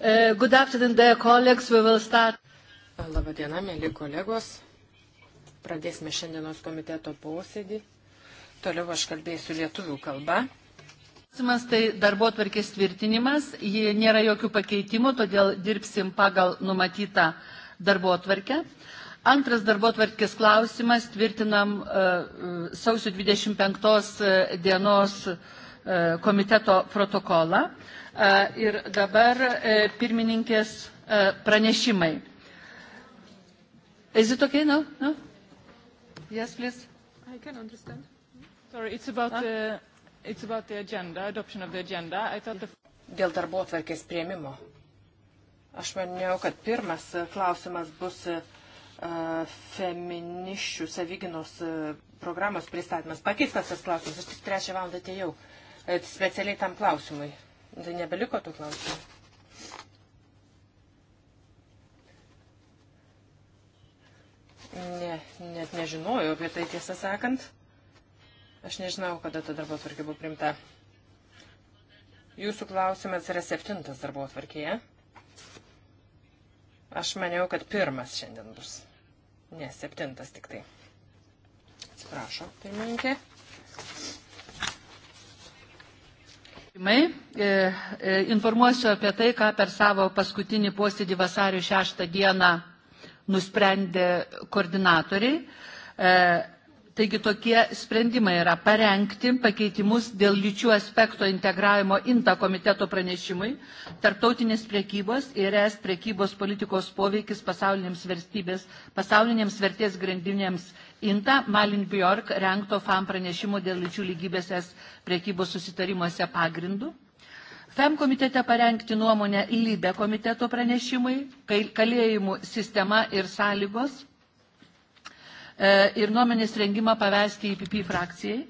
Uh, good afternoon, dear colleagues. We will start. Labą dieną, mėly kolegos. Pradėsime šiandienos komiteto posėdį. Toliau aš kalbėsiu lietuvių kalba. Klausimas tai darbo tvarkės tvirtinimas. Ji nėra jokių pakeitimų, todėl dirbsim pagal numatytą darbo tvarkę. Antras darbo tvarkės klausimas tvirtinam uh, uh sausio 25 uh, dienos uh, E, komiteto protokolą. E, ir dabar e, pirmininkės pranešimai. Is it okay now? No? Yes, please. I can understand. Sorry, it's about, huh? the, it's about the agenda, adoption of the agenda. I thought the... Dėl darbo atverkės prieimimo. Aš maniau, kad pirmas klausimas bus uh, feminiščių savyginos uh, programos pristatymas. Pakeistas tas klausimas, aš tik trečią valandą atėjau. Uh, E, specialiai tam klausimui. Tai nebeliko tų klausimų. Ne, net nežinojau apie tai tiesą sakant. Aš nežinau, kada ta darbo tvarkė buvo primta. Jūsų klausimas yra septintas darbo tvarkėje. Aš maniau, kad pirmas šiandien bus. Ne, septintas tik tai. Atsiprašau, pirmininkė. E, e, informuosiu apie tai, ką per savo paskutinį posėdį vasario 6 dieną nusprendė koordinatoriai. E, Taigi tokie sprendimai yra parengti pakeitimus dėl lyčių aspekto integravimo INTA komiteto pranešimui, tarptautinės priekybos ir es priekybos politikos poveikis pasaulinėms, pasaulinėms vertės grandinėms INTA Malin Bjork renkto FAM pranešimo dėl lyčių lygybės es priekybos susitarimuose pagrindų. FEM komitete parengti nuomonę lybe komiteto pranešimui, kalėjimų sistema ir sąlygos E, ir nuomenės rengimą pavesti IPP frakcijai,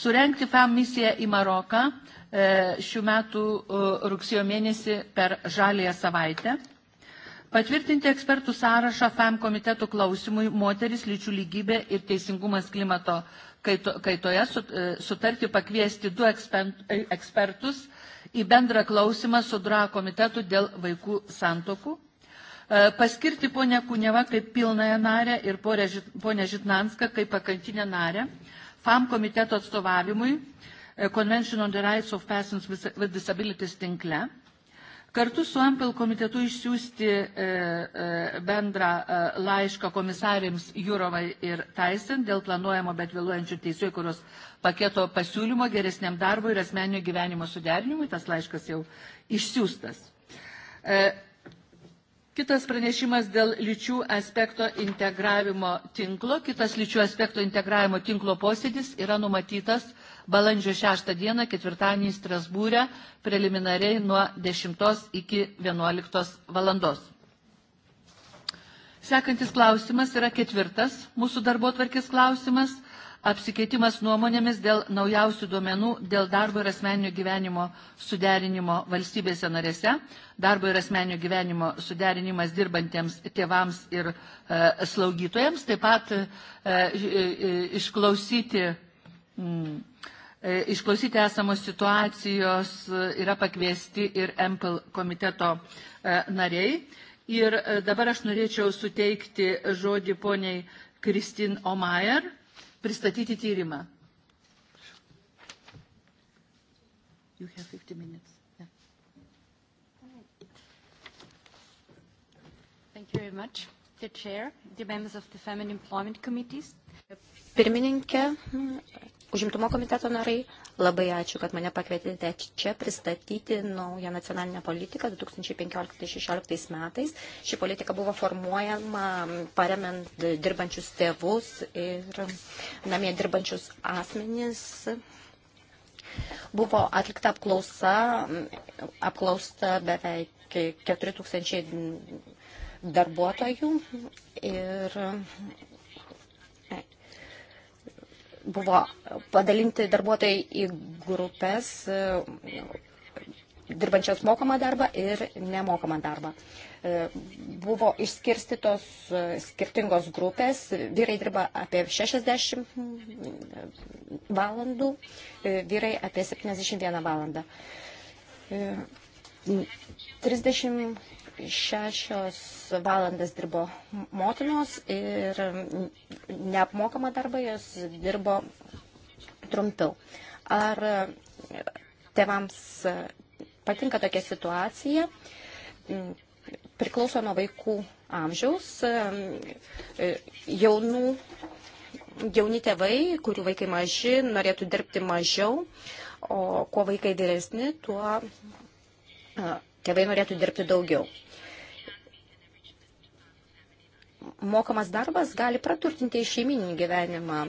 surenkti FAM misiją į Maroką e, šių metų e, rugsėjo mėnesį per žalėją savaitę, patvirtinti ekspertų sąrašą FAM komitetų klausimui moteris, lyčių lygybė ir teisingumas klimato kaitoje, sutarti pakviesti du ekspertus į bendrą klausimą su DRA komitetu dėl vaikų santokų paskirti ponę Kunevą kaip pilnąją narę ir ponę Žitnanską kaip pakantinę narę FAM komiteto atstovavimui e, Convention on the Rights of Persons with Disabilities tinkle. Kartu su Ampel komitetu išsiųsti e, e, bendrą laišką komisarėms Jurovai ir Taisen dėl planuojamo bet vėluojančių teisėjų, kurios paketo pasiūlymo geresniam darbui ir asmeninio gyvenimo suderinimui. Tas laiškas jau išsiųstas. Kitas pranešimas dėl lyčių aspekto integravimo tinklo. Kitas lyčių aspekto integravimo tinklo posėdis yra numatytas balandžio 6 dieną ketvirtadienį Strasbūrę preliminariai nuo 10 iki 11 valandos. Sekantis klausimas yra ketvirtas mūsų darbo tvarkės klausimas – apsikeitimas nuomonėmis dėl naujausių duomenų dėl darbo ir asmeninio gyvenimo suderinimo valstybėse narėse, darbo ir asmeninio gyvenimo suderinimas dirbantiems tėvams ir e, slaugytojams, taip pat e, e, e išklausyti. Mm, e, Išklausyti esamos situacijos e, yra pakviesti ir MPL komiteto nariai. Ir dabar aš norėčiau suteikti žodį poniai Kristin O'Meyer, pristatyti tyrimą. You have 50 minutes. Yeah. Thank you very much. Dear Chair, dear members of the Family Employment Committees. Pirmininkė, užimtumo komiteto narai, Labai ačiū, kad mane pakvietėte čia pristatyti naują nacionalinę politiką 2015-2016 metais. Ši politika buvo formuojama paremant dirbančius tėvus ir namie dirbančius asmenys buvo atlikta apklausa, apklausta beveik 4000 darbuotojų ir buvo padalinti darbuotojai į grupės, dirbančios mokamą darbą ir nemokamą darbą. Buvo išskirstytos skirtingos grupės, vyrai dirba apie 60 valandų, vyrai apie 71 valandą. 30 šešios valandas dirbo motinios ir neapmokama darba jos dirbo trumpiau. Ar tėvams patinka tokia situacija? Priklauso nuo vaikų amžiaus. Jaunų, jauni tėvai, kurių vaikai maži, norėtų dirbti mažiau, o kuo vaikai vyresni, tuo tėvai norėtų dirbti daugiau. mokamas darbas gali praturtinti šeiminį gyvenimą.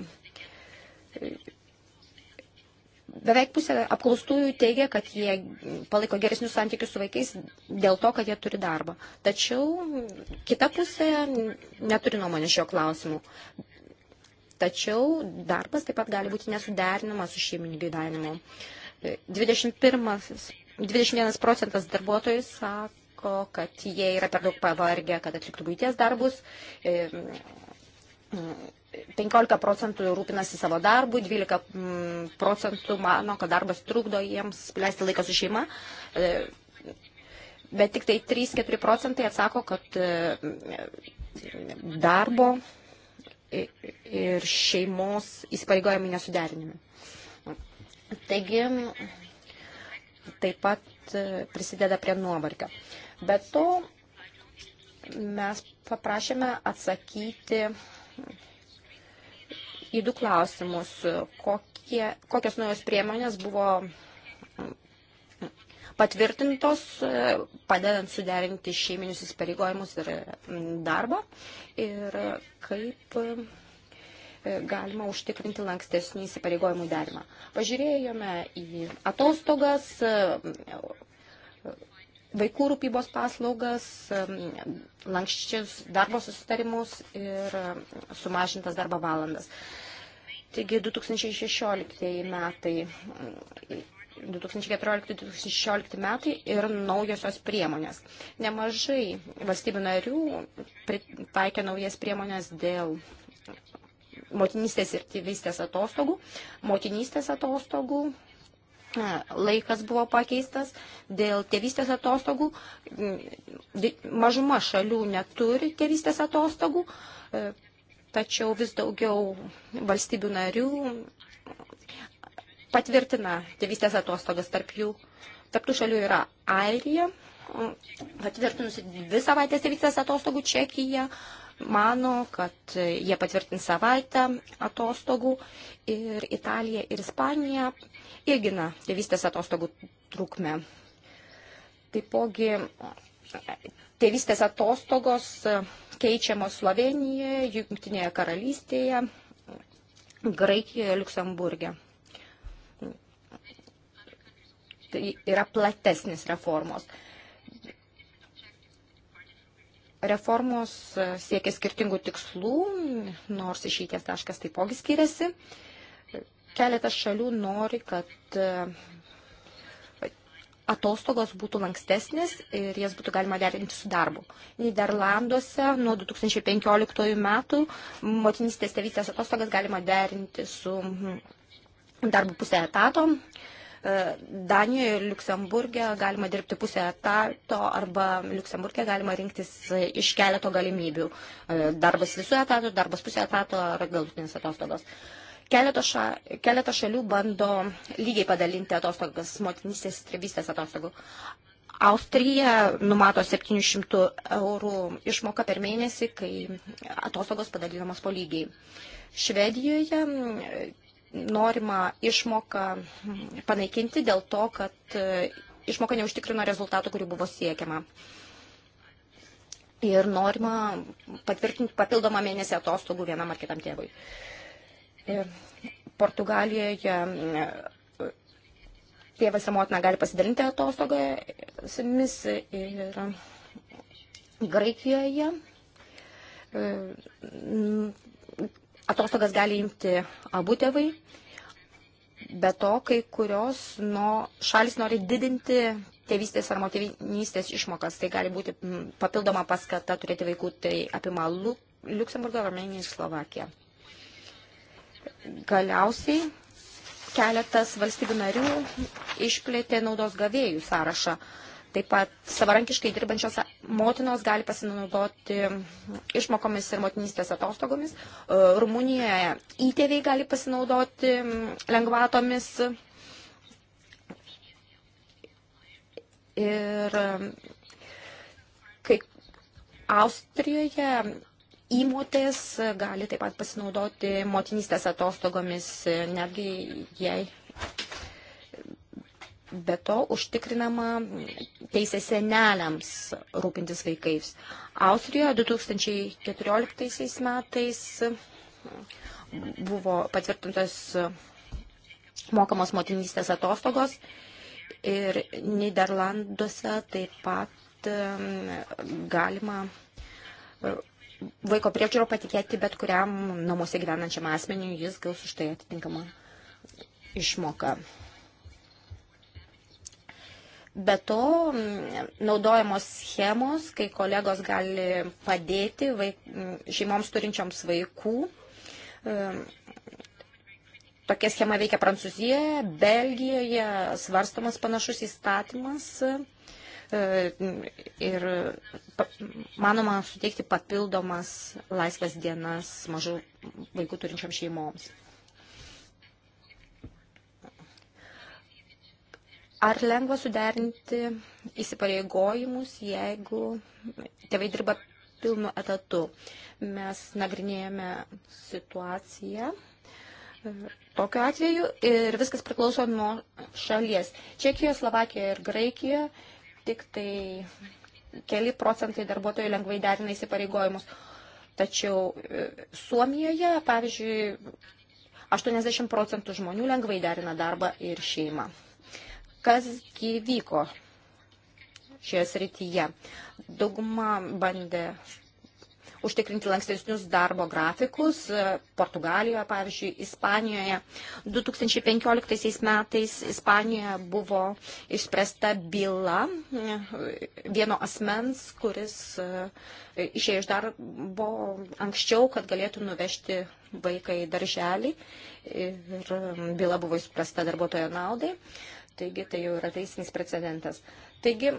Beveik pusė apklaustųjų teigia, kad jie palaiko geresnius santykius su vaikais dėl to, kad jie turi darbą. Tačiau kita pusė neturi nuomonės šio klausimu. Tačiau darbas taip pat gali būti nesuderinamas su šeiminiu gyvenimu. 21, 21 procentas darbuotojų sako, sako, kad jie yra per daug pavargę, kad atliktų būties darbus. 15 e, mm, procentų rūpinasi savo darbu, 12 mm, procentų mano, kad darbas trukdo jiems leisti laiką su šeima, e, bet tik tai 3-4 procentai atsako, kad e, darbo ir šeimos įsipareigojimai nesuderinimi. Taigi, taip pat prisideda prie nuovargio. Bet to mes paprašėme atsakyti į du klausimus, kokie, kokios naujos priemonės buvo patvirtintos, padedant suderinti šeiminius įsipareigojimus ir darbą ir kaip galima užtikrinti lankstesnį įsipareigojimų derimą. Pažiūrėjome į atostogas, vaikų rūpybos paslaugas, lankščius darbo susitarimus ir sumažintas darbo valandas. Taigi 2016 metai. 2014-2016 metai ir naujosios priemonės. Nemažai valstybių narių taikė naujas priemonės dėl motinystės ir tėvystės atostogų, motinystės atostogų laikas buvo pakeistas dėl tėvystės atostogų. Mm, mažuma šalių neturi tėvystės atostogų, e, tačiau vis daugiau valstybių narių patvirtina tėvystės atostogas tarp jų. Tarp tų šalių yra Airija, patvirtinusi dvi savaitės tėvystės atostogų Čekija, mano, kad jie patvirtins savaitę atostogų ir Italija ir Ispanija ilgina tėvystės atostogų trukmę. Taipogi tėvystės atostogos keičiamos Slovenijoje, Junktinėje karalystėje, Graikijoje, Luksemburgė. Tai yra platesnis reformos. Uh, reformos e, siekia skirtingų tikslų, nors išeities taškas taipogi skiriasi. Keletas šalių nori, kad e, atostogos būtų lankstesnės ir jas būtų galima derinti su darbu. Niderlanduose nuo 2015 metų motinystės tėvystės atostogas galima derinti su darbu pusę etato. Uh, E, Danijoje ir Luksemburgė galima dirbti pusę etato arba Luksemburgė galima rinktis iš keleto galimybių. E, darbas visų etatų, darbas pusę etato ar galutinės atostogos. Keletas ša, keleto šalių bando lygiai padalinti atostogas, motinystės ir tėvystės atostogų. Austrija numato 700 eurų išmoką per mėnesį, kai atostogos padalinamos po lygiai. Švedijoje norima išmoką panaikinti dėl to, kad e, išmoka neužtikrino rezultatų, kurių buvo siekiama. Ir norima patvirtinti papildomą mėnesį atostogų vienam ar kitam tėvui. Ir Portugalijoje e, tėvas ir motina gali pasidalinti atostogomis ir Graikijoje e, atostogas gali imti abu tėvai. Be to, kai kurios no, šalis nori didinti tėvystės ar motinystės išmokas. Tai gali būti papildoma paskata turėti vaikų, tai apima Luksemburgą, Armeniją ir Slovakiją. Galiausiai keletas valstybių narių išplėtė naudos gavėjų sąrašą. Uh, Taip pat savarankiškai dirbančios motinos gali pasinaudoti išmokomis ir motinystės atostogomis. E, Rumunijoje įtėviai gali pasinaudoti lengvatomis. Ir e, kai Austrijoje įmotės gali taip pat pasinaudoti motinystės atostogomis, netgi jei Be to užtikrinama teisė seneliams rūpintis vaikais. Austrijoje 2014 metais buvo patvirtintos mokamos motinystės atostogos ir Niderlanduose taip pat galima e, vaiko priežiūro patikėti bet kuriam namuose gyvenančiam asmeniu, jis gaus už tai atitinkamą išmoką. Be to, mm, naudojamos schemos, kai kolegos gali padėti vaik, mm, šeimoms turinčioms vaikų. Tokia schema veikia Prancūzijoje, Belgijoje, svarstomas panašus įstatymas e, ir manoma suteikti papildomas laisvas dienas mažų vaikų turinčiam šeimoms. Ar lengva suderinti įsipareigojimus, jeigu tėvai dirba pilnu etatu? Mes nagrinėjame situaciją e, tokiu atveju ir viskas priklauso nuo šalies. Čekijoje, Slovakijoje ir Graikijoje tik tai keli procentai darbuotojų lengvai derina įsipareigojimus. Tačiau e, Suomijoje, pavyzdžiui, 80 procentų žmonių lengvai derina darbą ir šeimą kasgi vyko šioje srityje. Dauguma bandė užtikrinti lankstesnius darbo grafikus e, Portugalijoje, pavyzdžiui, Ispanijoje. 2015 metais Ispanijoje buvo išspręsta byla e, vieno asmens, kuris e, išėjo iš darbo anksčiau, kad galėtų nuvežti vaiką į darželį ir byla buvo išspręsta darbuotojo naudai. Taigi tai jau yra teisinis precedentas. Taigi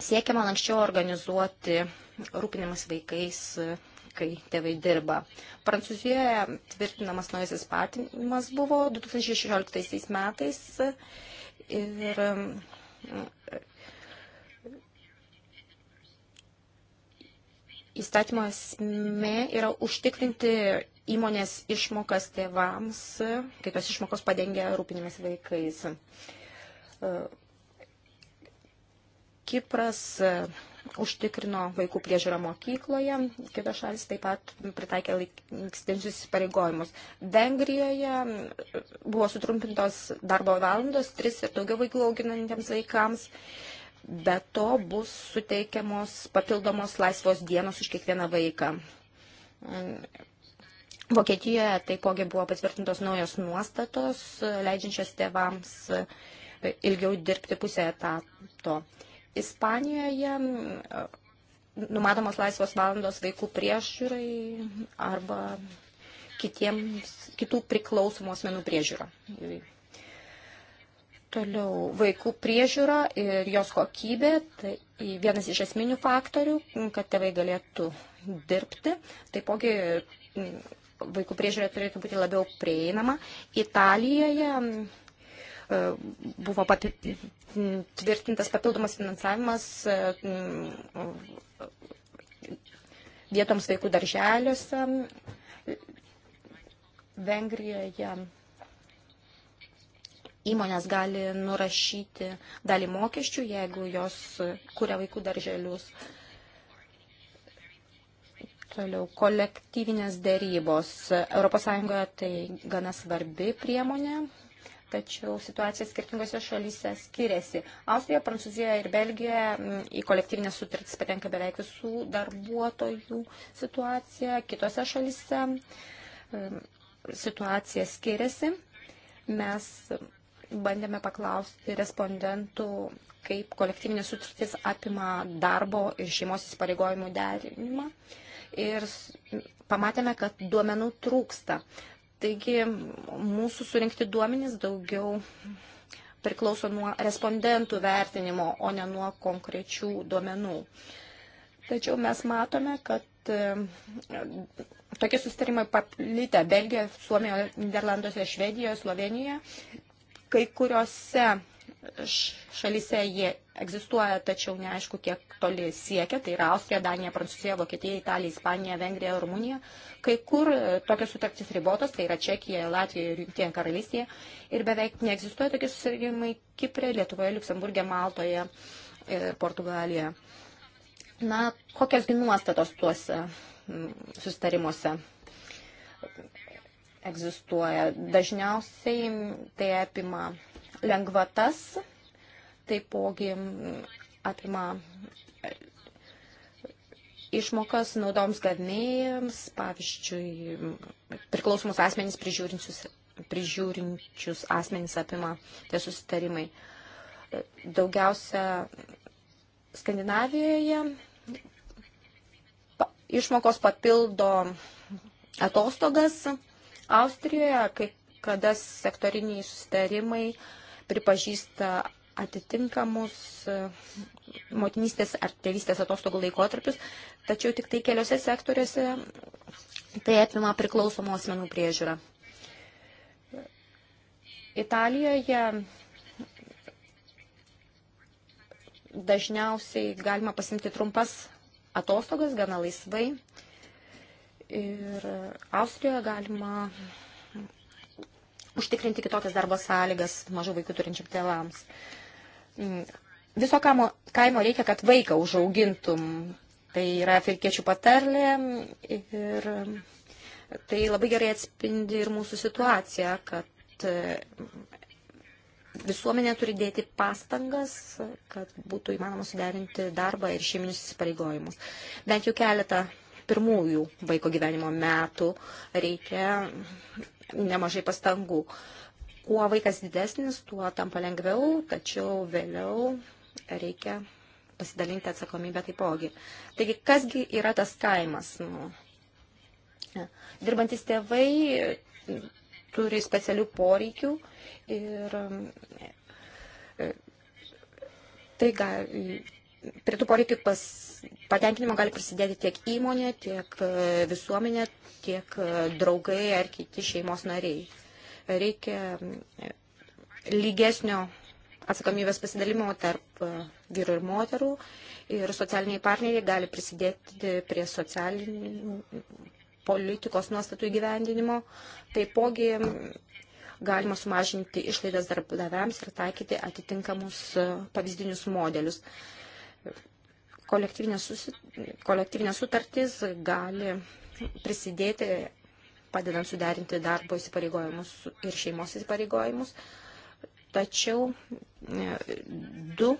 siekiama anksčiau organizuoti rūpinimas vaikais, kai tėvai dirba. Prancūzijoje tvirtinamas naujasis patimas buvo 2016 metais ir mm, įstatymo esmė yra užtikrinti įmonės išmokas tėvams, kai tos išmokos padengia rūpinimas vaikais. E, Kipras e, užtikrino vaikų priežiūrą mokykloje, kitos šalis taip pat pritaikė laikstinčius įsipareigojimus. Vengrijoje e, buvo sutrumpintos darbo valandos, tris ir daugiau vaikų auginantiems vaikams. Be to bus suteikiamos papildomos laisvos dienos už kiekvieną vaiką. Vokietijoje taipogi buvo patvirtintos naujos nuostatos, leidžiančios tėvams ilgiau dirbti pusę etato. Ispanijoje numatomos laisvos valandos vaikų priežiūrai arba kitiems, kitų priklausomų asmenų priežiūra. Toliau vaikų priežiūra ir jos kokybė, tai vienas iš esminių faktorių, kad tėvai galėtų dirbti. Taipogi vaikų priežiūra turėtų būti labiau prieinama. Italijoje e, buvo tvirtintas papildomas finansavimas e, vietoms vaikų darželiuose. Vengrijoje įmonės gali nurašyti dalį mokesčių, jeigu jos kuria vaikų darželius. Uh, Toliau kolektyvinės dėrybos. ES tai gana svarbi priemonė, tačiau situacija skirtingose šalyse skiriasi. Austrija, Prancūzija ir Belgija mm, į kolektyvinės sutartis patenka beveik visų darbuotojų situacija. Kitose šalyse mm, situacija skiriasi. Mes bandėme paklausti respondentų, kaip kolektyvinės sutartis apima darbo ir šeimos įsipareigojimų derinimą. Uh, ir pamatėme, kad duomenų trūksta. Taigi mūsų surinkti duomenys daugiau priklauso nuo respondentų vertinimo, o ne nuo konkrečių duomenų. Tačiau mes matome, kad e, tokie sustarimai paplitę Belgijoje, Suomijoje, Niderlanduose, Švedijoje, Slovenijoje, kai kuriuose šalyse jie egzistuoja, tačiau neaišku, kiek toli siekia, tai yra Austrija, Danija, Prancūzija, Vokietija, Italija, Ispanija, Vengrija, Rumunija. Kai kur e, tokios sutartys ribotos, tai yra Čekija, Latvija ir Junktinė karalystė. Ir beveik neegzistuoja tokie susirgymai Kiprė, Lietuvoje, Luksemburgė, Maltoje ir Portugalijoje. Na, kokiasgi nuostatos tuose sustarimuose? egzistuoja. Dažniausiai tai apima lengvatas, taipogi apima e, išmokas naudoms gavėjams, pavyzdžiui, priklausomus asmenys prižiūrinčius, prižiūrinčius asmenys apima tie susitarimai. E, daugiausia Skandinavijoje išmokos papildo atostogas Austrijoje, kai kada sektoriniai susitarimai uh, pripažįsta atitinkamus e, motinystės ar tėvystės atostogų laikotarpius, tačiau tik tai keliose sektoriuose tai apima priklausomų asmenų priežiūrą. Italijoje dažniausiai galima pasimti trumpas atostogas gana laisvai ir Austrijoje galima užtikrinti kitokias darbo sąlygas mažų vaikų turinčiam tėvams. Mm. Viso kaimo, kaimo reikia, kad vaiką užaugintum. Tai yra afrikiečių patarlė ir tai labai gerai atspindi ir mūsų situaciją, kad mm, visuomenė turi dėti pastangas, kad būtų įmanoma suderinti darbą ir šeiminius įsipareigojimus. Bent jau keletą pirmųjų vaiko gyvenimo metų reikia nemažai pastangų. Kuo vaikas didesnis, tuo tampa lengviau, tačiau vėliau reikia pasidalinti atsakomybę taipogi. Taigi, kasgi yra tas kaimas? Nu, dirbantis tėvai turi specialių poreikių ir e, tai gali prie tų poreikių pas, patenkinimo gali prisidėti tiek įmonė, tiek e, visuomenė, tiek e, draugai ar kiti šeimos nariai. Reikia e, lygesnio atsakomybės pasidalimo tarp vyrų ir moterų ir socialiniai partneriai gali prisidėti prie socialinių politikos nuostatų įgyvendinimo. Taipogi galima sumažinti išlaidas darbdaviams ir taikyti atitinkamus pavyzdinius modelius. Uh, kolektyvinė, susi, kolektyvinė sutartis gali prisidėti, padedant suderinti darbo įsipareigojimus ir šeimos įsipareigojimus. Tačiau e, du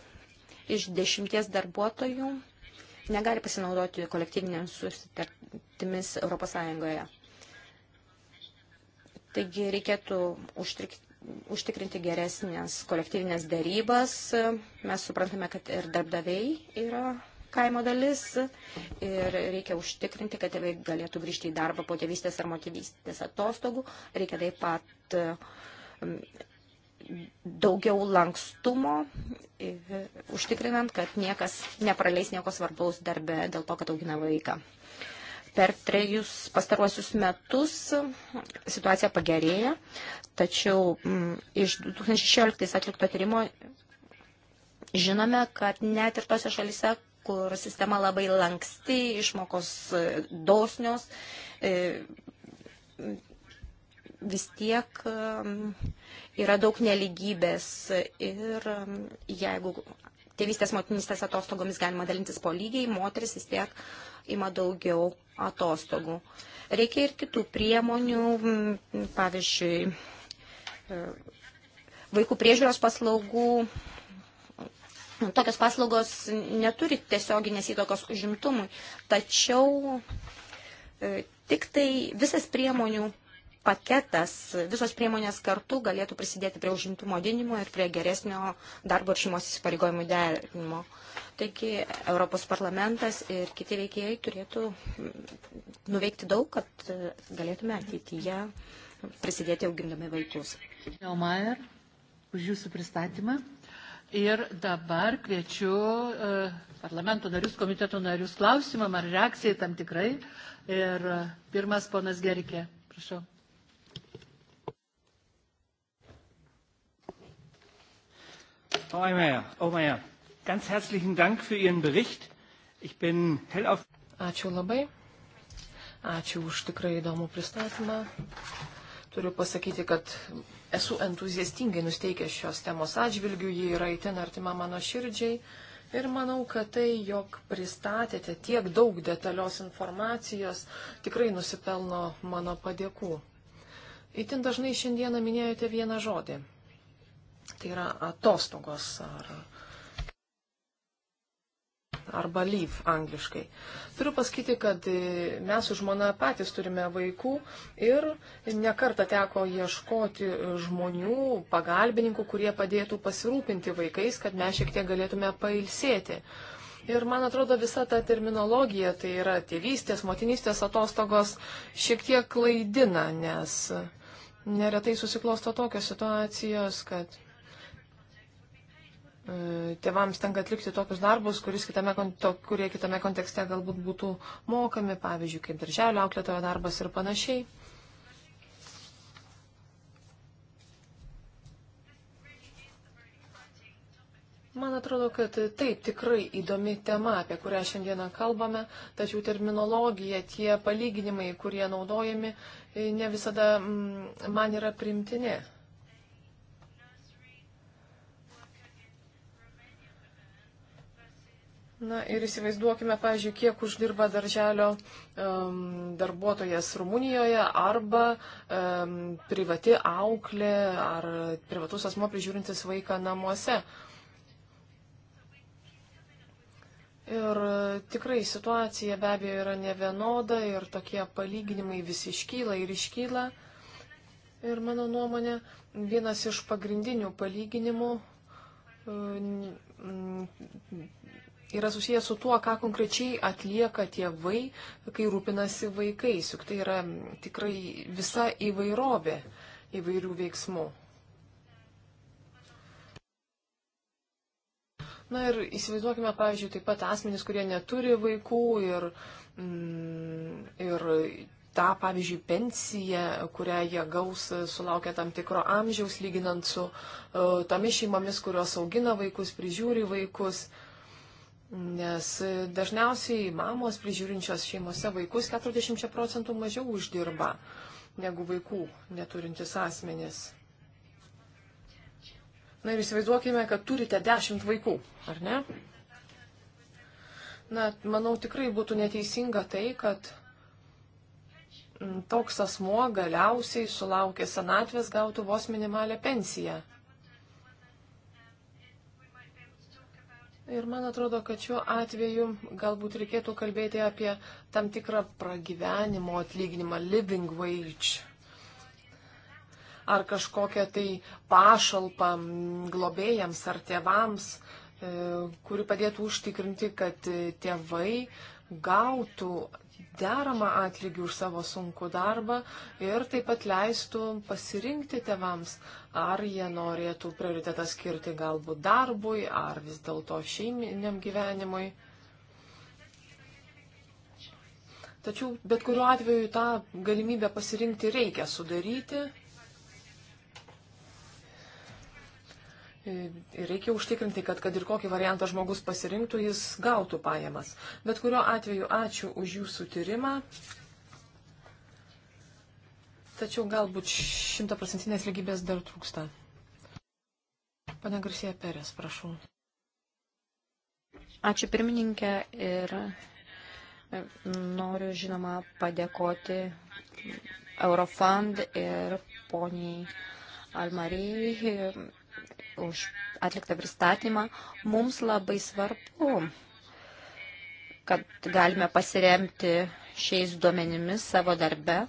iš dešimties darbuotojų negali pasinaudoti kolektyvinėmis susitartimis ES. Taigi reikėtų užtrikti užtikrinti geresnės kolektyvinės dėrybas. Mes suprantame, kad ir darbdaviai yra kaimo dalis ir reikia užtikrinti, kad tėvai galėtų grįžti į darbą po tėvystės ar motyvystės atostogų. Reikia taip pat um, daugiau lankstumo, užtikrinant, kad niekas nepraleis nieko svarbaus darbe dėl to, kad augina vaiką per trejus pastaruosius metus situacija pagerėja, tačiau m, mm, iš 2016 atlikto tyrimo žinome, kad net ir tose šalise, kur sistema labai lanksti, išmokos e, dosnios, e, vis tiek e, yra daug neligybės ir jeigu tėvystės motinystės atostogomis galima dalintis po lygiai, moteris vis tiek ima daugiau atostogų. Reikia ir kitų priemonių, pavyzdžiui, vaikų priežiūros paslaugų Tokios paslaugos neturi tiesioginės įtakos užimtumui, tačiau e, tik tai visas priemonių paketas, visos priemonės kartu galėtų prisidėti prie užimtumo didinimo ir prie geresnio darbo ir šeimos įsipareigojimų derinimo. Taigi Europos parlamentas ir kiti veikėjai turėtų mm, nuveikti daug, kad e, galėtume ateityje prisidėti augindami vaikus. Neumair, už jūsų pristatymą. Ir dabar kviečiu e, parlamento narius, komiteto narius klausimam ar reakcijai tam tikrai. Ir e, pirmas ponas Gerikė, prašau. Frau Omeyer, ganz herzlichen Dank für Ihren Bericht. Ich bin hellauf. Ačiū labai. Ačiū už tikrai įdomų pristatymą. Turiu pasakyti, kad esu entuziastingai nusteikęs šios temos atžvilgių, ji yra įtin artima mano širdžiai ir manau, kad tai, jog pristatėte tiek daug detalios informacijos, tikrai nusipelno mano padėkų. Įtin dažnai šiandieną minėjote vieną žodį. Tai yra atostogos ar arba leave angliškai. Turiu pasakyti, kad e, mes su žmona patys turime vaikų ir nekarta teko ieškoti e, žmonių, pagalbininkų, kurie padėtų pasirūpinti vaikais, kad mes šiek tiek galėtume pailsėti. Ir man atrodo, visa ta terminologija, tai yra tėvystės, motinystės atostogos, šiek tiek klaidina, nes e, neretai susiklosto tokios situacijos, kad E, tėvams tenka atlikti tokius darbus, kitame, to, kurie kitame kontekste galbūt būtų mokami, pavyzdžiui, kaip darželio auklėtojo darbas ir panašiai. Man atrodo, kad taip tikrai įdomi tema, apie kurią šiandieną kalbame, tačiau terminologija, tie palyginimai, kurie naudojami, e, ne visada mm, man yra primtini. Na ir įsivaizduokime, pavyzdžiui, kiek uždirba darželio um, darbuotojas Rumunijoje arba um, privati auklė ar privatus asmo prižiūrintis vaiką namuose. Ir tikrai situacija be abejo yra nevienoda ir tokie palyginimai visi iškyla ir iškyla. Ir mano nuomonė, vienas iš pagrindinių palyginimų um, yra susijęs su tuo, ką konkrečiai atlieka tėvai, kai rūpinasi vaikais. Juk tai yra tikrai visa įvairovė įvairių veiksmų. Na ir įsivaizduokime, pavyzdžiui, taip pat asmenys, kurie neturi vaikų ir, mm, ir tą, pavyzdžiui, pensiją, kurią jie gaus sulaukia tam tikro amžiaus, lyginant su uh, tomis šeimomis, kurios augina vaikus, prižiūri vaikus. Uh, Nes dažniausiai mamos prižiūrinčios šeimose vaikus 40 procentų mažiau uždirba negu vaikų neturintis asmenys. Na ir įsivaizduokime, kad turite 10 vaikų, ar ne? Na, manau, tikrai būtų neteisinga tai, kad mm, toks asmuo galiausiai sulaukė senatvės gautų vos minimalę pensiją. Ir man atrodo, kad šiuo atveju galbūt reikėtų kalbėti apie tam tikrą pragyvenimo atlyginimą, living wage, ar kažkokią tai pašalpą globėjams ar tėvams, e, kuri padėtų užtikrinti, kad tėvai gautų deramą atlygį už savo sunkų darbą ir taip pat leistų pasirinkti tevams, ar jie norėtų prioritetą skirti galbūt darbui, ar vis dėlto šeiminiam gyvenimui. Tačiau bet kuriuo atveju tą galimybę pasirinkti reikia sudaryti Ir reikia užtikrinti, kad kad ir kokį variantą žmogus pasirinktų, jis gautų pajamas. Bet kuriuo atveju ačiū už jūsų tyrimą. Tačiau galbūt šimtaprocentinės lygybės dar trūksta. Pane Garsija Perės, prašau. Ačiū pirmininkė ir e, noriu, žinoma, padėkoti Eurofund ir poniai Almarijai už atliktą pristatymą. Mums labai svarbu, kad galime pasiremti šiais duomenimis savo darbe.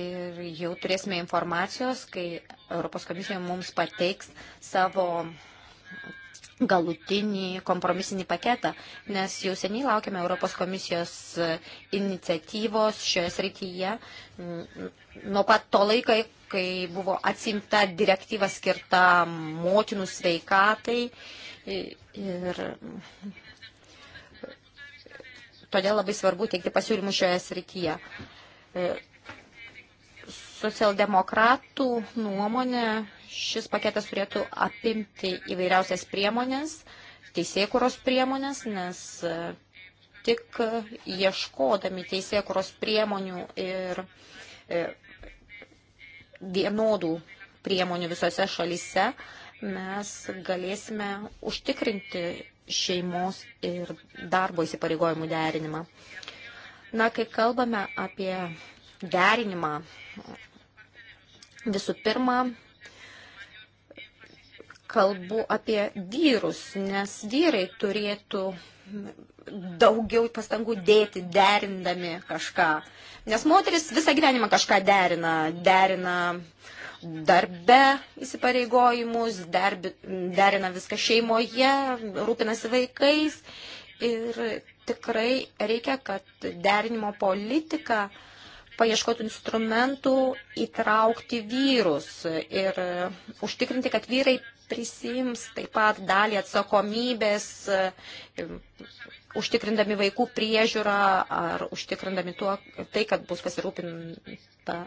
Ir jau turėsime informacijos, kai Europos komisija mums pateiks savo galutinį kompromisinį paketą, nes jau seniai laukiame Europos komisijos iniciatyvos šioje srityje nuo pat to laiko, kai buvo atsimta direktyva skirta motinų sveikatai. Ir todėl labai svarbu teikti pasiūlymus šioje srityje. Socialdemokratų nuomonė šis paketas turėtų apimti įvairiausias priemonės, teisėkuros priemonės, nes tik ieškodami teisėkuros priemonių ir uh, E, vienodų priemonių visose šalyse, mes galėsime užtikrinti šeimos ir darbo įsipareigojimų derinimą. Na, kai kalbame apie derinimą, visų pirma, kalbu apie vyrus, nes vyrai turėtų daugiau pastangų dėti, derindami kažką. Nes moteris visą gyvenimą kažką derina, derina darbe įsipareigojimus, derbi, derina viską šeimoje, rūpinasi vaikais. Ir tikrai reikia, kad derinimo politika paieškoti instrumentų įtraukti vyrus ir užtikrinti, kad vyrai prisims taip pat dalį atsakomybės, e, užtikrindami vaikų priežiūrą ar užtikrindami tuo, tai, kad bus pasirūpinta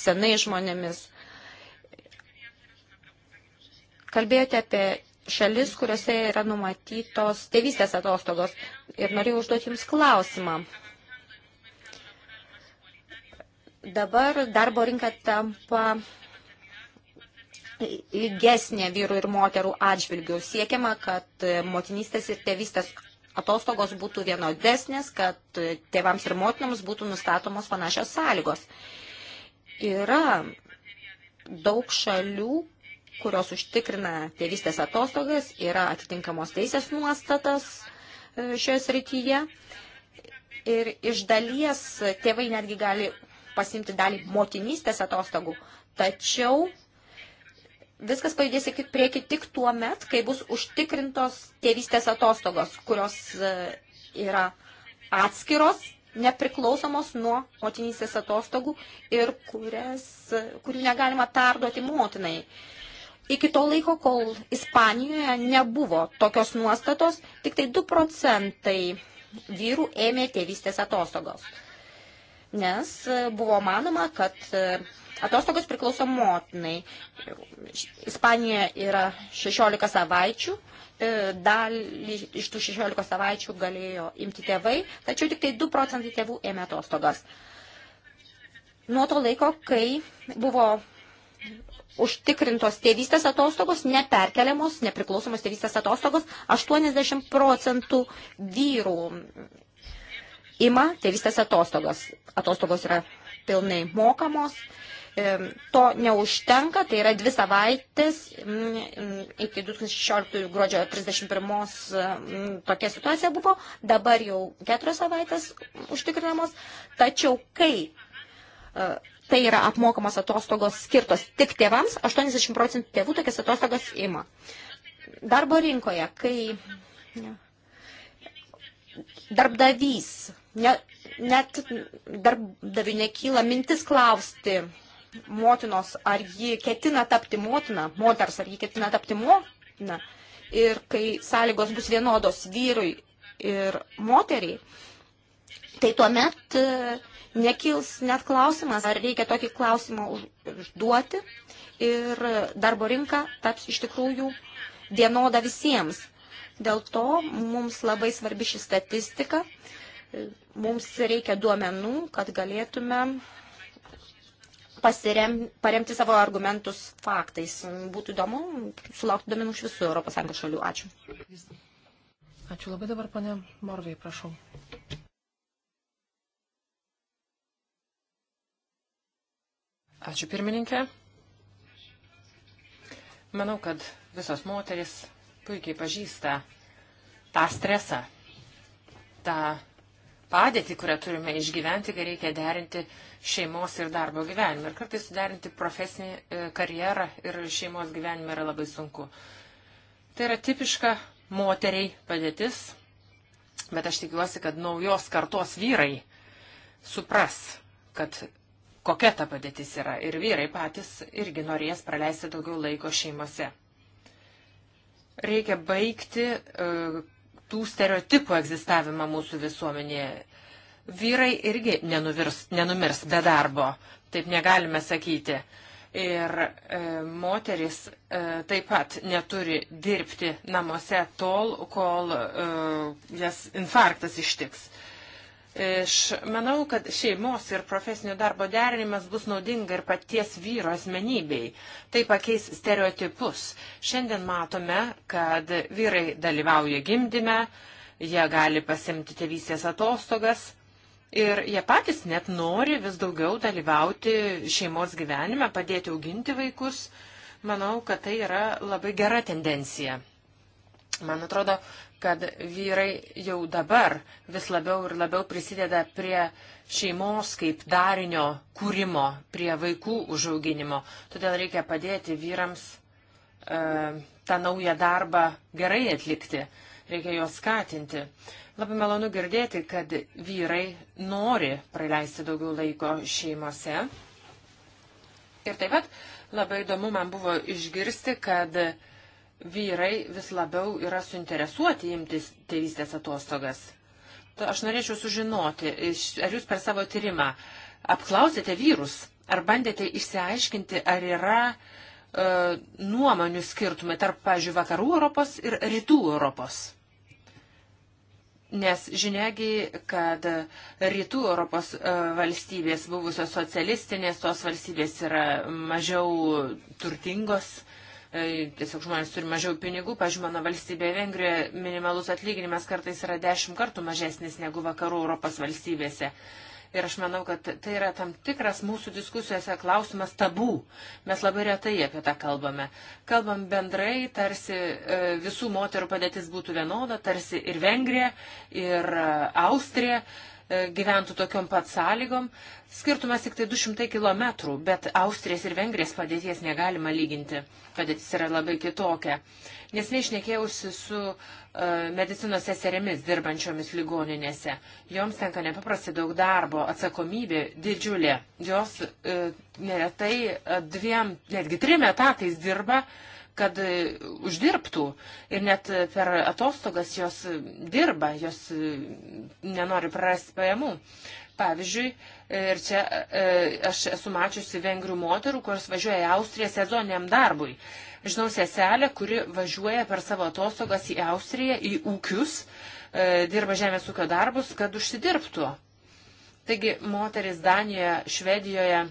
senai žmonėmis. Kalbėjote apie šalis, kuriuose yra numatytos tėvystės atostogos ir norėjau užduoti Jums klausimą. Dabar darbo rinka tampa lygesnė vyrų ir moterų atžvilgių. Siekiama, kad motinystės ir tėvystės atostogos būtų vienodesnės, kad tėvams ir motinams būtų nustatomos panašios sąlygos. Yra daug šalių, kurios užtikrina tėvystės atostogas, yra atitinkamos teisės nuostatas e, šioje srityje. Ir iš dalies tėvai netgi gali pasimti dalį motinystės atostogų, tačiau viskas pajudės į priekį tik tuo met, kai bus užtikrintos tėvystės atostogos, kurios e, yra atskiros, nepriklausomos nuo motinystės atostogų ir kurias, e, kurių negalima perduoti motinai. Iki to laiko, kol Ispanijoje nebuvo tokios nuostatos, tik tai 2 procentai vyrų ėmė tėvystės atostogos. Nes e, buvo manoma, kad Atostogos priklauso motinai. Ispanija yra 16 savaičių. E, dalį iš tų 16 savaičių galėjo imti tėvai, tačiau tik tai 2 procentai tėvų ėmė atostogas. Nuo to laiko, kai buvo užtikrintos tėvystės atostogos, neperkeliamos, nepriklausomos tėvystės atostogos, 80 procentų vyrų ima tėvystės atostogos. Atostogos yra pilnai mokamos To neužtenka, tai yra dvi savaitės iki 2016 gruodžio 31 tokia situacija buvo, dabar jau keturios savaitės užtikrinamos, tačiau kai e, tai yra apmokamos atostogos skirtos tik tėvams, 80 procentų tėvų tokias atostogas ima. Darbo rinkoje, kai darbdavys, ne, net darbdavių nekyla mintis klausti motinos, ar ji ketina tapti motina, moters, ar ji ketina tapti motina. Ir kai sąlygos bus vienodos vyrui ir moteriai, tai tuomet e, nekils net klausimas, ar reikia tokį klausimą užduoti ir darbo rinka taps iš tikrųjų vienoda visiems. Dėl to mums labai svarbi ši statistika, e, mums reikia duomenų, kad galėtume pasirem, paremti savo argumentus faktais. Būtų įdomu sulaukti domenų iš visų ES šalių. Ačiū. Ačiū labai dabar, pane Morvai, prašau. Ačiū pirmininkė. Manau, kad visos moteris puikiai pažįsta tą stresą, tą padėtį, kurią turime išgyventi, kai reikia derinti šeimos ir darbo gyvenimą. Ir kartais suderinti profesinį e, karjerą ir šeimos gyvenimą yra labai sunku. Tai yra tipiška moteriai padėtis, bet aš tikiuosi, kad naujos kartos vyrai supras, kad kokia ta padėtis yra ir vyrai patys irgi norės praleisti daugiau laiko šeimose. Reikia baigti. Uh, tų stereotipų egzistavimą mūsų visuomenėje. Vyrai irgi nenuvirs, nenumirs be darbo, taip negalime sakyti. Ir e, moteris e, taip pat neturi dirbti namuose tol, kol e, jas infarktas ištiks. E, Aš manau, kad šeimos ir profesinio darbo derinimas bus naudinga ir paties vyro asmenybei. Tai pakeis stereotipus. Šiandien matome, kad vyrai dalyvauja gimdyme, jie gali pasimti tėvysės atostogas. Ir jie patys net nori vis daugiau dalyvauti šeimos gyvenime, padėti auginti vaikus. Manau, kad tai yra labai gera tendencija. Man atrodo, kad vyrai jau dabar vis labiau ir labiau prisideda prie šeimos kaip darinio kūrimo, prie vaikų užauginimo. Todėl reikia padėti vyrams e, tą naują darbą gerai atlikti, reikia juos skatinti. Labai malonu girdėti, kad vyrai nori praleisti daugiau laiko šeimose. Ir taip pat labai įdomu man buvo išgirsti, kad uh, vyrai vis labiau yra suinteresuoti imtis tėvystės atostogas. Aš norėčiau sužinoti, ar jūs per savo tyrimą apklausėte vyrus, ar bandėte išsiaiškinti, ar yra e, nuomonių skirtumai tarp, pažiūrėjau, vakarų Europos ir rytų Europos. Nes žiniagi, kad rytų Europos e, valstybės, buvusios socialistinės, tos valstybės yra mažiau turtingos E, tiesiog žmonės turi mažiau pinigų. Pavyzdžiui, mano valstybėje Vengrijoje minimalus atlyginimas kartais yra dešimt kartų mažesnis negu vakarų Europos valstybėse. Ir aš manau, kad tai yra tam tikras mūsų diskusijose klausimas tabų. Mes labai retai apie tą kalbame. Kalbam bendrai, tarsi e, visų moterų padėtis būtų vienoda, tarsi ir Vengrija, ir e, Austrija gyventų tokiom pat sąlygom. Skirtumas tik tai 200 km, bet Austrijos ir Vengrijos padėties negalima lyginti. Padėtis yra labai kitokia. Nes neišnekėjausi su uh, medicinos seserėmis dirbančiomis ligoninėse. Joms tenka nepaprastai daug darbo, atsakomybė didžiulė. Jos uh, neretai dviem, netgi trim etatais dirba uh, kad e, uždirbtų ir net e, per atostogas jos e, dirba, jos nenori prarasti pajamų. Pavyzdžiui, ir čia aš esu mačiusi vengrių moterų, kurios važiuoja į Austriją sezoniniam darbui. Žinau seselę, kuri važiuoja per savo atostogas į Austriją, į ūkius, dirba žemės ūkio darbus, kad užsidirbtų. Taigi moteris Danijoje, Švedijoje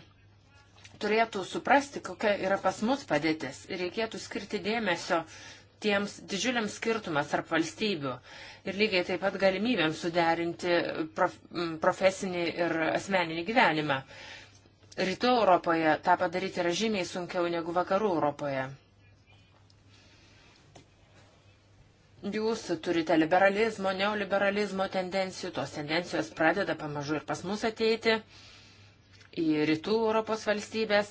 turėtų suprasti, kokia yra pas mus padėtis ir reikėtų skirti dėmesio tiems didžiuliams skirtumas tarp valstybių ir lygiai taip pat galimybėms suderinti prof, profesinį ir asmeninį gyvenimą. Rytų Europoje tą padaryti yra žymiai sunkiau negu vakarų Europoje. Jūs turite liberalizmo, neoliberalizmo tendencijų, tos tendencijos pradeda pamažu ir pas mus ateiti. Uh, į rytų Europos valstybės,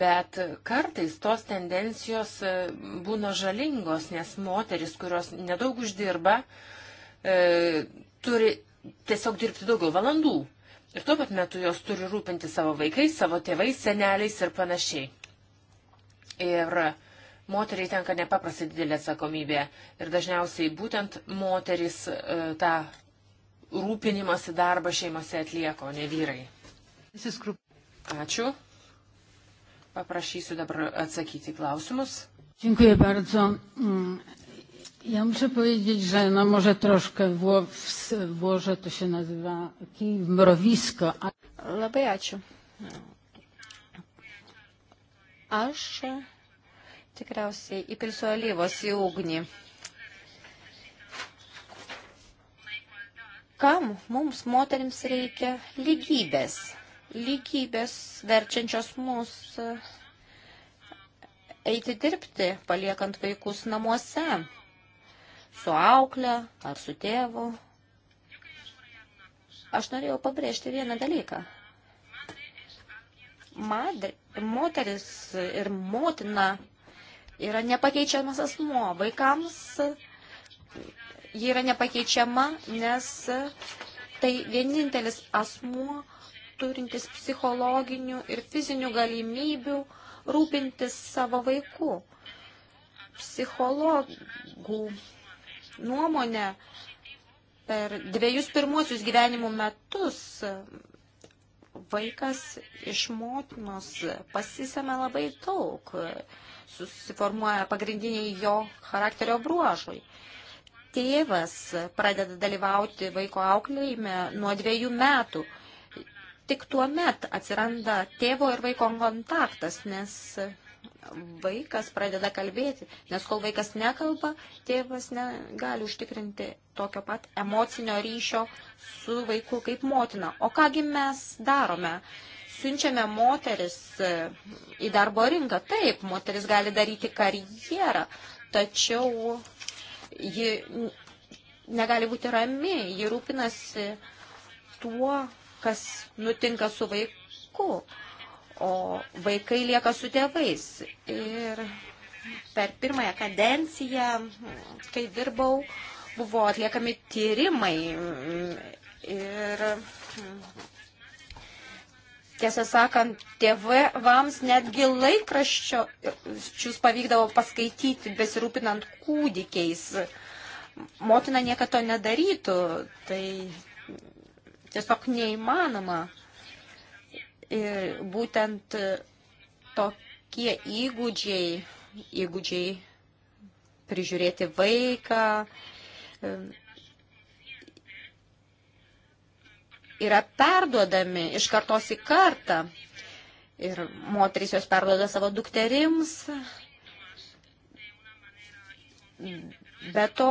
bet kartais tos tendencijos e, būna žalingos, nes moteris, kurios nedaug uždirba, e, turi tiesiog dirbti daugiau valandų. Ir tuo pat metu jos turi rūpinti savo vaikais, savo tėvais, seneliais ir panašiai. Ir moteriai tenka nepaprastai didelė atsakomybė. Ir dažniausiai būtent moteris e, tą rūpinimąsi darbą šeimose atlieka, o ne vyrai. Ačiū. Paprašysiu dabar atsakyti klausimus. Dziękuję bardzo. Mm, ja muszę powiedzieć, że no może troszkę Wło w Włoże to się nazywa kij w mrowisko. A... Labai ačiū. Aš tikriausiai įpilsiu alyvos į ugnį. Kam mums moterims reikia lygybės? lygybės verčiančios mus e, eiti dirbti, paliekant vaikus namuose, su aukle ar su tėvu. Aš norėjau pabrėžti vieną dalyką. Madri, moteris ir motina yra nepakeičiamas asmo. Vaikams ji yra nepakeičiama, nes tai vienintelis asmuo, turintis psichologinių ir fizinių galimybių rūpintis savo vaiku. Psichologų nuomonė per dviejus pirmuosius gyvenimo metus vaikas iš motinos pasisėmė labai daug, susiformuoja pagrindiniai jo charakterio bruožai. Tėvas pradeda dalyvauti vaiko auklėjime nuo dviejų metų tik tuo met atsiranda tėvo ir vaiko kontaktas, nes vaikas pradeda kalbėti, nes kol vaikas nekalba, tėvas negali užtikrinti tokio pat emocinio ryšio su vaiku kaip motina. O kągi mes darome? Siunčiame moteris e, į darbo rinką. Taip, moteris gali daryti karjerą, tačiau ji negali būti rami, ji rūpinasi tuo, kas nutinka su vaiku, o vaikai lieka su tėvais. Ir per pirmąją kadenciją, kai dirbau, buvo atliekami tyrimai ir tiesą sakant, tėvams netgi laikraščius pavykdavo paskaityti, besirūpinant kūdikiais. Motina niekada to nedarytų, tai tiesiog neįmanoma. Ir būtent tokie įgūdžiai, įgūdžiai prižiūrėti vaiką, yra perduodami iš kartos į kartą. Ir moterys jos perduoda savo dukterims. Be to,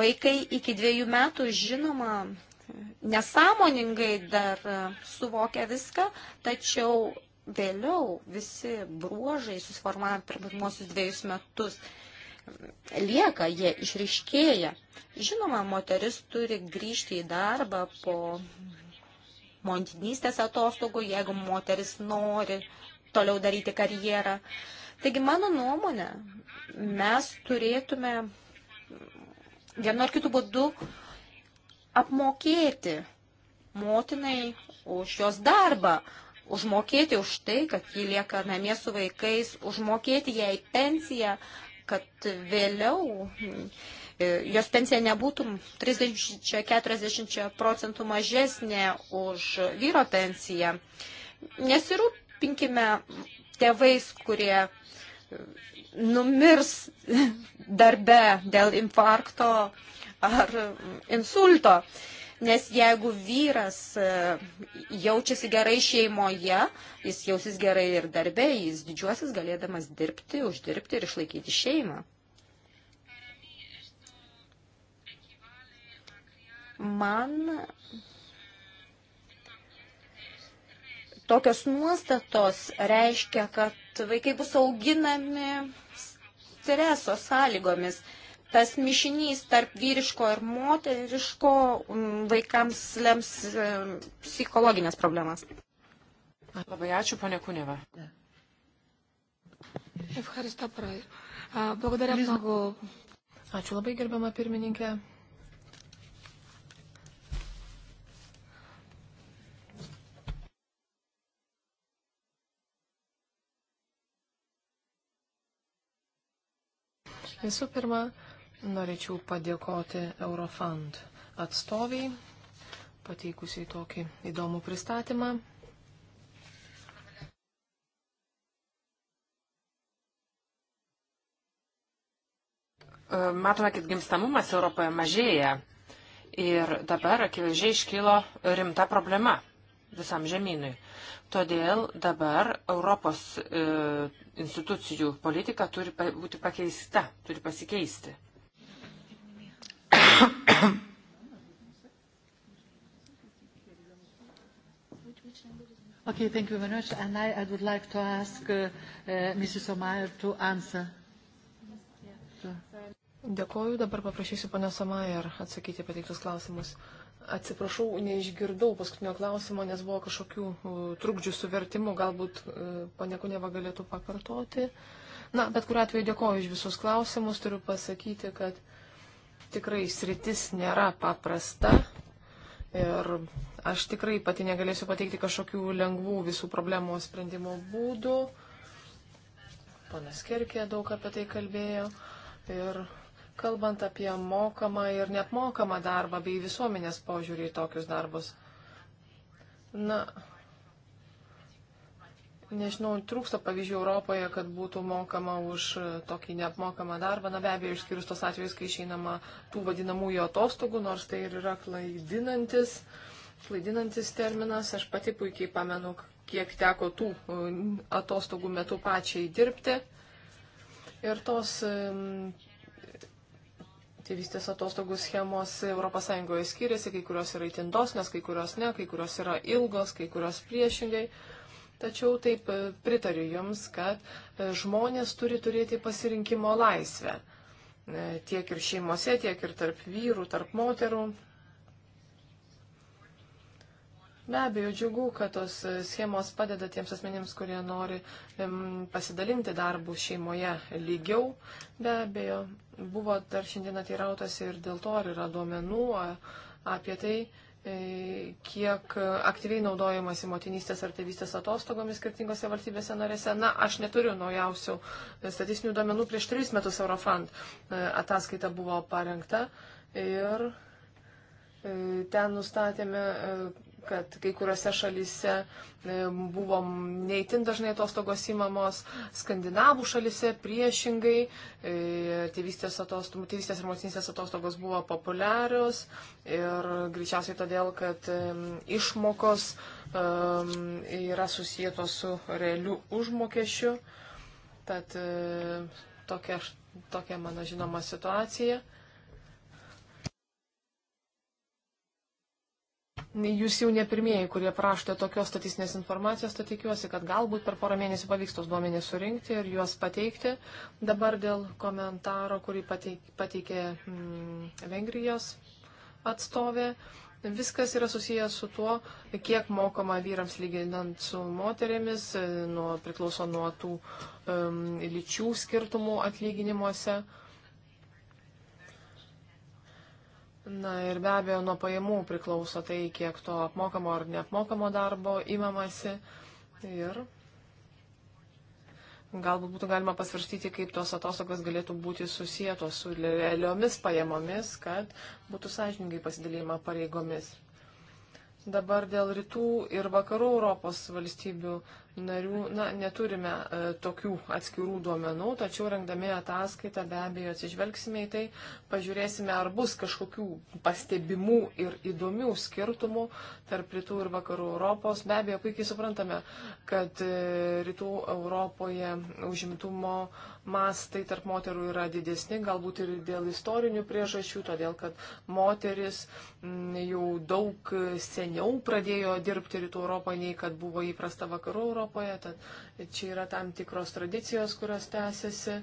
vaikai iki dviejų metų, žinoma, nesąmoningai dar e, suvokia viską, tačiau vėliau visi bruožai susiformavę per pirmosius dviejus metus lieka, jie išriškėja. Žinoma, moteris turi grįžti į darbą po montinystės atostogų, jeigu moteris nori toliau daryti karjerą. Taigi, mano nuomonė, mes turėtume vienu ar kitu būdu uh, apmokėti motinai už jos darbą, užmokėti už tai, kad ji lieka namie su vaikais, užmokėti jai pensiją, kad vėliau e, jos pensija nebūtų 30-40 procentų mažesnė už vyro pensiją. Nesirūpinkime tėvais, kurie numirs darbe dėl infarkto, ar insulto. Nes jeigu vyras e, jaučiasi gerai šeimoje, jis jausis gerai ir darbė, jis didžiuosis galėdamas dirbti, uždirbti ir išlaikyti šeimą. Man tokios nuostatos reiškia, kad vaikai bus auginami streso sąlygomis tas mišinys tarp vyriško ir moteriško mm, vaikams lems e, psichologinės problemas. Labai ačiū, ponė Kuneva. Ačiū labai, gerbama pirmininkė. Visų pirma, Norėčiau padėkoti Eurofund atstoviai, pateikusiai tokį įdomų pristatymą. E, matome, kad gimstamumas Europoje mažėja ir dabar akivaizdžiai iškilo rimta problema visam žemynui. Todėl dabar Europos e, institucijų politika turi būti pakeista, turi pasikeisti. Okay, thank you very much. And I, I would like to ask uh, uh, Mrs. O'Meara to answer. Dėkoju, dabar paprašysiu ponios O'Meara atsakyti pateiktus klausimus. Atsiprašau, neišgirdau paskutinio klausimo, nes buvo kažkokių uh, trukdžių su vertimu, galbūt uh, ponia Kuneva galėtų pakartoti. Na, bet kuriu atveju dėkoju už visus klausimus, turiu pasakyti, kad tikrai sritis nėra paprasta Ir aš tikrai pati negalėsiu pateikti kažkokių lengvų visų problemų sprendimo būdų. Panas Kirkė daug apie tai kalbėjo. Ir kalbant apie mokamą ir neapmokamą darbą bei visuomenės požiūrį į tokius darbus. Na, Nežinau, trūksta pavyzdžių Europoje, kad būtų mokama už tokį neapmokamą darbą. Na be abejo, išskyrus tos atvejus, kai išeinama tų vadinamųjų atostogų, nors tai ir yra klaidinantis, klaidinantis terminas. Aš pati puikiai pamenu, kiek teko tų e, atostogų metu pačiai dirbti. Ir tos tėvystės atostogų schemos ES skiriasi, kai kurios yra įtindos, nes kai kurios ne, kai kurios yra ilgos, kai kurios priešingai. Tačiau taip e, pritariu Jums, kad e, žmonės turi turėti pasirinkimo laisvę. E, tiek ir šeimose, tiek ir tarp vyrų, tarp moterų. Be abejo, džiugu, kad tos schemos padeda tiems asmenims, kurie nori pasidalinti darbų šeimoje lygiau. Be abejo, buvo dar šiandieną teirautas ir dėl to, ar yra duomenų apie tai, E, kiek aktyviai naudojamasi motinystės ar tėvystės atostogomis skirtingose valstybėse narėse. Na, aš neturiu naujausių statistinių duomenų. Prieš tris metus Eurofund e, ataskaita buvo parengta ir e, ten nustatėme kad kai kuriuose šalyse e, buvo neįtin dažnai atostogos įmamos, skandinavų šalyse priešingai, e, tėvystės, atostogų, tėvystės ir motinystės atostogos buvo populiarios ir greičiausiai todėl, kad e, išmokos yra susijętos su realiu užmokesčiu. Tad tokia, tokia mano žinoma situacija. Jūs jau ne pirmieji, kurie prašote tokios statistinės informacijos, tad tikiuosi, kad galbūt per porą mėnesių pavyks tos duomenys surinkti ir juos pateikti. Dabar dėl komentaro, kurį pateik, pateikė mm, Vengrijos atstovė. Viskas yra susijęs su tuo, kiek mokama vyrams lyginant su moterėmis, e, nuo, priklauso nuo tų um, lyčių skirtumų atlyginimuose. Uh, Na ir be abejo, nuo pajamų priklauso tai, kiek to apmokamo ar neapmokamo darbo imamasi. Ir galbūt būtų galima pasvarstyti, kaip tos atostogas galėtų būti susijėtos su realiomis pajamomis, kad būtų sąžininkai pasidalyma pareigomis. Dabar dėl rytų ir vakarų Europos valstybių narių, na, neturime e, tokių atskirų duomenų, tačiau rengdami ataskaitą be abejo atsižvelgsime į tai, pažiūrėsime, ar bus kažkokių pastebimų ir įdomių skirtumų tarp rytų ir vakarų Europos. Be abejo, puikiai suprantame, kad e, rytų Europoje užimtumo mastai tarp moterų yra didesni, galbūt ir dėl istorinių priežasčių, todėl kad moteris mm, jau daug seniau pradėjo dirbti rytų Europoje, nei kad buvo įprasta vakarų Europoje. Tad čia yra tam tikros tradicijos, kurios tęsiasi.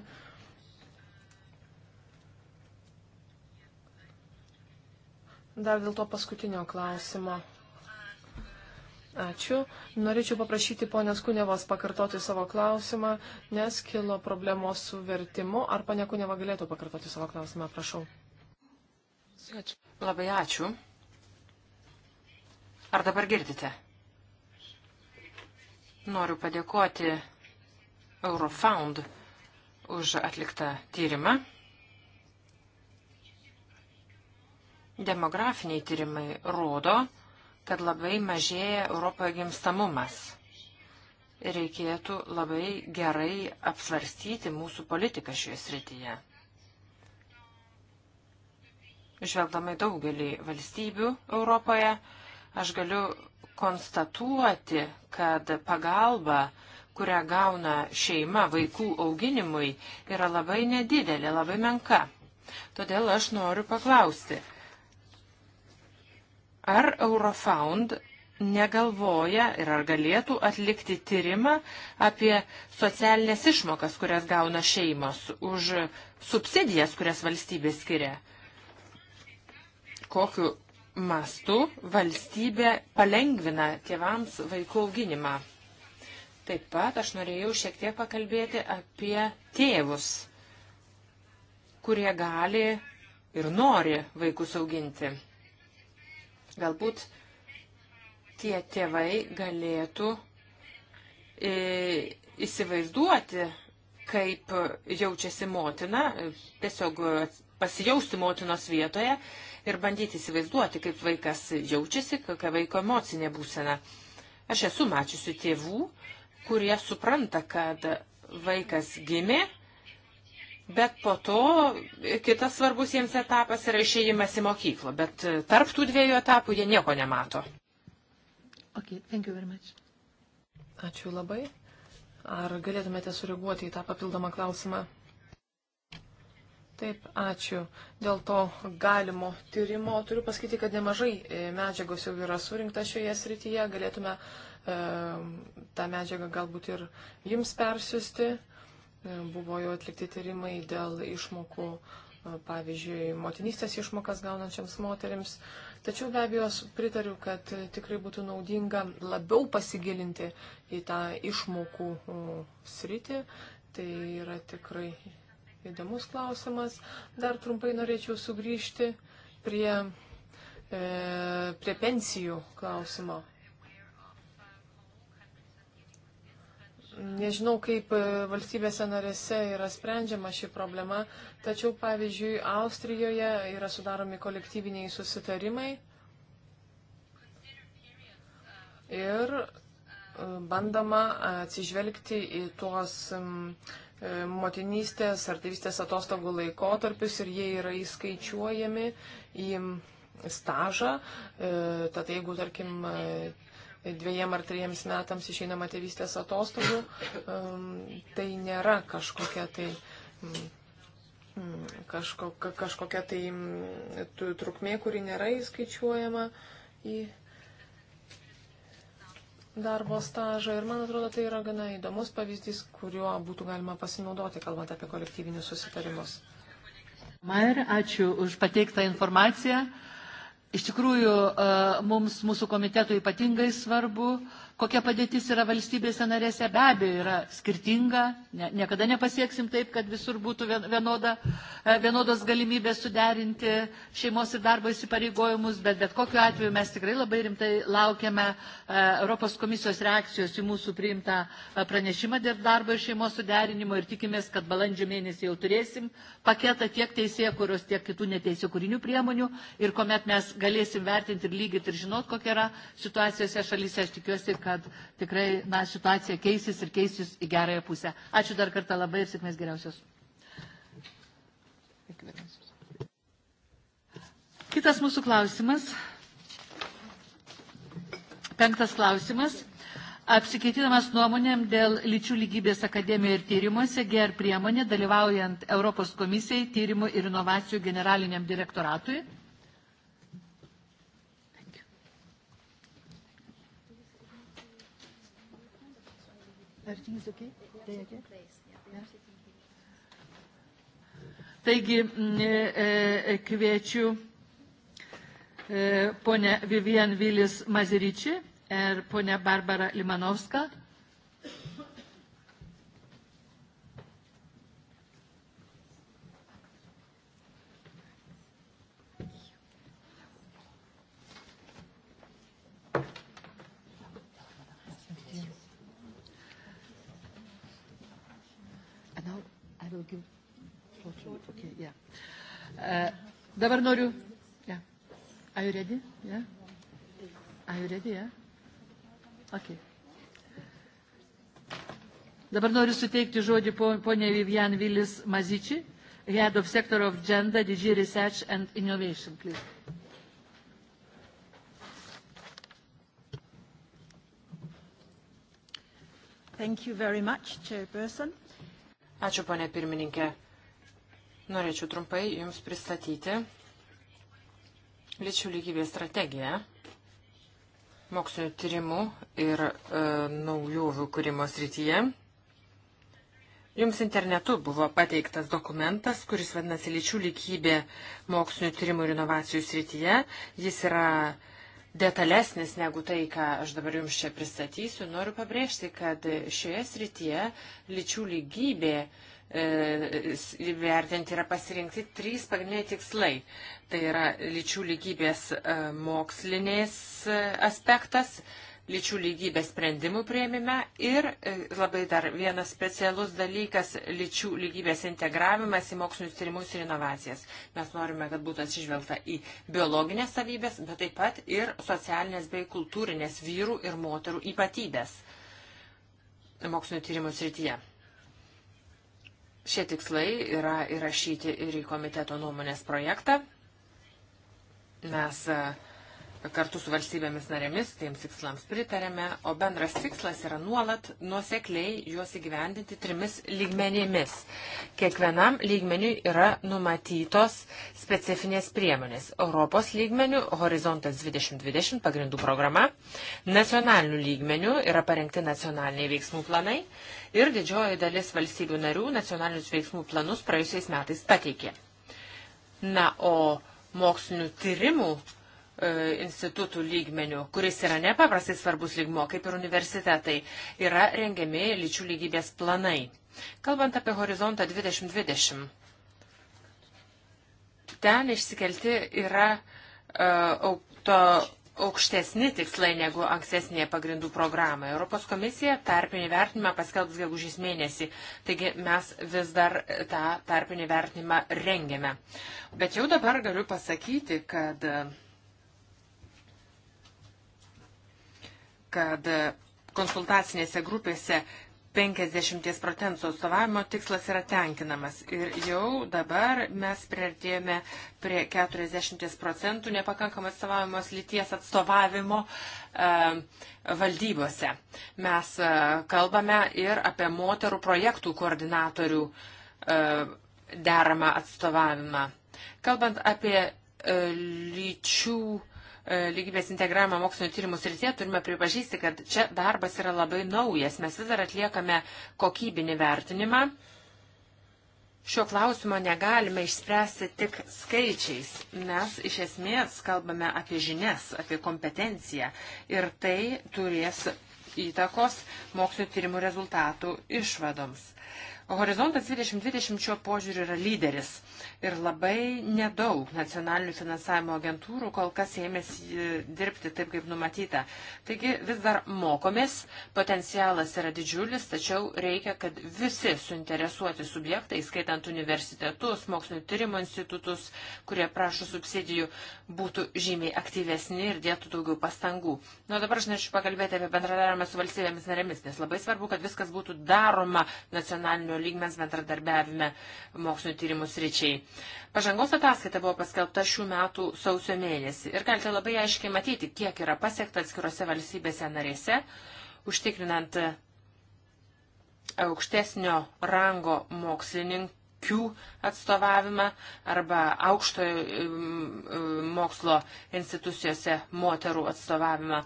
Dar dėl to paskutinio klausimo. Ačiū. Norėčiau paprašyti ponios Kunevos pakartoti savo klausimą, nes kilo problemos su vertimu. Ar ponia Kuneva galėtų pakartoti savo klausimą, prašau. Ačiū. Labai ačiū. Ar dabar girdite? Noriu padėkoti Eurofound už atliktą tyrimą. Demografiniai tyrimai rodo, kad labai mažėja Europoje gimstamumas. Reikėtų labai gerai apsvarstyti mūsų politiką šioje srityje. Žvelgdama į daugelį valstybių Europoje, aš galiu konstatuoti, kad pagalba, kurią gauna šeima vaikų auginimui, yra labai nedidelė, labai menka. Todėl aš noriu paklausti, Ar Eurofound negalvoja ir ar galėtų atlikti tyrimą apie socialinės išmokas, kurias gauna šeimos, už subsidijas, kurias valstybė skiria. Kokiu mastu valstybė palengvina tėvams vaikų auginimą. Taip pat aš norėjau šiek tiek pakalbėti apie tėvus, kurie gali ir nori vaikus auginti. Galbūt tie tėvai galėtų e, įsivaizduoti, kaip jaučiasi motina, tiesiog pasijausti motinos vietoje ir bandyti įsivaizduoti, kaip vaikas jaučiasi, kokia vaiko emocinė būsena. Aš esu mačiusi tėvų, kurie supranta, kad vaikas gimė Bet po to kitas svarbus jiems etapas yra išėjimas į mokyklą, bet tarp tų dviejų etapų jie nieko nemato. Okay, Ačiū labai. Ar galėtumėte sureaguoti į tą papildomą klausimą? Taip, ačiū. Dėl to galimo tyrimo turiu pasakyti, kad nemažai e, medžiagos jau yra surinkta šioje srityje. Galėtume e, tą medžiagą galbūt ir jums persiusti. E, E, buvo jau atlikti tyrimai dėl išmokų, e, pavyzdžiui, motinystės išmokas gaunančiams moteriams. Tačiau be abejo pritariu, kad tikrai būtų naudinga labiau pasigilinti į tą išmokų sritį. Tai yra tikrai įdomus klausimas. Dar trumpai norėčiau sugrįžti prie, e, prie pensijų klausimo. Nežinau, kaip e, valstybėse narėse yra sprendžiama ši problema, tačiau, pavyzdžiui, Austrijoje yra sudaromi kolektyviniai susitarimai ir e, bandoma atsižvelgti į tuos e, motinystės ar tėvystės atostogų laikotarpius ir jie yra įskaičiuojami į stažą. Tad jeigu, tarkim, dviejiem ar trejiems metams išeinama tėvystės atostogų, tai nėra kažkokia tai mm, mm, kažko, kažkokia tai mm, trukmė, kuri nėra įskaičiuojama į darbo stažą. Ir man atrodo, tai yra gana įdomus pavyzdys, kuriuo būtų galima pasinaudoti, kalbant apie kolektyvinius susitarimus. Mair, ačiū už pateiktą informaciją. Iš tikrųjų, e, mums, mūsų komitetui ypatingai svarbu, kokia padėtis yra valstybėse narėse, be abejo, yra skirtinga, ne, niekada nepasieksim taip, kad visur būtų vienoda, e, vienodos galimybės suderinti šeimos ir darbo įsipareigojimus, bet bet kokiu atveju mes tikrai labai rimtai laukiame e, Europos komisijos reakcijos į mūsų priimtą pranešimą dėl darbo ir šeimos suderinimo ir tikimės, kad balandžio mėnesį jau turėsim paketą tiek teisėkuros, tiek kitų neteisėkurinių priemonių ir kuomet mes galėsim vertinti ir lygit ir žinot, kokia yra situacijose šalyse. Aš tikiuosi, kad tikrai na, situacija keisis ir keisis į gerąją pusę. Ačiū dar kartą labai ir sėkmės geriausios. Kitas mūsų klausimas. Penktas klausimas. Apsikeitinamas nuomonėm dėl lyčių lygybės akademijoje ir tyrimuose GER priemonė dalyvaujant Europos komisijai tyrimų ir inovacijų generaliniam direktoratui. Everything is okay? They are okay? Yeah. Taigi mm, e, e, e, kviečiu ponę Vivian Vilis Maziričį ir ponę Barbarą Limanovską will give floor to okay, yeah. Uh, dabar noriu. Yeah. Are you ready? Yeah. Are you ready? Yeah. Okay. Dabar noriu suteikti žodį ponė Vivian Vilis Mazici, Head of Sector of Gender, DG Research and Innovation, please. Thank you very much, Chairperson. Ačiū, ponė pirmininkė. Norėčiau trumpai Jums pristatyti lyčių lygybės strategiją mokslinio tyrimų ir e, naujovių kūrimo srityje. Jums internetu buvo pateiktas dokumentas, kuris vadinasi lyčių lygybė mokslinio tyrimų ir inovacijų srityje. Jis yra detalesnis negu tai, ką aš dabar jums čia pristatysiu, noriu pabrėžti, kad šioje srityje lyčių lygybė e, vertinti yra pasirinkti trys pagrindiniai tikslai. Tai yra lyčių lygybės e, mokslinės e, aspektas, lyčių lygybės sprendimų prieimime ir e, labai dar vienas specialus dalykas - lyčių lygybės integravimas į mokslinius tyrimus ir inovacijas. Mes norime, kad būtų atsižvelgta į biologinės savybės, bet taip pat ir socialinės bei kultūrinės vyrų ir moterų ypatybės mokslinio tyrimų srityje. Šie tikslai yra įrašyti ir į komiteto nuomonės projektą. Mes uh, kartu su valstybėmis narėmis, tiems tikslams pritarėme, o bendras tikslas yra nuolat nuosekliai juos įgyvendinti trimis lygmenėmis. Kiekvienam lygmeniui yra numatytos specifinės priemonės. Europos lygmenių Horizontas 2020 pagrindų programa, nacionalinių lygmenių yra parengti nacionaliniai veiksmų planai ir didžioji dalis valstybių narių nacionalinius veiksmų planus praėjusiais metais pateikė. Na, o mokslinių tyrimų E, institutų lygmenių, kuris yra nepaprastai svarbus lygmo, kaip ir universitetai, yra rengiami lyčių lygybės planai. Kalbant apie horizontą 2020, ten išsikelti yra e, aukto aukštesni tikslai negu ankstesnėje pagrindų programoje. Europos komisija tarpinį vertinimą paskelbs gegužys mėnesį, taigi mes vis dar tą tarpinį vertinimą rengiame. Bet jau dabar galiu pasakyti, kad uh, kad konsultacinėse grupėse 50 procentų atstovavimo tikslas yra tenkinamas. Ir jau dabar mes priartėjome prie 40 procentų nepakankamas atstovavimos lyties atstovavimo e, valdybose. Mes e, kalbame ir apie moterų projektų koordinatorių e, deramą atstovavimą. Kalbant apie e, lyčių e, E, lygybės integravimą mokslinio tyrimų srityje, turime pripažįsti, kad čia darbas yra labai naujas. Mes vis dar atliekame kokybinį vertinimą. Šio klausimo negalime išspręsti tik skaičiais. Mes iš esmės kalbame apie žinias, apie kompetenciją ir tai turės įtakos mokslinio tyrimų rezultatų išvadoms. Horizontas 2020 šiuo požiūriu yra lyderis ir labai nedaug nacionalinių finansavimo agentūrų kol kas ėmėsi e, dirbti taip, kaip numatyta. Taigi vis dar mokomės, potencialas yra didžiulis, tačiau reikia, kad visi suinteresuoti subjektai, skaitant universitetus, mokslinio tyrimo institutus, kurie prašo subsidijų, būtų žymiai aktyvesni ir dėtų daugiau pastangų. Na, nu, dabar aš norėčiau pakalbėti apie bendradarbiavimą su valstybėmis narėmis, nes labai svarbu, kad viskas būtų daroma nacionaliniu lygmens bendradarbiavime mokslinio tyrimų sričiai. Pažangos ataskaita buvo paskelbta šių metų sausio mėnesį ir galite labai aiškiai matyti, kiek yra pasiekta atskirose valstybėse narėse, užtikrinant aukštesnio rango mokslininkų atstovavimą arba aukštojo mm, mm, mokslo institucijose moterų atstovavimą.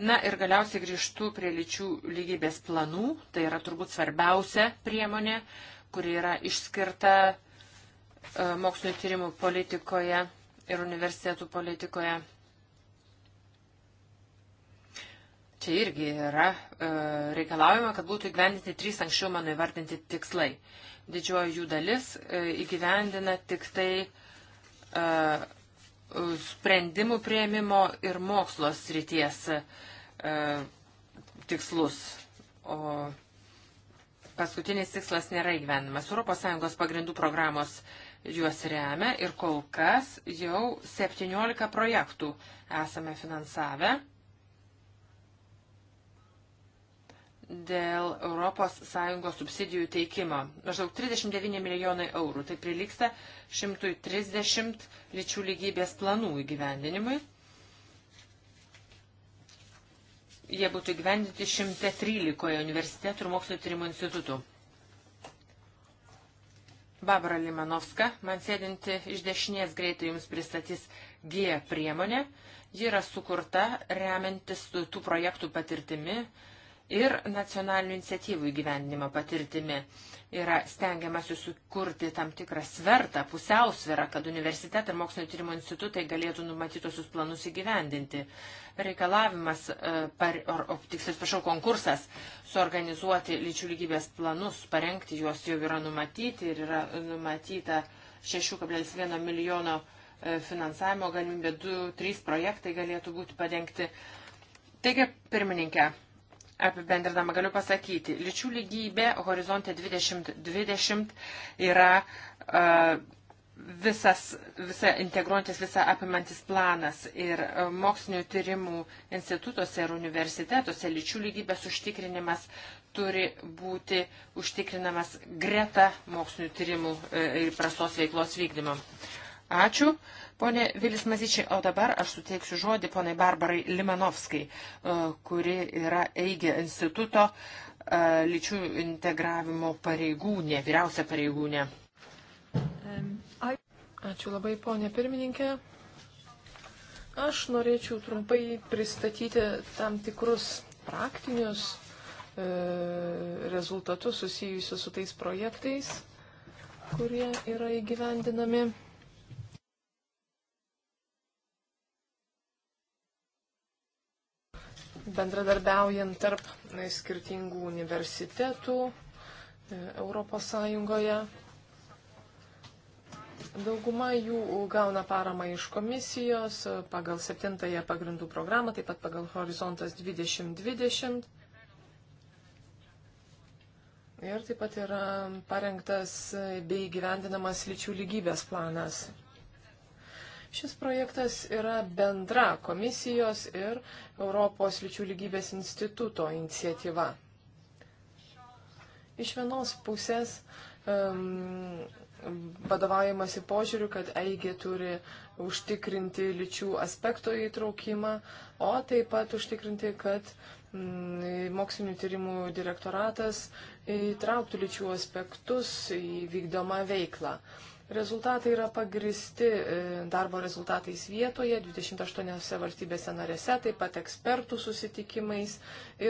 Na ir galiausiai grįžtu prie lyčių lygybės planų. Tai yra turbūt svarbiausia priemonė, kuri yra išskirta e, mokslinio tyrimų politikoje ir universitetų politikoje. Čia irgi yra e, reikalaujama, kad būtų įgyvendinti trys anksčiau mano įvardinti tikslai. Didžioji jų dalis e, įgyvendina tik tai sprendimų prieimimo ir mokslo srities e, tikslus. O paskutinis tikslas nėra įgyvenimas. ES pagrindų programos juos remia ir kol kas jau 17 projektų esame finansavę. dėl ES subsidijų teikimo. Maždaug 39 milijonai eurų. Tai priliksta 130 lyčių lygybės planų įgyvendinimui. Jie būtų įgyvendinti 113 universitetų ir mokslo tyrimų institutų. Babra Limanovska, man sėdinti iš dešinės greitai jums pristatys G priemonę. Ji yra sukurta remiantis tų projektų patirtimi, ir nacionalinių iniciatyvų įgyvendinimo patirtimi. Yra stengiamasi sukurti tam tikrą svertą, pusiausvirą, kad universitetai ir mokslinio tyrimo institutai galėtų numatytosius planus įgyvendinti. Reikalavimas, e, par, or, o tiksliau, prašau, konkursas suorganizuoti lyčių lygybės planus, parengti juos jau yra numatyti ir yra numatyta 6,1 milijono e, finansavimo galimybė, 2-3 projektai galėtų būti padengti. Taigi, pirmininkė, apibendrinama galiu pasakyti, lyčių lygybė horizonte 2020 yra uh, visas, visa, integruojantis visą apimantis planas ir mokslinio tyrimų institutuose ir universitetuose lyčių lygybės užtikrinimas turi būti užtikrinamas greta mokslinio tyrimų e, ir prastos veiklos vykdymo. Ačiū. Pone Vilis Mazičiai, o dabar aš suteiksiu žodį ponai Barbarai Limanovskai, e, kuri yra Eigė instituto e, lyčių integravimo pareigūnė, vyriausia pareigūnė. Ačiū labai, ponė pirmininkė. Aš norėčiau trumpai pristatyti tam tikrus praktinius e, rezultatus susijusius su tais projektais, kurie yra įgyvendinami. bendradarbiaujant tarp skirtingų universitetų e, Europos Sąjungoje. Dauguma jų gauna paramą iš komisijos e, pagal septintąją pagrindų programą, taip pat pagal Horizontas 2020. Ir taip pat yra parengtas bei gyvendinamas lyčių lygybės planas. Šis projektas yra bendra komisijos ir Europos lyčių lygybės instituto iniciatyva. Iš vienos pusės um, vadovaujamasi požiūriu, kad EIGE turi užtikrinti lyčių aspekto įtraukimą, o taip pat užtikrinti, kad mm, mokslinių tyrimų direktoratas įtrauktų lyčių aspektus į vykdomą veiklą. Rezultatai yra pagristi e, darbo rezultatais vietoje, 28 valstybėse narėse, taip pat ekspertų susitikimais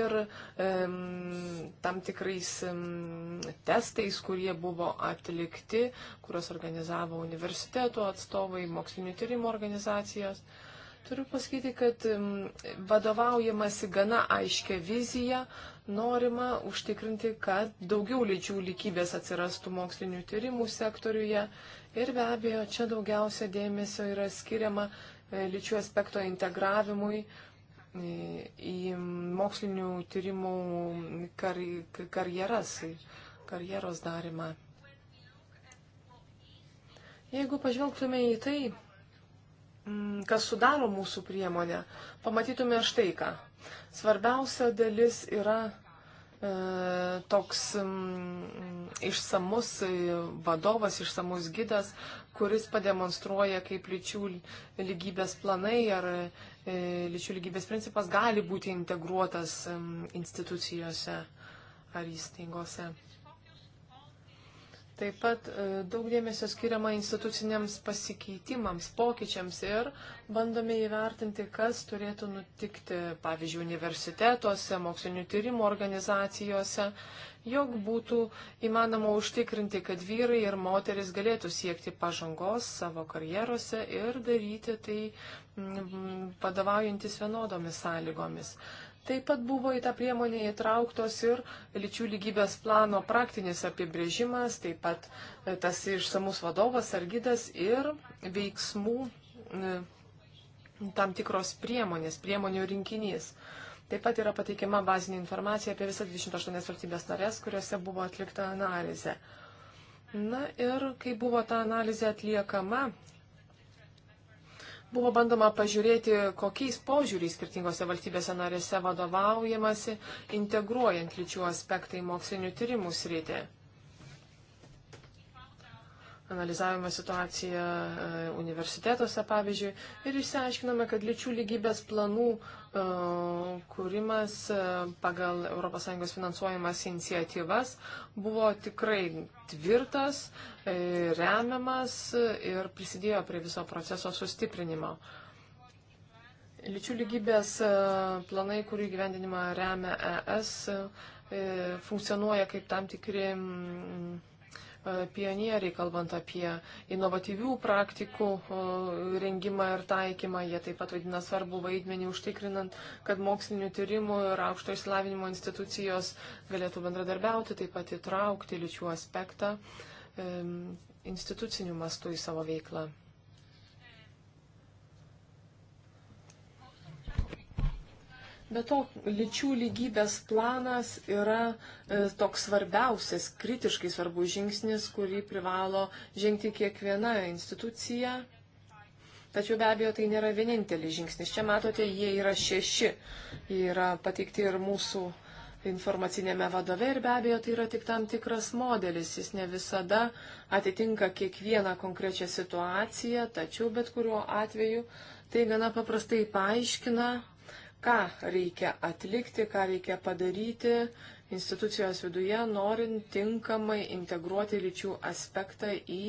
ir um, tam tikrais um, testais, kurie buvo atlikti, kuriuos organizavo universiteto atstovai, mokslinio tyrimo organizacijos. Uh, Turiu pasakyti, kad vadovaujamasi gana aiškia vizija, norima užtikrinti, kad daugiau lyčių lygybės atsirastų mokslinių tyrimų sektoriuje. Ir be abejo, čia daugiausia dėmesio yra skiriama e, lyčių aspekto integravimui e, į mokslinių tyrimų kar, karjeras, karjeros darimą. Jeigu pažvelgtume į tai, Mm, kas sudaro mūsų priemonę, pamatytume štai ką. Svarbiausia dalis yra e, toks mm, išsamus e, vadovas, išsamus gidas, kuris pademonstruoja, kaip lyčių lygybės planai ar e, lyčių lygybės principas gali būti integruotas mm, institucijose ar įstaigose. Taip pat e, daug dėmesio skiriama instituciniams pasikeitimams, pokyčiams ir bandome įvertinti, kas turėtų nutikti, pavyzdžiui, universitetuose, mokslinių tyrimų organizacijose, jog būtų įmanoma užtikrinti, kad vyrai ir moteris galėtų siekti pažangos savo karjerose ir daryti tai padavaujantis vienodomis sąlygomis. Taip pat buvo į tą priemonę įtrauktos ir lyčių lygybės plano praktinis apibrėžimas, taip pat e, tas išsamus vadovas ar gydas ir veiksmų e, tam tikros priemonės, priemonių rinkinys. Taip pat yra pateikiama bazinė informacija apie visas 28 valstybės narės, kuriuose buvo atlikta analizė. Na ir kai buvo ta analizė atliekama, Buvo bandoma pažiūrėti, kokiais požiūriais skirtingose valstybėse narėse vadovaujamasi, integruojant lyčių aspektą į mokslinių tyrimų sritį analizavome situaciją e, universitetuose, pavyzdžiui, ir išsiaiškinome, kad lyčių lygybės planų e, kūrimas e, pagal ES finansuojamas iniciatyvas buvo tikrai tvirtas, remiamas ir prisidėjo prie viso proceso sustiprinimo. Lyčių lygybės planai, kurių gyvendinimą remia ES, funkcionuoja kaip tam tikri mm, E, pionieriai, kalbant apie inovatyvių praktikų e, rengimą ir taikymą. Jie taip pat vaidina svarbu vaidmenį užtikrinant, kad mokslinių tyrimų ir aukšto išsilavinimo institucijos galėtų bendradarbiauti, taip pat įtraukti lyčių aspektą e, institucinių mastų į savo veiklą. Be to, lyčių lygybės planas yra e, toks svarbiausias, kritiškai svarbus žingsnis, kurį privalo žengti kiekviena institucija. Tačiau be abejo, tai nėra vienintelis žingsnis. Čia matote, jie yra šeši. Jie yra pateikti ir mūsų informacinėme vadove ir be abejo tai yra tik tam tikras modelis, jis ne visada atitinka kiekvieną konkrečią situaciją, tačiau bet kuriuo atveju tai gana paprastai paaiškina, ką reikia atlikti, ką reikia padaryti institucijos viduje, norint tinkamai integruoti lyčių aspektą į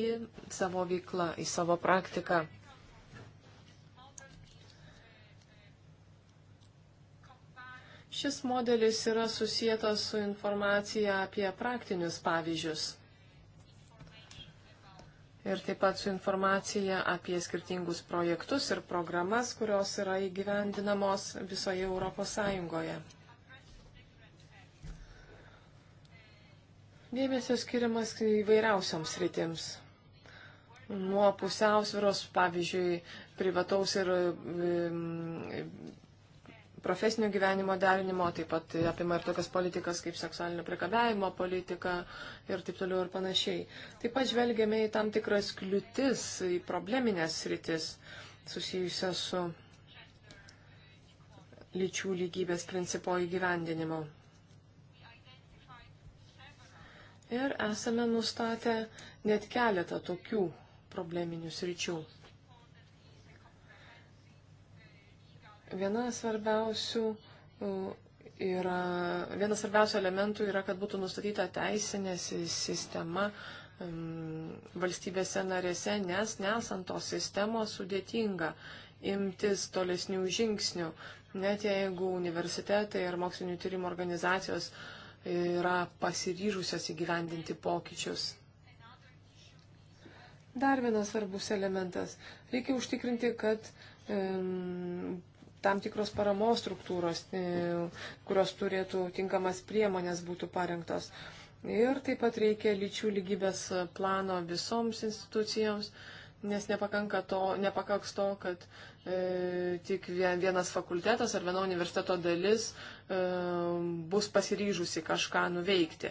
savo veiklą, į savo praktiką. Šis modelis yra susijęs su informacija apie praktinius pavyzdžius ir taip pat su informacija apie skirtingus projektus ir programas, kurios yra įgyvendinamos visoje Europos Sąjungoje. Dėmesio skiriamas įvairiausioms rytims. Nuo pusiausviros, pavyzdžiui, privataus ir profesinio gyvenimo derinimo, taip pat apima ir tokias politikas kaip seksualinio priekabiavimo politika ir taip toliau ir panašiai. Taip pat žvelgiame į tam tikras kliūtis, į probleminės rytis susijusias su lyčių lygybės principo įgyvendinimu. Ir esame nustatę net keletą tokių probleminių sričių. Viena svarbiausių e, yra, vienas svarbiausių elementų yra, kad būtų nustatyta teisinė sistema valstybėse narėse, nes nesant tos sistemos sudėtinga imtis tolesnių žingsnių. Net jeigu universitetai ir mokslinio tyrimo organizacijos yra pasiryžusios įgyvendinti pokyčius. Dar vienas svarbus elementas. Reikia užtikrinti, kad um, tam tikros paramos struktūros, e, kurios turėtų tinkamas priemonės būtų parengtos. Ir taip pat reikia lyčių lygybės plano visoms institucijoms, nes nepakanka to, nepakaks to, kad e, tik vienas fakultetas ar viena universiteto dalis e, bus pasiryžusi kažką nuveikti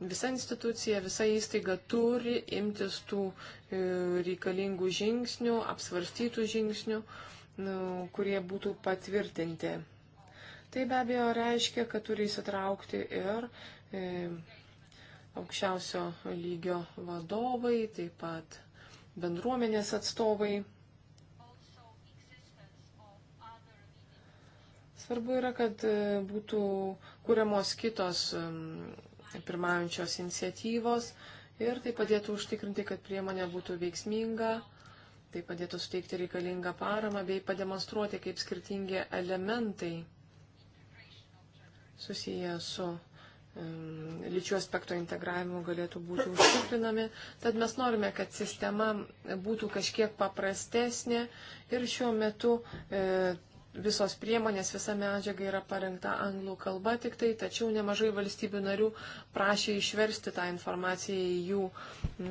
visa institucija, visa įstaiga turi imtis tų e, reikalingų žingsnių, apsvarstytų žingsnių. E, Nu, kurie būtų patvirtinti. Tai be abejo reiškia, kad turi įsitraukti ir e, aukščiausio lygio vadovai, taip pat bendruomenės atstovai. Svarbu yra, kad e, būtų kūriamos kitos e, pirmaujančios iniciatyvos ir tai padėtų užtikrinti, kad priemonė būtų veiksminga Tai padėtų suteikti reikalingą paramą bei pademonstruoti, kaip skirtingi elementai susiję su um, lyčių aspekto integravimu galėtų būti užtikrinami. Tad mes norime, kad sistema būtų kažkiek paprastesnė ir šiuo metu e, visos priemonės, visa medžiaga yra parengta anglų kalba tik tai, tačiau nemažai valstybių narių prašė išversti tą informaciją į jų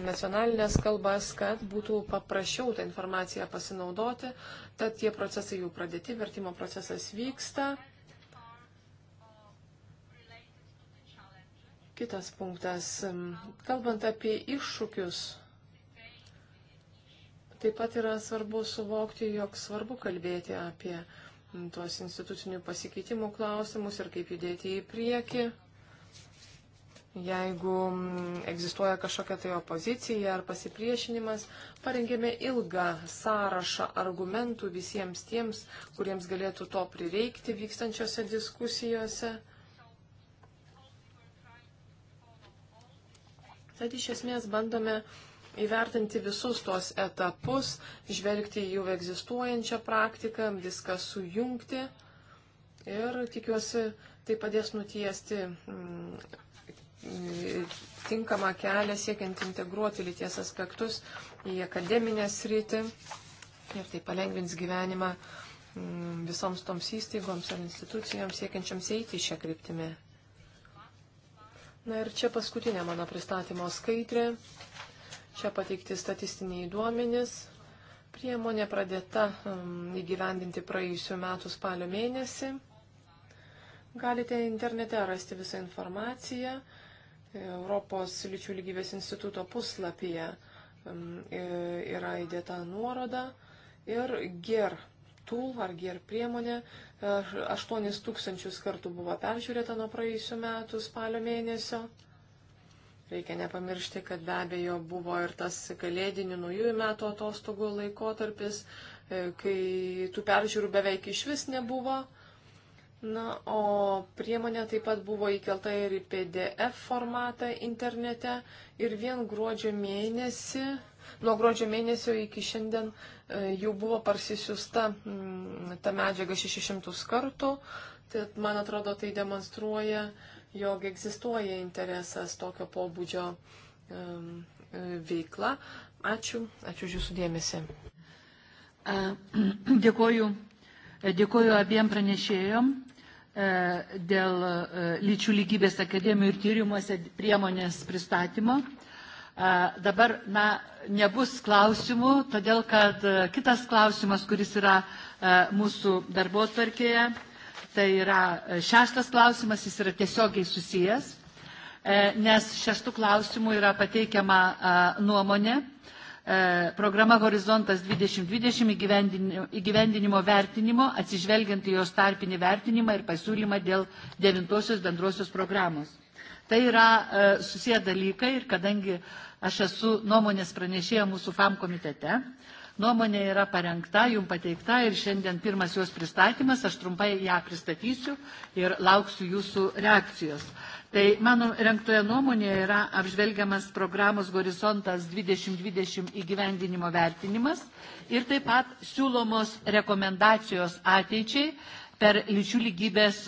nacionalinės kalbas, kad būtų paprasčiau tą informaciją pasinaudoti, tad tie procesai jau pradėti, vertimo procesas vyksta. Kitas punktas, kalbant apie iššūkius Taip pat yra svarbu suvokti, jog svarbu kalbėti apie tuos institucinių pasikeitimų klausimus ir kaip judėti į priekį. Jeigu mm, egzistuoja kažkokia tai opozicija ar pasipriešinimas, parengėme ilgą sąrašą argumentų visiems tiems, kuriems galėtų to prireikti vykstančiose diskusijose. Tad iš esmės bandome uh, įvertinti visus tuos etapus, žvelgti jų egzistuojančią praktiką, viską sujungti. Ir tikiuosi, tai padės nutiesti mm, tinkamą kelią siekiant integruoti lyties aspektus į akademinę sritį ir tai palengvins gyvenimą mm, visoms toms įstaigoms ar institucijoms siekiančiams eiti šią kryptimį. Na ir čia paskutinė mano pristatymo skaidrė. Čia pateikti statistiniai duomenys. Priemonė pradėta um, įgyvendinti praėjusiu metu spalio mėnesį. Galite internete rasti visą informaciją Europos lyčių lygybės instituto puslapyje um, yra įdėta nuoroda ir GER tool ar GER priemonė 8000 uh, kartų buvo peržiūrėta nuo praėjusiu metu spalio mėnesio. Reikia nepamiršti, kad be abejo buvo ir tas kalėdinių naujųjų metų atostogų laikotarpis, e, kai tų peržiūrų beveik iš vis nebuvo. Na, o priemonė taip pat buvo įkelta ir į PDF formatą internete ir vien gruodžio mėnesį, nuo gruodžio mėnesio iki šiandien e, jau buvo parsisiusta mm, ta medžiaga 600 kartų. Tai man atrodo, tai demonstruoja jog egzistuoja interesas tokio pobūdžio um, veikla. Ačiū, ačiū už Jūsų dėmesį. Dėkoju, e, dėkoju abiem pranešėjom e, dėl lyčių lygybės akademijų ir tyrimuose priemonės pristatymo. Dabar na, nebus klausimų, todėl kad kitas klausimas, kuris yra mūsų darbo tvarkėje, Tai yra e, šeštas klausimas, jis yra tiesiogiai susijęs, e, nes šeštų klausimų yra pateikiama e, nuomonė programa Horizontas 2020 įgyvendinimo vertinimo, atsižvelgiant į jos tarpinį vertinimą ir pasiūlymą dėl devintosios bendrosios programos. Tai yra susiję dalykai ir kadangi aš esu nuomonės pranešėja mūsų FAM komitete, Nuomonė yra parengta, jum pateikta ir šiandien pirmas jos pristatymas, aš trumpai ją pristatysiu ir lauksiu jūsų reakcijos. Tai mano renktoje nuomonėje yra apžvelgiamas programos Horizontas 2020 įgyvendinimo vertinimas ir taip pat siūlomos rekomendacijos ateičiai per lyčių lygybės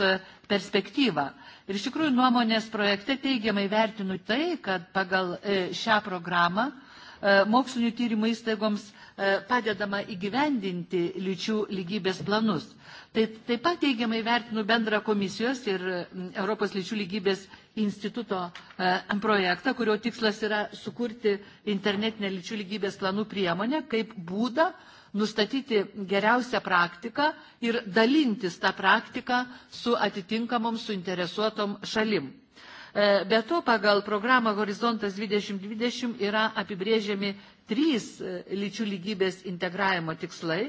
perspektyvą. Ir iš tikrųjų nuomonės projekte teigiamai vertinu tai, kad pagal e, šią programą e, mokslinių tyrimų įstaigoms E, padedama įgyvendinti lyčių lygybės planus. Tai taip pat teigiamai vertinu bendrą komisijos ir Europos lyčių lygybės instituto e, projektą, kurio tikslas yra sukurti internetinę lyčių lygybės planų priemonę kaip būdą nustatyti geriausią praktiką ir dalintis tą praktiką su atitinkamom suinteresuotom šalim. E, be to, pagal programą Horizontas 2020 yra apibrėžiami trys e, lyčių lygybės integravimo tikslai.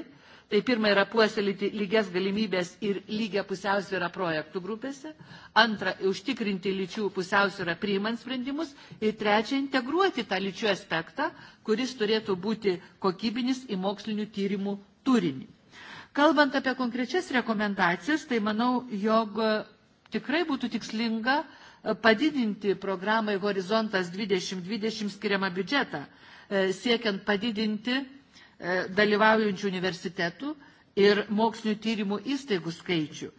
Tai pirma yra puoselėti lygias galimybės ir lygia pusiausvyrą projektų grupėse. Antra, užtikrinti lyčių pusiausvyrą priimant sprendimus. Ir trečia, integruoti tą lyčių aspektą, kuris turėtų būti kokybinis į mokslinių tyrimų turinį. Kalbant apie konkrečias rekomendacijas, tai manau, jog tikrai būtų tikslinga uh, padidinti programai Horizontas 2020 skiriamą biudžetą, e, siekiant padidinti e, dalyvaujančių universitetų ir mokslinių tyrimų įstaigų skaičių.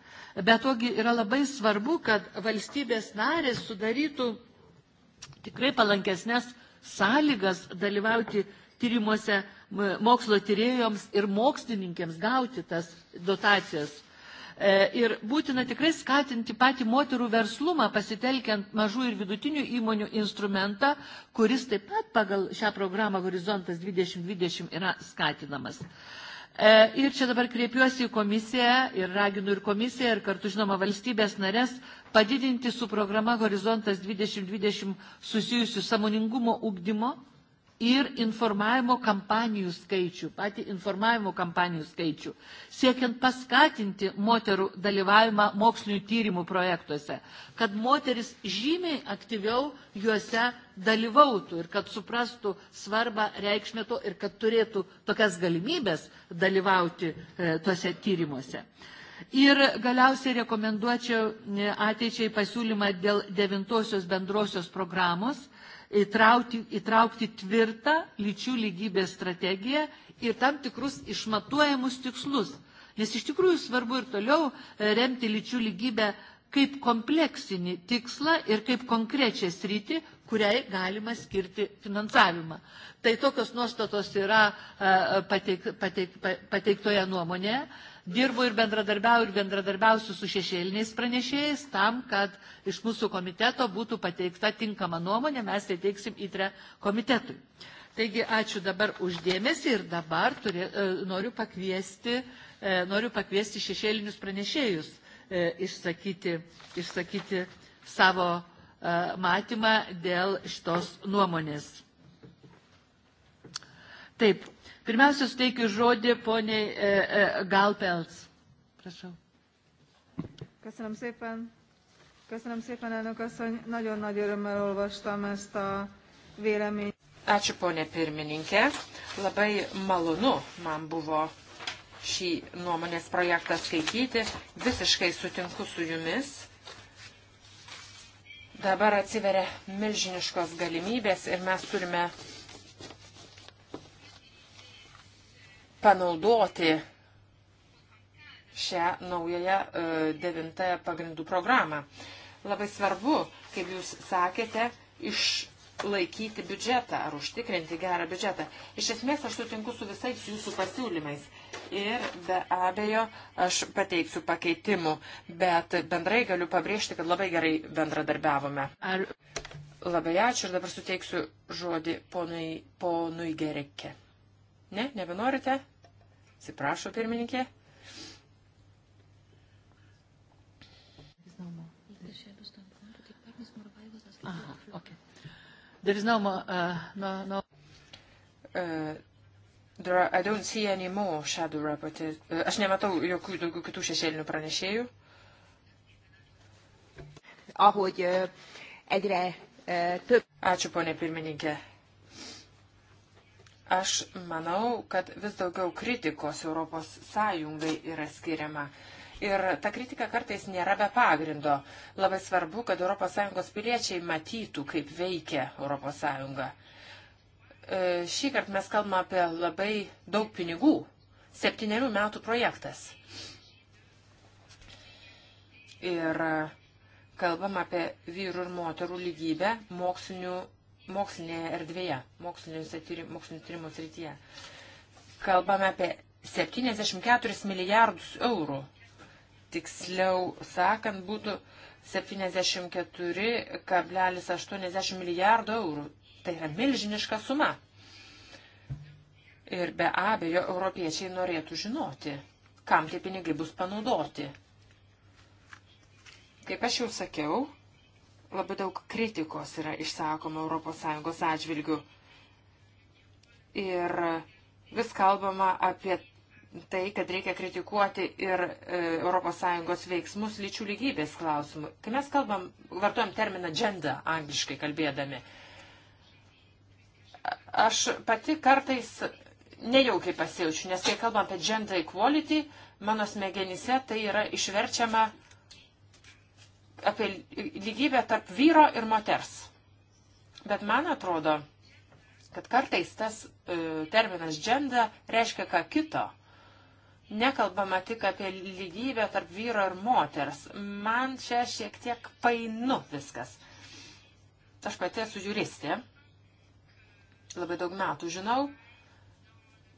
Bet togi yra labai svarbu, kad valstybės narės sudarytų tikrai palankesnės sąlygas dalyvauti tyrimuose mokslo tyrėjams ir mokslininkėms gauti tas dotacijas E, ir būtina tikrai skatinti patį moterų verslumą, pasitelkiant mažų ir vidutinių įmonių instrumentą, kuris taip pat pagal šią programą Horizontas 2020 yra skatinamas. E, ir čia dabar kreipiuosi į komisiją ir raginu ir komisiją ir kartu žinoma valstybės narės padidinti su programa Horizontas 2020 susijusių samoningumo ugdymo ir informavimo kampanijų skaičių, patį informavimo kampanijų skaičių, siekiant paskatinti moterų dalyvavimą mokslinių tyrimų projektuose, kad moteris žymiai aktyviau juose dalyvautų ir kad suprastų svarbą reikšmę to ir kad turėtų tokias galimybės dalyvauti e, tuose tyrimuose. Ir galiausiai rekomenduočiau e, ateičiai pasiūlymą dėl devintosios bendrosios programos įtraukti, įtraukti tvirtą lyčių lygybės strategiją ir tam tikrus išmatuojamus tikslus. Nes iš tikrųjų svarbu ir toliau e, remti lyčių lygybę kaip kompleksinį tikslą ir kaip konkrečią sritį, kuriai galima skirti finansavimą. Tai tokios nuostatos yra e, e, pateik, pateik, pateiktoje nuomonėje dirbu ir bendradarbiauju ir bendradarbiausiu su šešėliniais pranešėjais tam, kad iš mūsų komiteto būtų pateikta tinkama nuomonė, mes tai teiksim įtre komitetui. Taigi ačiū dabar uždėmesi ir dabar turė, e, noriu, pakviesti, e, noriu pakviesti šešėlinius pranešėjus e, išsakyti, išsakyti savo e, matymą dėl šitos nuomonės. Taip, Pirmiausia, suteikiu žodį poniai e, e, Galpels. Prašau. Köszönöm szépen. Köszönöm szépen, elnök asszony. Nagyon nagy örömmel olvastam ezt a véleményt. Ačiū, ponė pirmininkė. Labai malonu man buvo šį nuomonės projektą skaityti. Visiškai sutinku su jumis. Dabar atsiveria milžiniškos galimybės ir mes turime panaudoti šią naująją e, devintąją pagrindų programą. Labai svarbu, kaip jūs sakėte, išlaikyti biudžetą ar užtikrinti gerą biudžetą. Iš esmės aš sutinku su visais jūsų pasiūlymais. Ir be abejo, aš pateiksiu pakeitimų, bet bendrai galiu pabrėžti, kad labai gerai bendradarbiavome. Ar... Labai ačiū ir dabar suteiksiu žodį ponui, ponui Gerikė. Ne, nebenorite? Atsiprašau, pirmininkė. Aha, okay. There is no more, uh, no, no. Uh, there are, I don't see any more shadow rapporteurs. Uh, aš nematau jokių daugiau kitų šešėlinių pranešėjų. Ahogy uh, egyre uh, több. Ačiū, ponė pirmininkė. Aš manau, kad vis daugiau kritikos Europos Sąjungai yra skiriama. Ir ta kritika kartais nėra be pagrindo. Labai svarbu, kad ES piliečiai matytų, kaip veikia ES. Šį kartą mes kalbame apie labai daug pinigų. Septyniarių metų projektas. Ir kalbam apie vyrų ir moterų lygybę mokslinių mokslinėje erdvėje, mokslinio tyrimų srityje. Kalbame apie 74 milijardus eurų. Tiksliau sakant, būtų 74,80 milijardų eurų. Tai yra milžiniška suma. Ir be abejo, europiečiai norėtų žinoti, kam tie pinigai bus panaudoti. Kaip aš jau sakiau, Labai daug kritikos yra išsakoma ES atžvilgių. Ir vis kalbama apie tai, kad reikia kritikuoti ir ES veiksmus lyčių lygybės klausimų. Kai mes kalbam, vartojam terminą gender angliškai kalbėdami, aš pati kartais nejaukiai pasijaučiu, nes kai kalbam apie gender equality, mano smegenyse tai yra išverčiama uh, apie lygybę tarp vyro ir moters. Bet man atrodo, kad kartais tas e, terminas dženda reiškia ką kito. Nekalbama tik apie lygybę tarp vyro ir moters. Man čia šiek tiek painu viskas. Aš pati esu juristė. Labai daug metų žinau,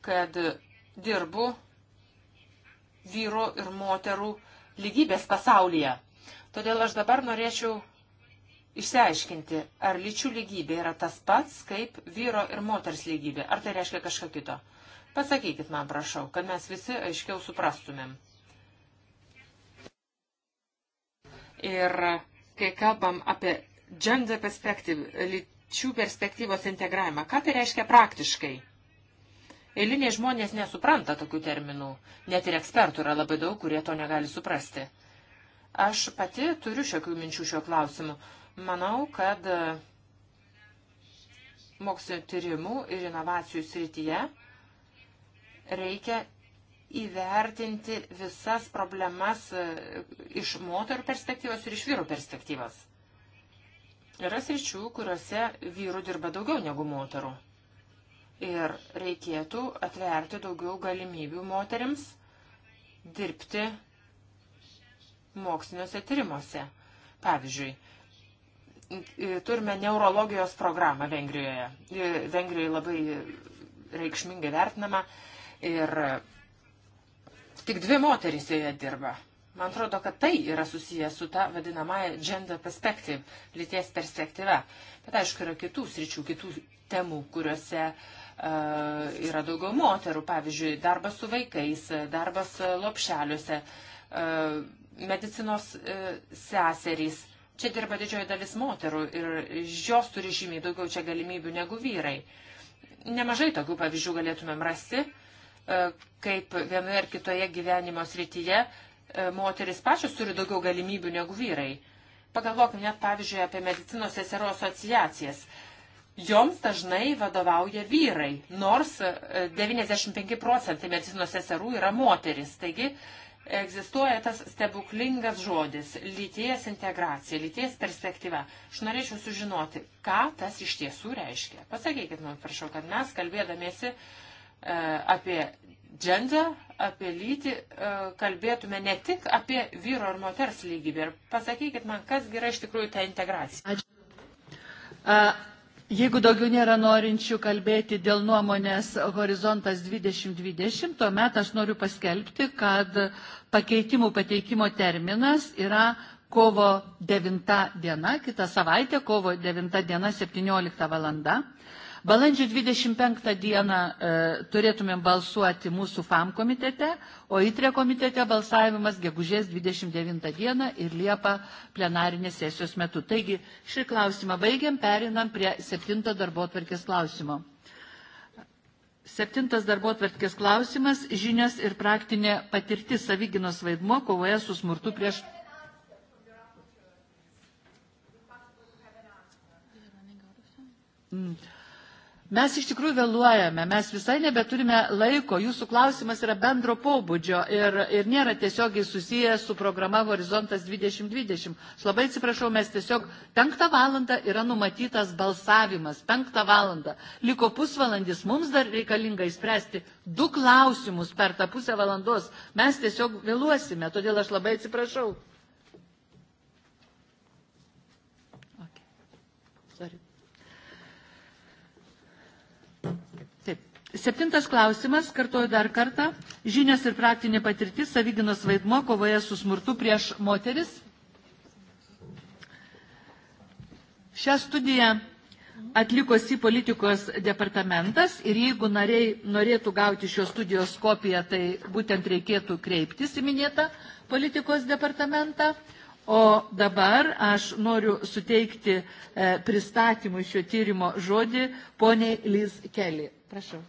kad dirbu vyru ir moterų lygybės pasaulyje. Todėl aš dabar norėčiau išsiaiškinti, ar lyčių lygybė yra tas pats, kaip vyro ir moters lygybė, ar tai reiškia kažką kito. Pasakykit man, prašau, kad mes visi aiškiau suprastumėm. Ir kai kalbam apie gender perspektyv, lyčių perspektyvos integravimą, ką tai reiškia praktiškai? Eiliniai žmonės nesupranta tokių terminų, net ir ekspertų yra labai daug, kurie to negali suprasti. Aš pati turiu šiokių minčių šiuo klausimu. Manau, kad e, mokslinio tyrimų ir inovacijų srityje reikia įvertinti visas problemas e, iš moterų perspektyvos ir iš vyrų perspektyvos. Yra sričių, kuriuose vyrų dirba daugiau negu moterų. Ir reikėtų atverti daugiau galimybių moteriams dirbti moksliniuose tyrimuose. Pavyzdžiui, turime neurologijos programą Vengrijoje. Vengrijoje labai reikšmingai vertinama ir tik dvi moterys joje dirba. Man atrodo, kad tai yra susijęs su ta vadinamąją gender perspective, lyties perspektyva. Bet aišku, yra kitų sričių, kitų temų, kuriuose uh, yra daugiau moterų. Pavyzdžiui, darbas su vaikais, darbas e, lopšeliuose, uh, medicinos e, seserys. Čia dirba didžioji dalis moterų ir jos turi žymiai daugiau čia galimybių negu vyrai. Nemažai tokių pavyzdžių galėtumėm rasti, e, kaip vienoje ar kitoje gyvenimo srityje e, moteris pačios turi daugiau galimybių negu vyrai. Pagalvokim net pavyzdžiui apie medicinos seserų asociacijas. Joms dažnai vadovauja vyrai, nors 95 procentai medicinos seserų yra moteris. Taigi egzistuoja tas stebuklingas žodis - lyties integracija, lyties perspektyva. Aš norėčiau sužinoti, ką tas iš tiesų reiškia. Pasakykit man, prašau, kad mes kalbėdamėsi uh, e, apie džendą, apie lytį, uh, kalbėtume ne tik apie vyro ir moters lygybę. Ir pasakykit man, kas yra iš tikrųjų ta integracija. Ačiū. Uh, Jeigu daugiau nėra norinčių kalbėti dėl nuomonės horizontas 2020, tuomet aš noriu paskelbti, kad pakeitimų pateikimo terminas yra kovo 9 diena, kitą savaitę, kovo 9 diena 17 valanda. Balandžio 25 dieną e, turėtumėm balsuoti mūsų FAM komitete, o ITRE komitete balsavimas gegužės 29 dieną ir Liepa plenarinės sesijos metu. Taigi šį klausimą baigiam, perinam prie septinto darbo atvarkės klausimo. Septintas darbo atvertkės klausimas – žinios ir praktinė patirtis savyginos vaidmo kovoje su smurtu prieš... Mm. Mes iš tikrųjų vėluojame, mes visai nebeturime laiko, jūsų klausimas yra bendro pobūdžio ir, ir nėra tiesiogiai susijęs su programa Horizontas 2020. Aš labai atsiprašau, mes tiesiog penktą valandą yra numatytas balsavimas, penktą valandą. Liko pusvalandis, mums dar reikalinga įspręsti du klausimus per tą pusę valandos. Mes tiesiog vėluosime, todėl aš labai atsiprašau. Septintas klausimas, kartuoju dar kartą, žinios ir praktinė patirtis, savyginos vaidmo kovoje su smurtu prieš moteris. Šią studiją atliko SI politikos departamentas ir jeigu nariai norėtų gauti šios studijos kopiją, tai būtent reikėtų kreiptis į minėtą politikos departamentą. O dabar aš noriu suteikti e, pristatymui šio tyrimo žodį poniai Liz Kelly. Prašau.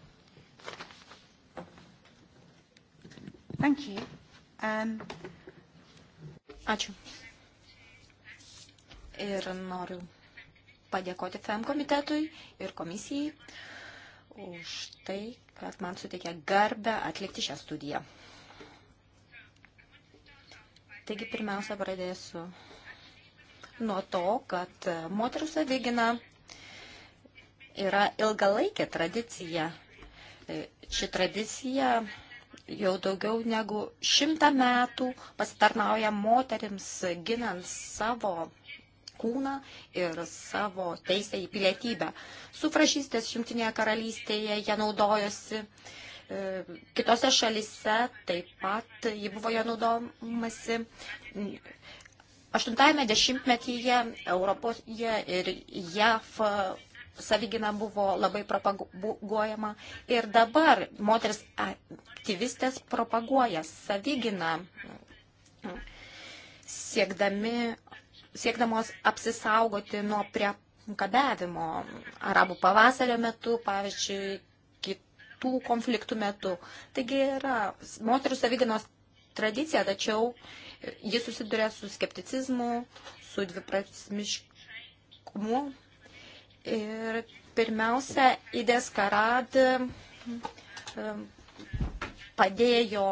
Thank you. Um... Ačiū. Ir noriu padėkoti FEM komitetui ir komisijai už tai, kad man suteikė garbę atlikti šią studiją. Taigi pirmiausia pradėsiu nuo to, kad moterų savigina yra ilgalaikė tradicija. Ši tradicija jau daugiau negu šimtą metų pasitarnauja moterims ginant savo kūną ir savo teisę į pilietybę. Sufrašystės Junktinėje karalystėje jie naudojosi, e, kitose šalise taip pat jį buvo jie naudomasi. 80-ame dešimtmetyje Europoje ir JAF savigina buvo labai propaguojama ir dabar moteris aktyvistės propaguoja saviginą siekdami, siekdamos apsisaugoti nuo priekabiavimo arabų pavasario metu, pavyzdžiui, kitų konfliktų metu. Taigi yra moterų saviginos tradicija, tačiau jis susiduria su skepticizmu, su dviprasmiškumu Ir pirmiausia, Ides Karad um, padėjo,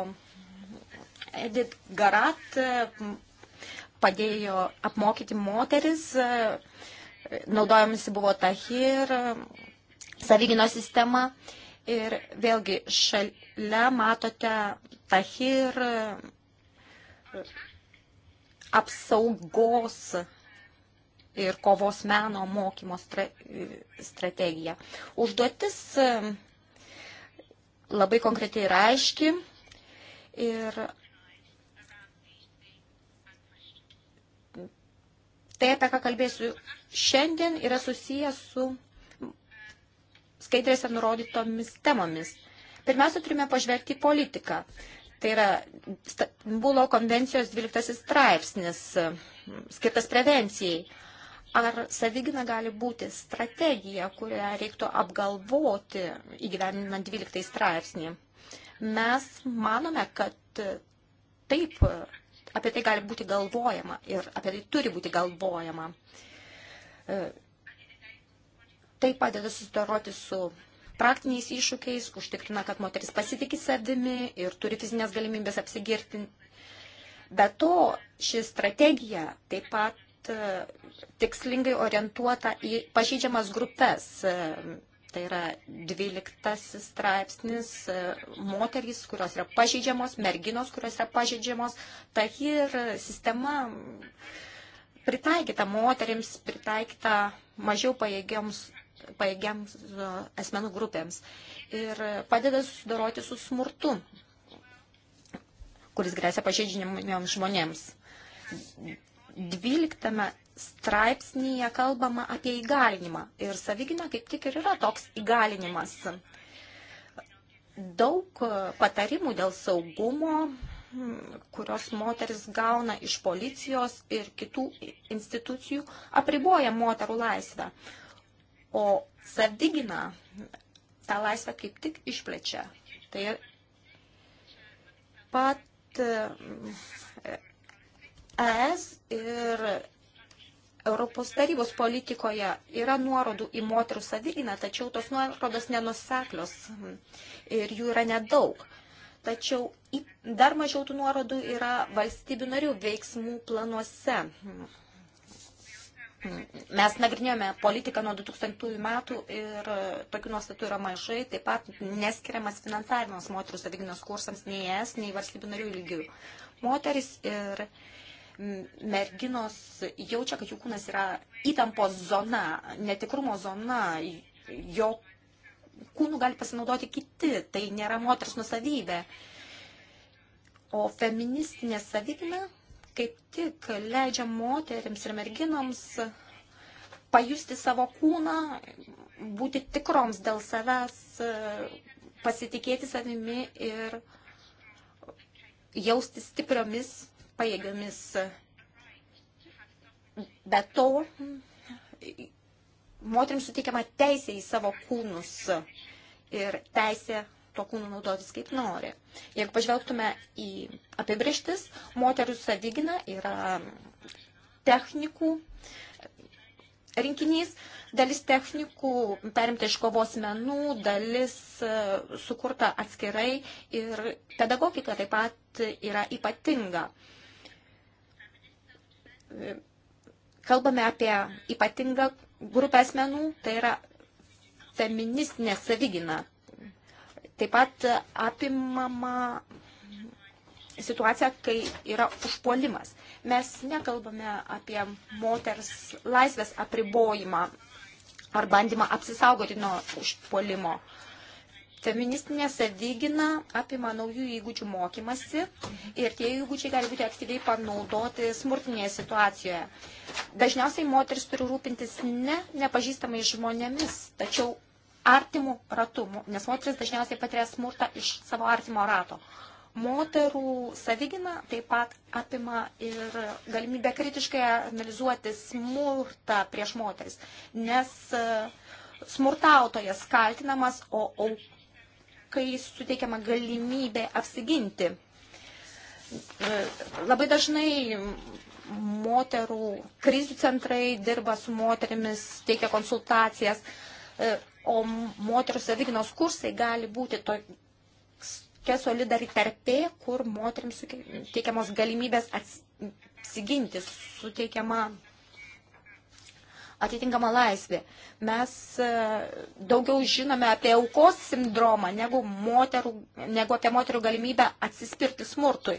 Edith Garat um, padėjo apmokyti moteris, uh, naudojamasi buvo Tahir, um, savigino sistema. Ir vėlgi šalia matote Tahir apsaugos ir kovos meno mokymo strategija. Užduotis e, labai konkretiai ir aiški ir tai, apie ką kalbėsiu šiandien, yra susijęs su skaidrėse nurodytomis temomis. Pirmiausia, turime pažvelgti į politiką. Tai yra Stambulo konvencijos 12 straipsnis, e, skirtas prevencijai. Ar savigina gali būti strategija, kurią reiktų apgalvoti įgyveninant 12 straipsnį? Mes manome, kad taip, apie tai gali būti galvojama ir apie tai turi būti galvojama. E, tai padeda susidoroti su praktiniais iššūkiais, užtikrina, kad moteris pasitikė savimi ir turi fizinės galimybės apsigirti. Be to, ši strategija taip pat E, tikslingai orientuota į pažydžiamas grupės. E, tai yra 12 straipsnis e, moterys, kurios yra pažydžiamos, merginos, kurios yra pažydžiamos. Tai ir sistema pritaikyta moterims, pritaikyta mažiau pajėgiams pajėgiams asmenų grupėms ir padeda susidoroti su smurtu, kuris grėsia pažeidžinimiems žmonėms. 12 straipsnyje kalbama apie įgalinimą. Ir savigina kaip tik ir yra toks įgalinimas. Daug patarimų dėl saugumo, kurios moteris gauna iš policijos ir kitų institucijų, apriboja moterų laisvę. O savigina tą laisvę kaip tik išplečia. Tai pat ES ir Europos tarybos politikoje yra nuorodų į moterų savigyną, tačiau tos nuorodos nenuseklios ir jų yra nedaug. Tačiau dar mažiau tų nuorodų yra valstybių narių veiksmų planuose. Mes nagrinėjome politiką nuo 2000 metų ir tokių nuostatų yra mažai, taip pat neskiriamas finansavimas moterų savigynos kursams nei es, nei valstybių narių lygių. Moteris ir merginos jaučia, kad jų kūnas yra įtampos zona, netikrumo zona, jo kūnų gali pasinaudoti kiti, tai nėra moters nusavybė. O feministinė savigina kaip tik leidžia moteriams ir merginoms pajusti savo kūną, būti tikroms dėl savęs, pasitikėti savimi ir jausti stipriomis pajėgiomis. Be to, moteriams suteikiama teisė į savo kūnus ir teisė tuo kūnu naudotis kaip nori. Jeigu pažvelgtume į apibrištis, moterių savigina yra technikų rinkinys, dalis technikų perimta iš kovos menų, dalis e, sukurta atskirai ir pedagogika taip pat yra ypatinga kalbame apie ypatingą grupę asmenų, tai yra feministinė savigina. Taip pat apimama situacija, kai yra užpuolimas. Mes nekalbame apie moters laisvės apribojimą ar bandymą apsisaugoti nuo užpuolimo. Uh, Feministinė savigina apima naujų įgūdžių mokymasi ir tie įgūdžiai gali būti aktyviai panaudoti smurtinėje situacijoje. Dažniausiai moteris turi rūpintis ne nepažįstamai žmonėmis, tačiau artimų ratų, nes moteris dažniausiai patiria smurtą iš savo artimo rato. Moterų savigina taip pat apima ir galimybę kritiškai analizuoti smurtą prieš moteris, nes uh, smurtautojas kaltinamas, o kai suteikiama galimybė apsiginti. Labai dažnai moterų krizių centrai dirba su moterimis, teikia konsultacijas, o moterų savyginos kursai gali būti tokia solidari tarpė, kur moteriams teikiamos galimybės atsiginti, suteikiama atitinkama laisvė. Mes e, daugiau žinome apie aukos sindromą negu, moterų, negu apie moterų galimybę atsispirti smurtui.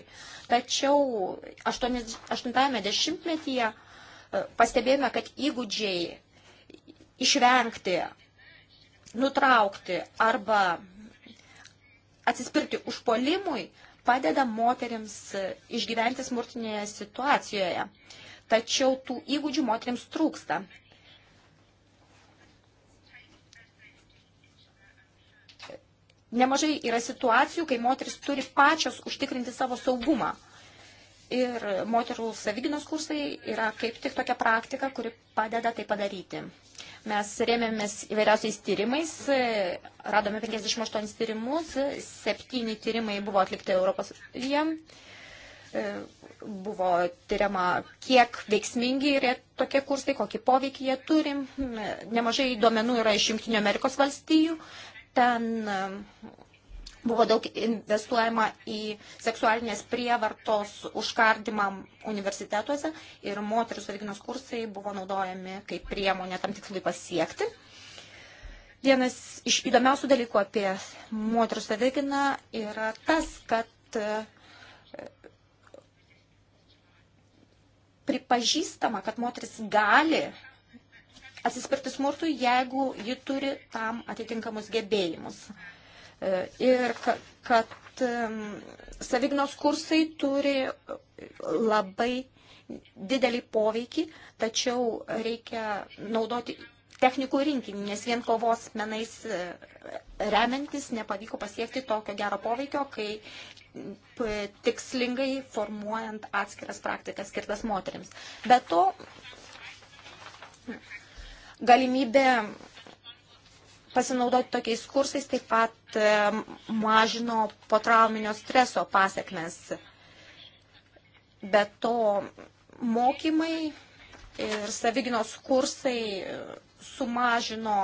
Tačiau 80-ame dešimtmetyje e, pastebėjome, kad įgūdžiai išvengti, nutraukti arba atsispirti užpolimui padeda moteriams e, išgyventi smurtinėje situacijoje. Tačiau tų įgūdžių moteriams trūksta. nemažai yra situacijų, kai moteris turi pačios užtikrinti savo saugumą. Ir moterų savyginos kursai yra kaip tik tokia praktika, kuri padeda tai padaryti. Mes rėmėmės įvairiausiais tyrimais, radome 58 tyrimus, 7 tyrimai buvo atlikti Europos vien, buvo tyriama, kiek veiksmingi yra tokie kursai, kokį poveikį jie turi. Nemažai duomenų yra iš Junktinio Amerikos valstijų, Ten e, buvo daug investuojama į seksualinės prievartos užkardimą universitetuose ir moterų savigynos kursai buvo naudojami kaip priemonė tam tikslui pasiekti. Vienas iš įdomiausių dalykų apie moterų savigyną yra tas, kad e, pripažįstama, kad moteris gali atsispirti smurtui, jeigu ji turi tam atitinkamus gebėjimus. E, ir kad savignos kursai turi labai didelį poveikį, tačiau reikia naudoti technikų rinkinį, nes vien kovos menais e, remiantis nepavyko pasiekti tokio gero poveikio, kai tikslingai formuojant atskiras praktikas skirtas moteriams. Be to, galimybė pasinaudoti tokiais kursais taip pat e, mažino potrauminio streso pasiekmes. Be to, mokymai ir saviginos kursai e, sumažino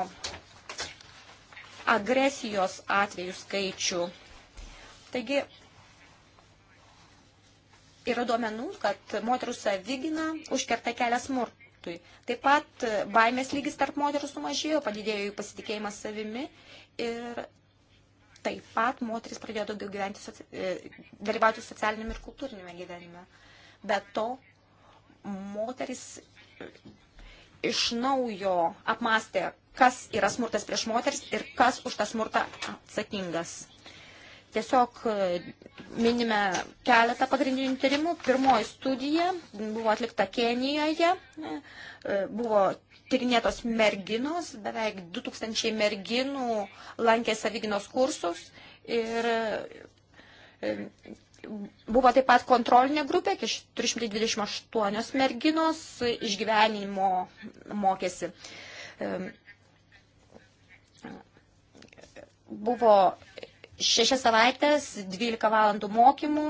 agresijos atvejų skaičių. Taigi, yra duomenų, kad moterų savigina užkerta kelią smurtą intelektui. Taip pat baimės lygis tarp moterų sumažėjo, padidėjo jų pasitikėjimas savimi ir taip pat moteris pradėjo daugiau gyventi, e, dalyvauti socialiniame ir kultūrinėme gyvenime. Be to, moteris e, iš naujo apmastė, kas yra smurtas prieš moteris ir kas už tą smurtą atsakingas. Tiesiog e, minime keletą pagrindinių tyrimų. Pirmoji studija buvo atlikta Kenijoje, e, e, buvo tyrinėtos merginos, beveik 2000 merginų lankė savyginos kursus ir buvo taip pat kontrolinė grupė, 328 merginos išgyvenimo mokėsi. Buvo šešias savaitės, 12 valandų mokymų.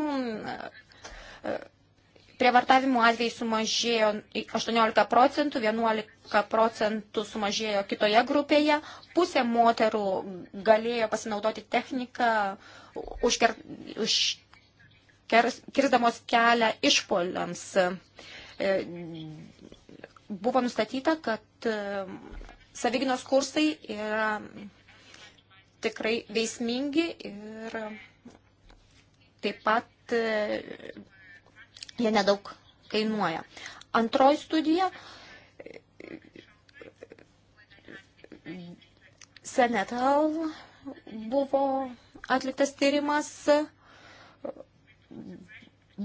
Prievartavimo atvejai sumažėjo 18 procentų, 11 procentų sumažėjo kitoje grupėje. Pusė moterų galėjo pasinaudoti techniką, užker, užkirsdamos kelią išpoliams. E, buvo nustatyta, kad e, savignos kursai yra tikrai veiksmingi ir taip pat e, jie nedaug kainuoja. Antroji studija Senetal buvo atliktas tyrimas,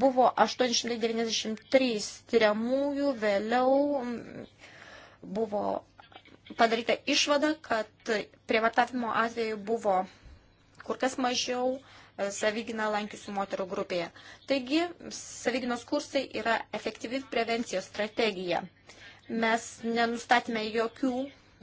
buvo 893 tyriamųjų, vėliau buvo padaryta išvada, kad prievartavimo atveju buvo kur kas mažiau e, savyginą lankiusių moterų grupėje. Taigi, savyginos kursai yra efektyvi prevencijos strategija. Mes nenustatėme jokių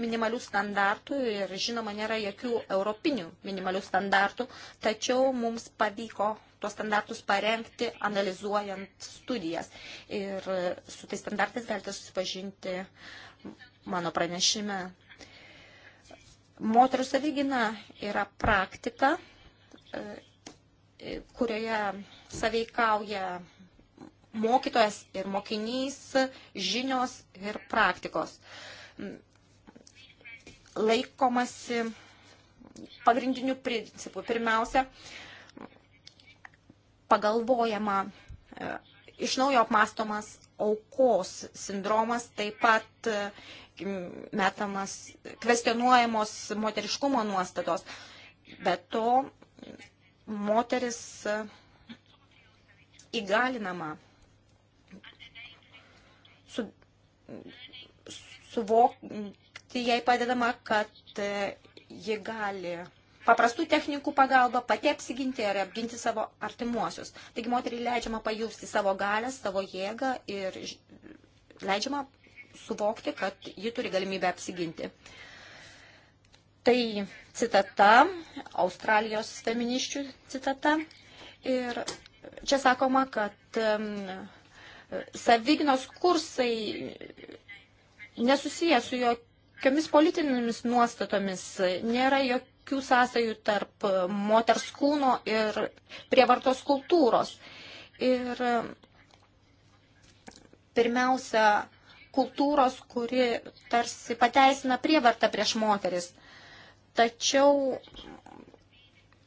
minimalių standartų ir žinoma nėra jokių europinių minimalių standartų, tačiau mums pavyko tuos standartus parengti, analizuojant studijas. Ir e, su tais standartais galite susipažinti mano pranešime. Moterų savigina yra praktika, e, kurioje saveikauja mokytojas ir mokinys, žinios ir praktikos. Laikomasi pagrindinių principų. Pirmiausia, pagalvojama, e, iš naujo apmastomas aukos sindromas, taip pat e, metamas, kvestionuojamos moteriškumo nuostatos. Bet to moteris įgalinama su, suvokti, jai padedama, kad ji gali paprastų technikų pagalba pati apsiginti ir apginti savo artimuosius. Taigi moteriai leidžiama pajusti savo galę, savo jėgą ir leidžiama suvokti, kad ji turi galimybę apsiginti. Tai citata, Australijos feminiščių citata. Ir čia sakoma, kad savignos kursai nesusiję su jokiomis politinėmis nuostatomis, nėra jokių sąsajų tarp moters kūno ir prievartos kultūros. Ir pirmiausia, kultūros, kuri tarsi pateisina prievartą prieš moteris. Tačiau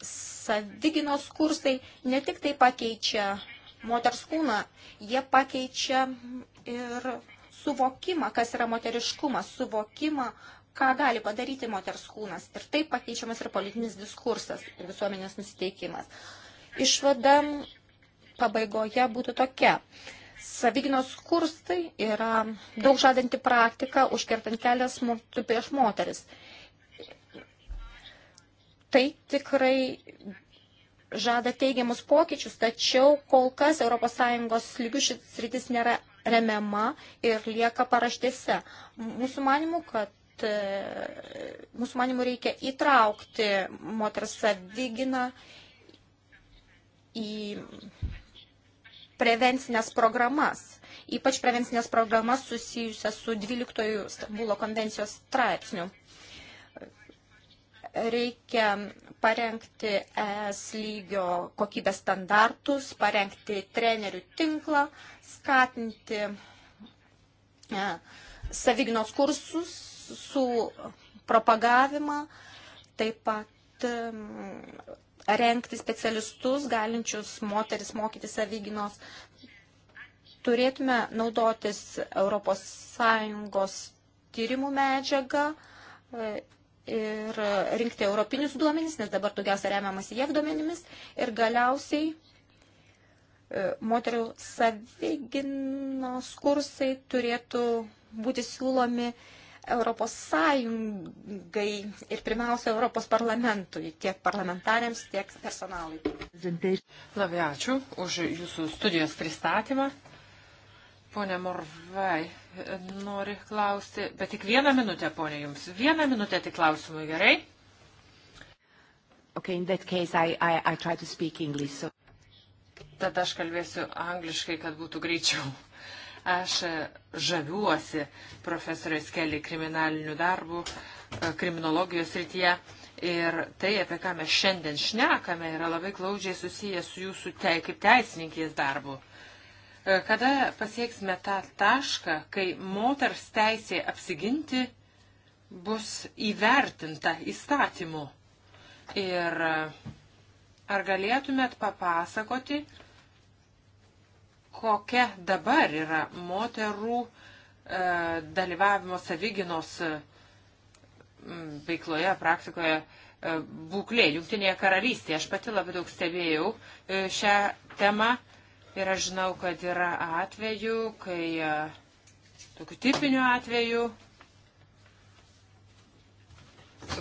saviginos kursai ne tik tai pakeičia moters kūną, jie pakeičia ir suvokimą, kas yra moteriškumas, suvokimą, ką gali padaryti moters kūnas. Ir taip pakeičiamas ir politinis diskursas ir visuomenės nusiteikimas. Išvada pabaigoje būtų tokia. Uh, Saviginos kurstai yra daug žadanti praktika, užkertant kelią smurtui prieš moteris. Tai tikrai žada teigiamus pokyčius, tačiau kol kas ES lygių šis rytis nėra remiama ir lieka paraštėse. Mūsų manimų, kad e, mūsų manimų reikia įtraukti moters saviginą į prevencinės programas, ypač prevencinės programas susijusias su 12 Stambulo konvencijos straipsniu. Reikia parengti ES lygio kokybės standartus, parengti trenerių tinklą, skatinti ne, savignos kursus su propagavimą, taip pat renkti specialistus, galinčius moteris mokyti savyginos. Turėtume naudotis ES tyrimų medžiagą e, ir rinkti europinius duomenys, nes dabar daugiausia remiamas JEV duomenimis. Ir galiausiai e, moterių savyginos kursai turėtų būti siūlomi Europos Sąjungai ir pirmiausia Europos parlamentui, tiek parlamentariams, tiek personalui. Labai ačiū už jūsų studijos pristatymą. Pone Morvai, nori klausti, bet tik vieną minutę, ponė, jums. Vieną minutę tik klausimui, gerai? Okay, in that case, I, I, I try to speak English, so... Tada aš kalbėsiu angliškai, kad būtų greičiau. Aš žaviuosi profesorius Keli kriminaliniu darbu e, kriminologijos rytyje. Ir tai, apie ką mes šiandien šnekame, yra labai glaudžiai susijęs su jūsų te, kaip teisininkės darbu. E, kada pasieksime tą tašką, kai moters teisė apsiginti bus įvertinta įstatymu? Ir e, ar galėtumėt papasakoti, kokia dabar yra moterų e, dalyvavimo savyginos e, veikloje, praktikoje e, būklė. Junktinėje karalystėje aš pati labai daug stebėjau e, šią temą ir aš žinau, kad yra atvejų, kai tokių tipinių atvejų,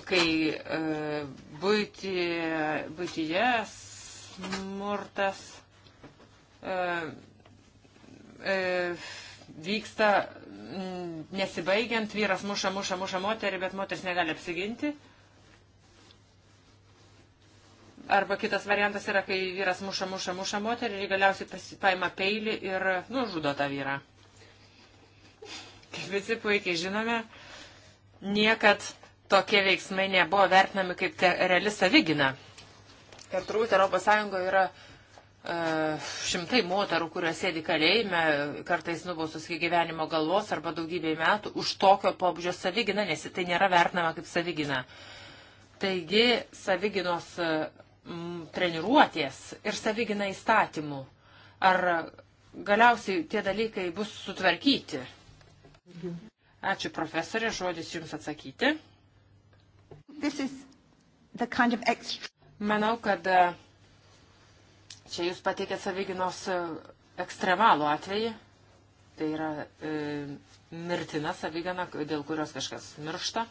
kai e, būti, būtyje smurtas e, E, vyksta mm, nesibaigiant, vyras muša, muša, muša moterį, bet moteris negali apsiginti. Arba kitas variantas yra, kai vyras muša, muša, muša moterį ir galiausiai paima peilį ir nužudo tą vyrą. Kaip visi puikiai žinome, niekad tokie veiksmai nebuvo vertinami kaip reali savigina. Ir turbūt ES yra šimtai moterų, kurios sėdi kalėjime, kartais nubausus iki gyvenimo galvos arba daugybė metų, už tokio pobūdžio saviginą, nes tai nėra vertinama kaip savigina. Taigi saviginos m, treniruotės ir savigina įstatymų. Ar galiausiai tie dalykai bus sutvarkyti? Ačiū profesorė, žodis Jums atsakyti. Kind of extra... Manau, kad uh, Čia jūs pateikėt savyginos e, ekstremalų atvejį. Tai yra e, mirtina savygana, dėl kurios kažkas miršta.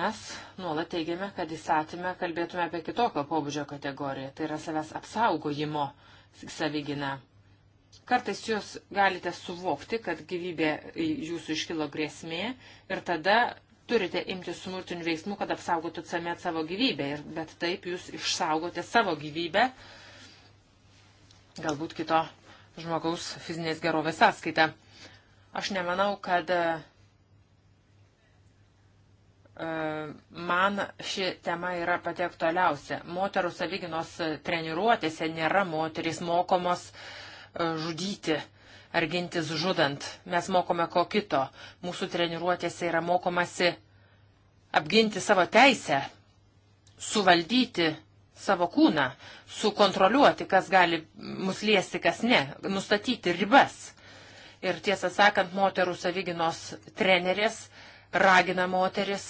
Mes nuolat teigiame, kad įstatymę kalbėtume apie kitokio pobūdžio kategoriją. Tai yra savęs apsaugojimo savygina. Kartais jūs galite suvokti, kad gyvybė jūsų iškilo grėsmė ir tada turite imti smurtinių veiksmų, kad apsaugotų samet savo gyvybę, ir, bet taip jūs išsaugote savo gyvybę, galbūt kito žmogaus fizinės gerovės sąskaitą. Aš nemanau, kad e, e, man ši tema yra pati aktualiausia. Moterų savyginos treniruotėse nėra moterys mokomos e, žudyti. Uh, ar gintis žudant. Mes mokome ko kito. Mūsų treniruotėse yra mokomasi apginti savo teisę, suvaldyti savo kūną, sukontroliuoti, kas gali mus liesti, kas ne, nustatyti ribas. Ir tiesą sakant, moterų savyginos trenerės ragina moteris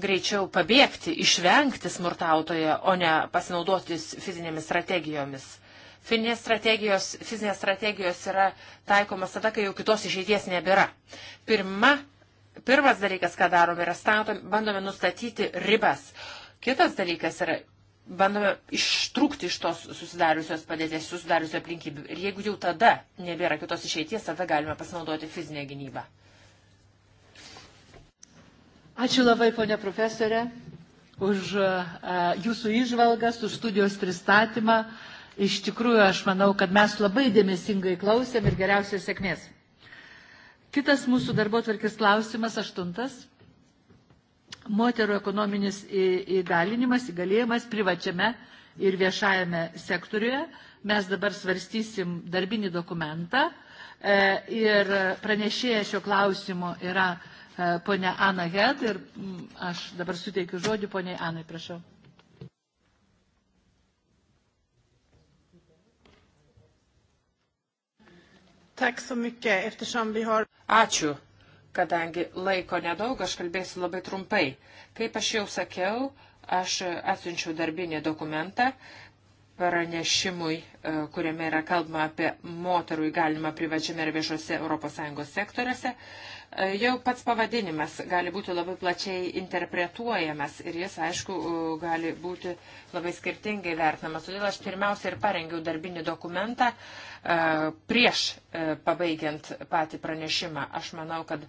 greičiau pabėgti, išvengti smurtautoje, o ne pasinaudotis fizinėmis strategijomis. Fizinės strategijos, fizinės strategijos yra taikomas tada, kai jau kitos išeities nebėra. Pirma, pirmas dalykas, ką darome, yra statom, bandome nustatyti ribas. Kitas dalykas yra bandome ištrūkti iš tos susidariusios padėties, susidariusios aplinkybių. Ir jeigu jau tada nebėra kitos išeities, tada galime pasinaudoti fizinę gynybą. Ačiū labai, ponė profesorė, už uh, jūsų išvalgas, už studijos pristatymą. Uh, Iš tikrųjų, aš manau, kad mes labai dėmesingai klausėm ir geriausios sėkmės. Kitas mūsų darbo tvarkės klausimas, aštuntas. Moterų ekonominis įgalinimas, įgalėjimas privačiame ir viešajame sektoriuje. Mes dabar svarstysim darbinį dokumentą e, ir pranešėja šio klausimo yra e, ponia Ana Het ir aš dabar suteikiu žodį poniai Anai, prašau. Ačiū, kadangi laiko nedaug, aš kalbėsiu labai trumpai. Kaip aš jau sakiau, aš atsiunčiau darbinį dokumentą pranešimui, e, kuriame yra kalbama apie moterų įgalimą privačiame ir viešose ES sektoriuose. E, jau pats pavadinimas gali būti labai plačiai interpretuojamas ir jis, aišku, gali būti labai skirtingai vertinamas. Todėl aš pirmiausia ir parengiau darbinį dokumentą e, prieš e, pabaigiant patį pranešimą. Aš manau, kad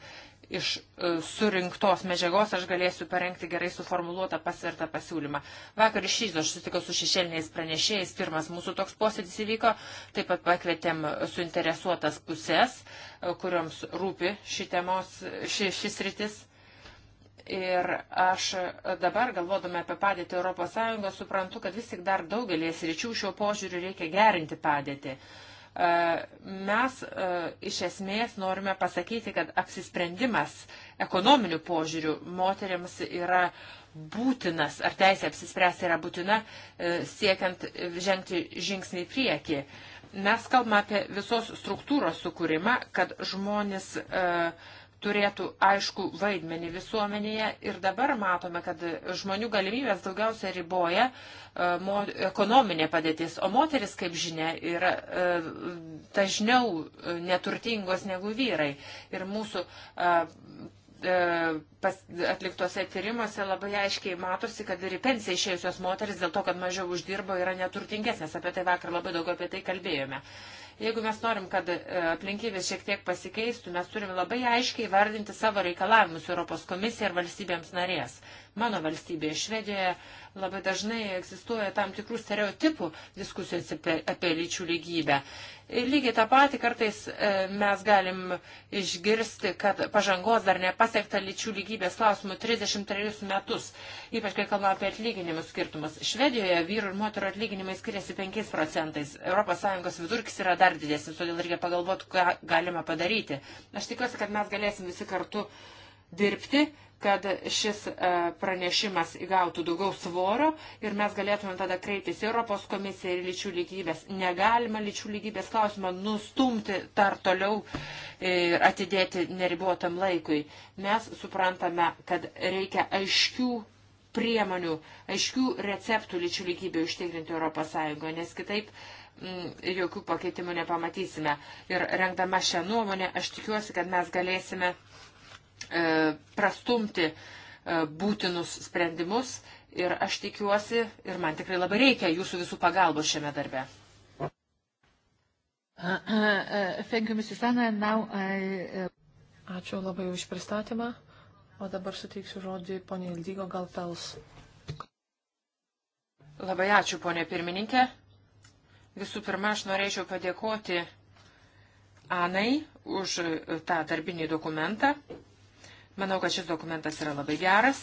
iš e, surinktos medžiagos aš galėsiu parengti gerai suformuluotą pasvertą pasiūlymą. Vakar iš ryto aš susitikau su šešėliniais pranešėjais, pirmas mūsų toks posėdis įvyko, taip pat pakvietėm suinteresuotas pusės, e, kuriuoms rūpi ši temos, ši, šis rytis. Ir aš dabar, galvodama apie padėtį ES, suprantu, kad vis tik dar daugelį sričių šiuo požiūriu reikia gerinti padėtį. Uh, E, mes e, iš esmės norime pasakyti, kad apsisprendimas ekonominių požiūrių moteriams yra būtinas, ar teisė apsispręsti yra būtina, e, siekiant žengti žingsnį į priekį. Mes kalbame apie visos struktūros sukūrimą, kad žmonės uh, turėtų aišku vaidmenį visuomenėje ir dabar matome, kad žmonių galimybės daugiausia riboja e, mo, ekonominė padėtis, o moteris, kaip žinia, yra e, dažniau e, neturtingos negu vyrai. Ir mūsų pas, atliktose tyrimuose labai aiškiai matosi, kad ir į pensiją išėjusios moteris dėl to, kad mažiau uždirbo, yra neturtingesnės. Apie tai vakar labai daug apie tai kalbėjome. Jeigu mes norim, kad e, aplinkybės šiek tiek pasikeistų, mes turim labai aiškiai vardinti savo reikalavimus Europos komisija ir valstybėms narės. Mano valstybėje Švedijoje labai dažnai egzistuoja tam tikrų stereotipų diskusijos apie, apie lyčių lygybę. Ir lygiai tą patį kartais e, mes galim išgirsti, kad pažangos dar nepasiekta lyčių lygybė lygybės klausimų 33 metus, ypač kai kalbame apie atlyginimų skirtumus. Švedijoje vyrų ir moterų atlyginimai skiriasi 5 procentais, ES vidurkis yra dar didesnis, todėl reikia pagalvoti, ką galima padaryti. Aš tikiuosi, kad mes galėsim visi kartu dirbti kad šis e, pranešimas įgautų daugiau svorio ir mes galėtumėm tada kreiptis į Europos komisiją ir lyčių lygybės. Negalima lyčių lygybės klausimą nustumti dar toliau ir atidėti neribotam laikui. Mes suprantame, kad reikia aiškių priemonių, aiškių receptų lyčių lygybė užtikrinti Europos Sąjungoje, nes kitaip m, mm, jokių pakeitimų nepamatysime. Ir rengdama šią nuomonę, aš tikiuosi, kad mes galėsime E, prastumti e, būtinus sprendimus ir aš tikiuosi, ir man tikrai labai reikia jūsų visų pagalbos šiame darbe. Uh, ačiū labai už pristatymą, o dabar suteiksiu žodį poniai Ildygo gal pels. Labai ačiū, ponė pirmininkė. Visų pirma, aš norėčiau padėkoti Anai už e, tą darbinį dokumentą. Manau, kad šis dokumentas yra labai geras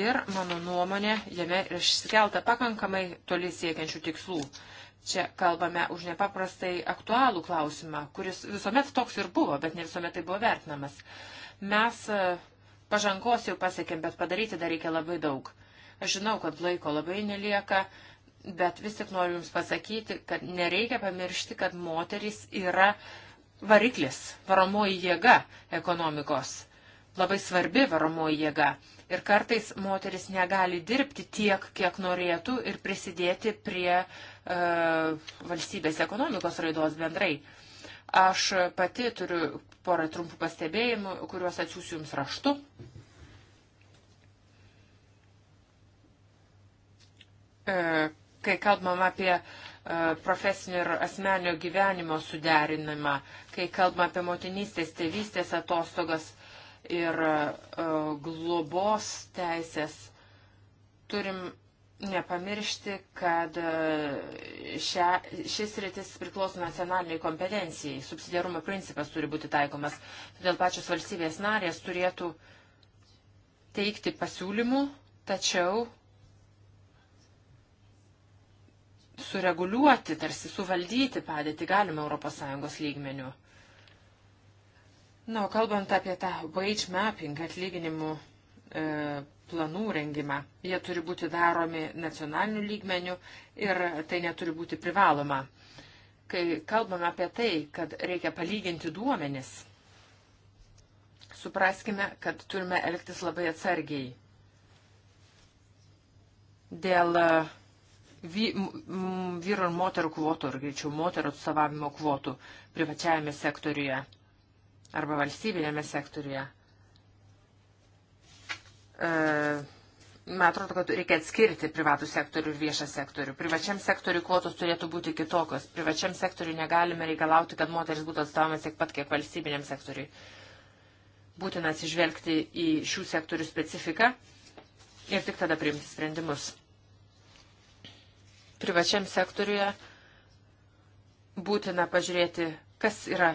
ir, mano nuomonė, jame išsikelta pakankamai toli siekiančių tikslų. Čia kalbame už nepaprastai aktualų klausimą, kuris visuomet toks ir buvo, bet ne visuomet tai buvo vertinamas. Mes e, pažangos jau pasiekėm, bet padaryti dar reikia labai daug. Aš žinau, kad laiko labai nelieka, bet vis tik noriu Jums pasakyti, kad nereikia pamiršti, kad moteris yra variklis, varomoji jėga ekonomikos labai svarbi varomoji jėga. Ir kartais moteris negali dirbti tiek, kiek norėtų ir prisidėti prie e, valstybės ekonomikos raidos bendrai. Aš pati turiu porą trumpų pastebėjimų, kuriuos atsiųsiu Jums raštu. E, kai kalbam apie e, profesinio ir asmenio gyvenimo suderinimą, kai kalbam apie motinystės, tėvystės atostogas, ir e, globos teisės, turim nepamiršti, kad e, šia, šis rytis priklauso nacionaliniai kompetencijai. Subsidiarumo principas turi būti taikomas. Todėl pačios valstybės narės turėtų teikti pasiūlymų, tačiau sureguliuoti, tarsi suvaldyti padėtį galima ES lygmeniu. Na, o kalbant apie tą wage mapping atlyginimų e, planų rengimą, jie turi būti daromi nacionaliniu lygmeniu ir tai neturi būti privaloma. Kai kalbame apie tai, kad reikia palyginti duomenis, supraskime, kad turime elgtis labai atsargiai. Dėl e, vy, vyru ir moterų kvotų, ir greičiau moterų atstovavimo kvotų privačiajame sektoriuje arba valstybinėme sektoriuje. E, man atrodo, kad reikia atskirti privatų sektorių ir viešą sektorių. Privačiam sektoriui kvotos turėtų būti kitokios. Privačiam sektoriui negalime reikalauti, kad moteris būtų atstovamas tiek pat, kiek valstybiniam sektoriui. Būtina atsižvelgti į šių sektorių specifiką ir tik tada priimti sprendimus. Privačiam sektoriuje būtina pažiūrėti, kas yra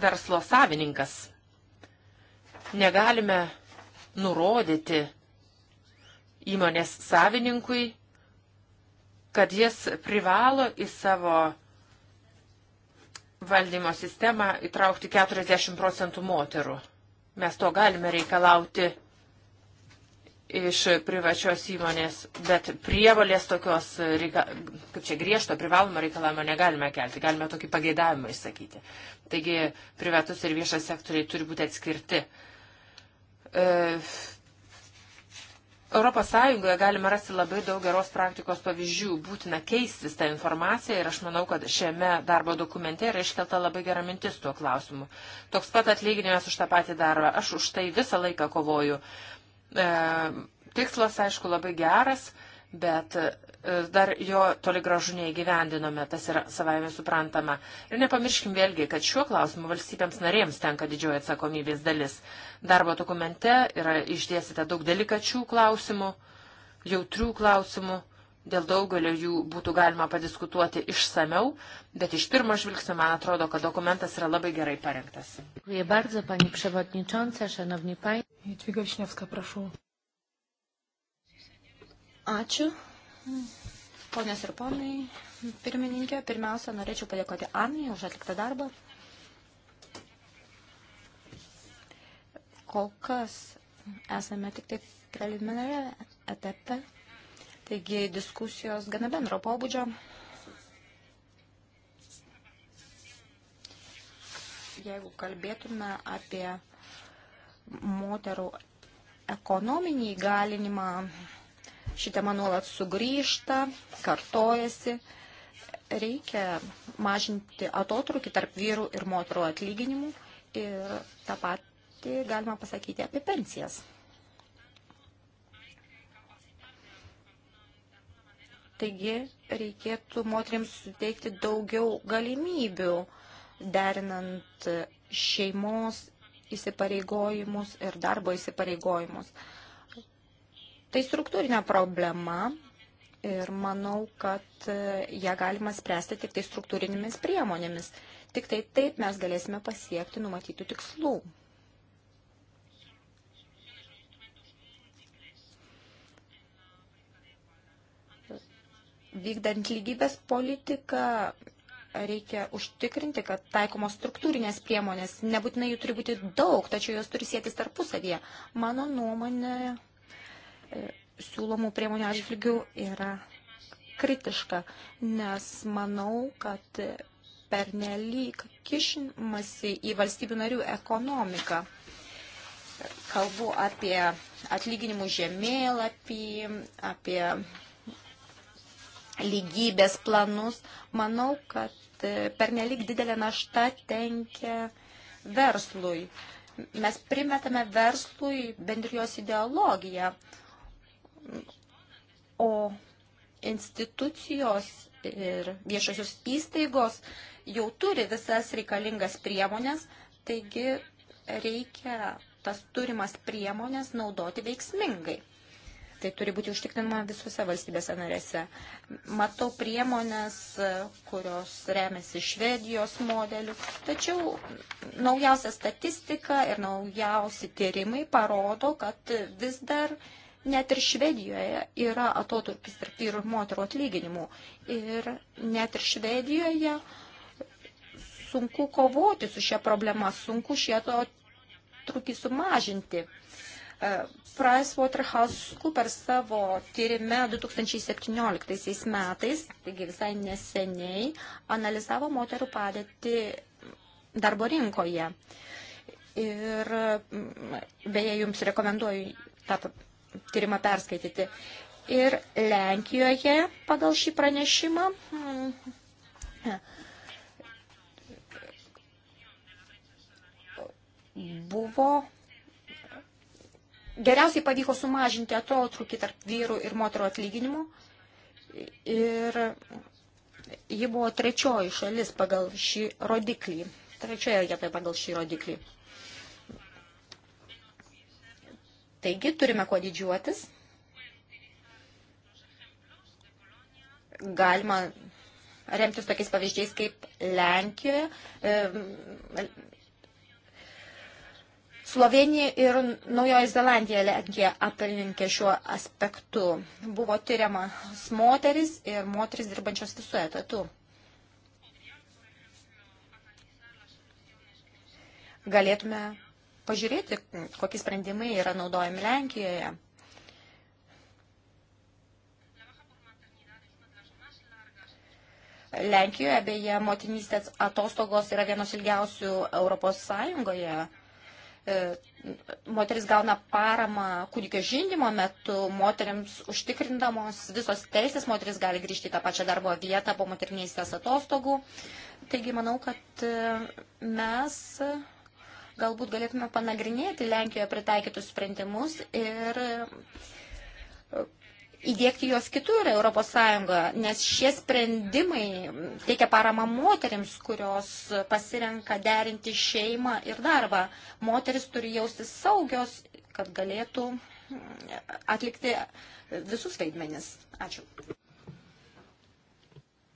verslo savininkas. Negalime nurodyti įmonės savininkui, kad jis privalo į savo valdymo sistemą įtraukti 40 procentų moterų. Mes to galime reikalauti iš privačios įmonės, bet prievalės tokios, e, reika, kaip čia griežto privalomo reikalavimo negalime kelti, galime tokį pageidavimą išsakyti. Taigi privatus ir viešas sektoriai turi būti atskirti. E, Europos Sąjungoje galime rasti labai daug geros praktikos pavyzdžių, būtina keistis tą informaciją ir aš manau, kad šiame darbo dokumente yra iškelta labai gera mintis tuo klausimu. Toks pat atlyginimas už tą patį darbą, aš už tai visą laiką kovoju E, tikslas, aišku, labai geras, bet e, dar jo toli gražu neįgyvendinome, tas yra savaime suprantama. Ir nepamirškim vėlgi, kad šiuo klausimu valstybėms narėms tenka didžioji atsakomybės dalis. Darbo dokumente yra išdėsite daug delikačių klausimų, jautrių klausimų, dėl daugelio jų būtų galima padiskutuoti išsameu, bet iš pirmo žvilgsnio man atrodo, kad dokumentas yra labai gerai parengtas. Jadviga Višnievska, prašau. Ačiū. Ponės ir ponai, pirmininkė, pirmiausia, norėčiau padėkoti Anai už atliktą darbą. Kol kas esame tik tai preliminarė etape, taigi diskusijos gana bendro pobūdžio. Jeigu kalbėtume apie moterų ekonominį įgalinimą. Ši tema nuolat sugrįžta, kartojasi. Reikia mažinti atotrukį tarp vyrų ir moterų atlyginimų ir tą patį galima pasakyti apie pensijas. Taigi reikėtų moteriams suteikti daugiau galimybių derinant šeimos įsipareigojimus ir darbo įsipareigojimus. Tai struktūrinė problema ir manau, kad e, ją galima spręsti tik tai struktūrinėmis priemonėmis. Tik tai taip mes galėsime pasiekti numatytų tikslų. Vykdant lygybės politiką, reikia užtikrinti, kad taikomos struktūrinės priemonės, nebūtinai jų turi būti daug, tačiau jos turi sėtis tarpusavyje. Mano nuomonė e, siūlomų priemonių atžvilgių yra kritiška, nes manau, kad pernelyg kišimasi į valstybių narių ekonomiką. Kalbu apie atlyginimų žemėlapį, apie lygybės planus. Manau, kad E, pernelik didelė našta tenkia verslui. Mes primetame verslui bendrijos ideologiją, o institucijos ir viešosios įstaigos jau turi visas reikalingas priemonės, taigi reikia tas turimas priemonės naudoti veiksmingai. Tai turi būti užtikrinama visose valstybėse narėse. Matau priemonės, kurios remiasi Švedijos modeliu, tačiau naujausia statistika ir naujausi tyrimai parodo, kad vis dar net ir Švedijoje yra atoturpis tarp vyrų ir moterų atlyginimų. Ir net ir Švedijoje sunku kovoti su šia problema, sunku šį atotrukį sumažinti. E, PricewaterhouseCoopers savo tyrime 2017 metais, taigi visai neseniai, analizavo moterų padėtį darbo rinkoje. Ir beje, jums rekomenduoju tą tyrimą perskaityti. Ir Lenkijoje pagal šį pranešimą hmm, buvo geriausiai pavyko sumažinti atotrukį tarp vyrų ir moterų atlyginimų. Ir ji buvo trečioji šalis pagal šį rodiklį. Trečioje vietoje pagal šį rodiklį. Taigi turime kuo didžiuotis. Galima remtis tokiais pavyzdžiais kaip Lenkijoje. Slovenija ir Naujoji Zelandija lenkė apelininkė šiuo aspektu. Buvo tyriamas moteris ir moteris dirbančios visų etatų. Galėtume pažiūrėti, kokie sprendimai yra naudojami Lenkijoje. Lenkijoje beje motinystės atostogos yra vienos ilgiausių Europos Sąjungoje. E, moteris gauna paramą kūdikio žindimo metu, moteriams užtikrindamos visos teisės, moteris gali grįžti į tą pačią darbo vietą po materinėsės atostogų. Taigi manau, kad e, mes galbūt galėtume panagrinėti Lenkijoje pritaikytus sprendimus ir įdėkti juos kitur Europos Sąjungoje, nes šie sprendimai teikia paramą moteriams, kurios pasirenka derinti šeimą ir darbą. Moteris turi jausti saugios, kad galėtų mm, atlikti visus vaidmenis. Ačiū.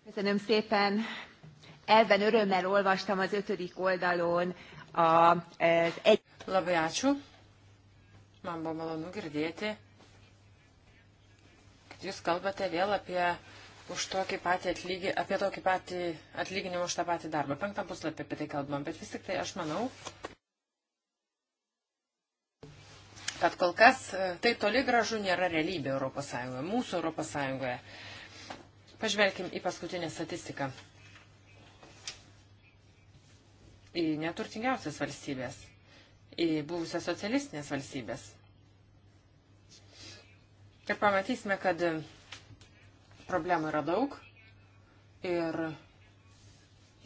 Köszönöm szépen. Elven örömmel olvastam az ötödik oldalon az egy... Labai ačiū. Man buvo malonu girdėti Jūs kalbate vėl apie, už tokį patį atlygi, apie tokį patį atlyginimą už tą patį darbą. Penktą puslapį apie tai kalbam, bet vis tik tai aš manau, kad kol kas e, tai toli gražu nėra realybė Europos Sąjungoje, mūsų Europos Sąjungoje. Pažvelkim į paskutinę statistiką. Į neturtingiausias valstybės, į buvusias socialistinės valstybės. Ir pamatysime, kad problemų yra daug ir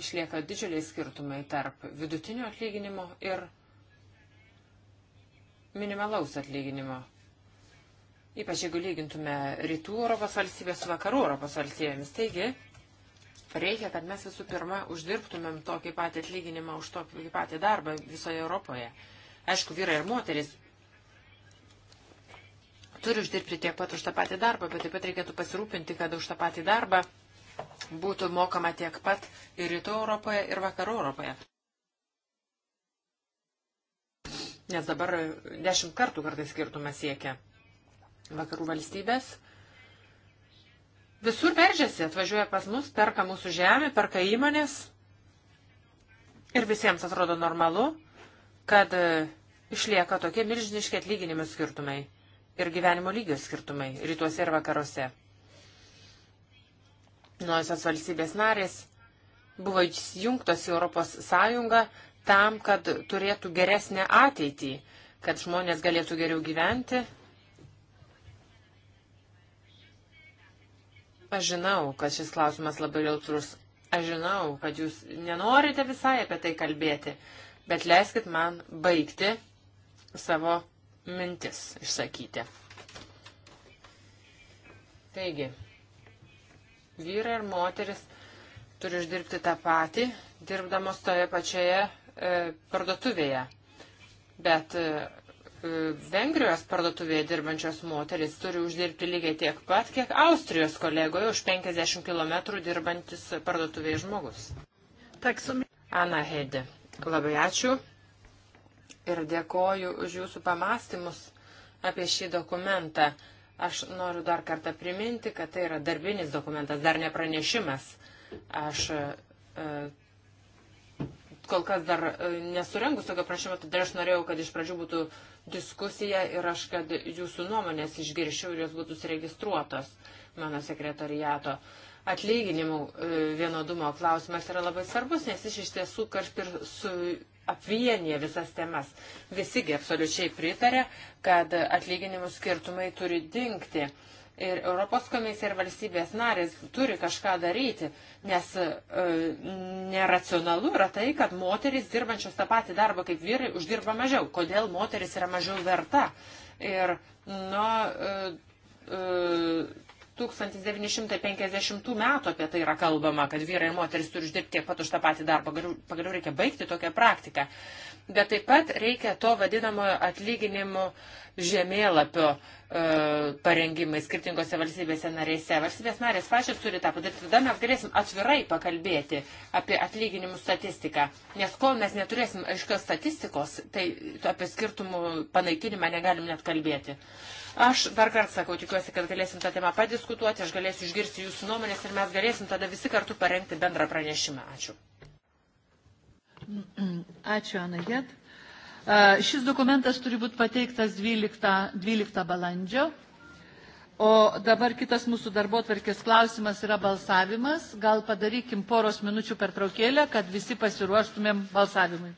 išlieka didžiuliai skirtumai tarp vidutinio atlyginimo ir minimalaus atlyginimo. Ypač jeigu lygintume rytų Europos valstybės su vakarų Europos valstybėmis. Taigi, reikia, kad mes visų pirma uždirbtumėm tokį patį atlyginimą už tokį patį darbą visoje Europoje. Aišku, vyrai ir moteris turi uždirbti tiek pat už tą patį darbą, bet taip pat reikėtų pasirūpinti, kad už tą patį darbą būtų mokama tiek pat ir rytų Europoje, ir vakarų Europoje. Nes dabar dešimt kartų kartais skirtumas siekia vakarų valstybės. Visur peržiasi, atvažiuoja pas mus, perka mūsų žemę, perka įmonės. Ir visiems atrodo normalu, kad išlieka tokie milžiniški atlyginimų skirtumai ir gyvenimo lygio skirtumai rytuose ir vakaruose. Nuosios valstybės narės buvo įjungtos į Europos Sąjungą tam, kad turėtų geresnę ateitį, kad žmonės galėtų geriau gyventi. Aš žinau, kad šis klausimas labai jautrus. Aš žinau, kad jūs nenorite visai apie tai kalbėti, bet leiskit man baigti savo mintis išsakyti. Taigi, vyrai ir moteris turi uždirbti tą patį, dirbdamos toje pačioje e, parduotuvėje. Bet e, e Vengrijos parduotuvėje dirbančios moteris turi uždirbti lygiai tiek pat, kiek Austrijos kolegoje už 50 km dirbantis parduotuvėje žmogus. Ana Hedi, labai ačiū ir dėkoju už jūsų pamastymus apie šį dokumentą. Aš noriu dar kartą priminti, kad tai yra darbinis dokumentas, dar ne pranešimas. Aš e, kol kas dar e, nesurengus tokio prašymo, todėl aš norėjau, kad iš pradžių būtų diskusija ir aš, kad jūsų nuomonės išgirščiau ir jos būtų suregistruotos mano sekretariato. Atlyginimų e, vienodumo klausimas yra labai svarbus, nes jis iš tiesų kažkaip ir su apvienyje visas temas. Visigi absoliučiai pritarė, kad atlyginimų skirtumai turi dinkti. Ir Europos komisija ir valstybės narės turi kažką daryti, nes e, neracionalu yra tai, kad moteris dirbančios tą patį darbą kaip vyrai uždirba mažiau. Kodėl moteris yra mažiau verta? Ir nuo e, e, 1950 metų apie tai yra kalbama, kad vyrai ir moteris turi uždirbti tiek pat už tą patį darbą. Pagaliau, pagaliau reikia baigti tokią praktiką. Bet taip pat reikia to vadinamojo atlyginimo žemėlapio e, parengimai skirtingose valstybėse narėse. Valstybės narės pačios turi tą padaryti. Tada mes galėsim atvirai pakalbėti apie atlyginimų statistiką. Nes kol mes neturėsim aiškios statistikos, tai apie skirtumų panaikinimą negalim net kalbėti. Aš dar kartą sakau, tikiuosi, kad galėsim tą temą padiskutuoti, aš galėsiu išgirsti jūsų nuomonės ir mes galėsim tada visi kartu parengti bendrą pranešimą. Ačiū. Ačiū, Ana Jėt. Šis dokumentas turi būti pateiktas 12, 12 balandžio. O dabar kitas mūsų darbo tvarkės klausimas yra balsavimas. Gal padarykim poros minučių per traukėlę, kad visi pasiruoštumėm balsavimui.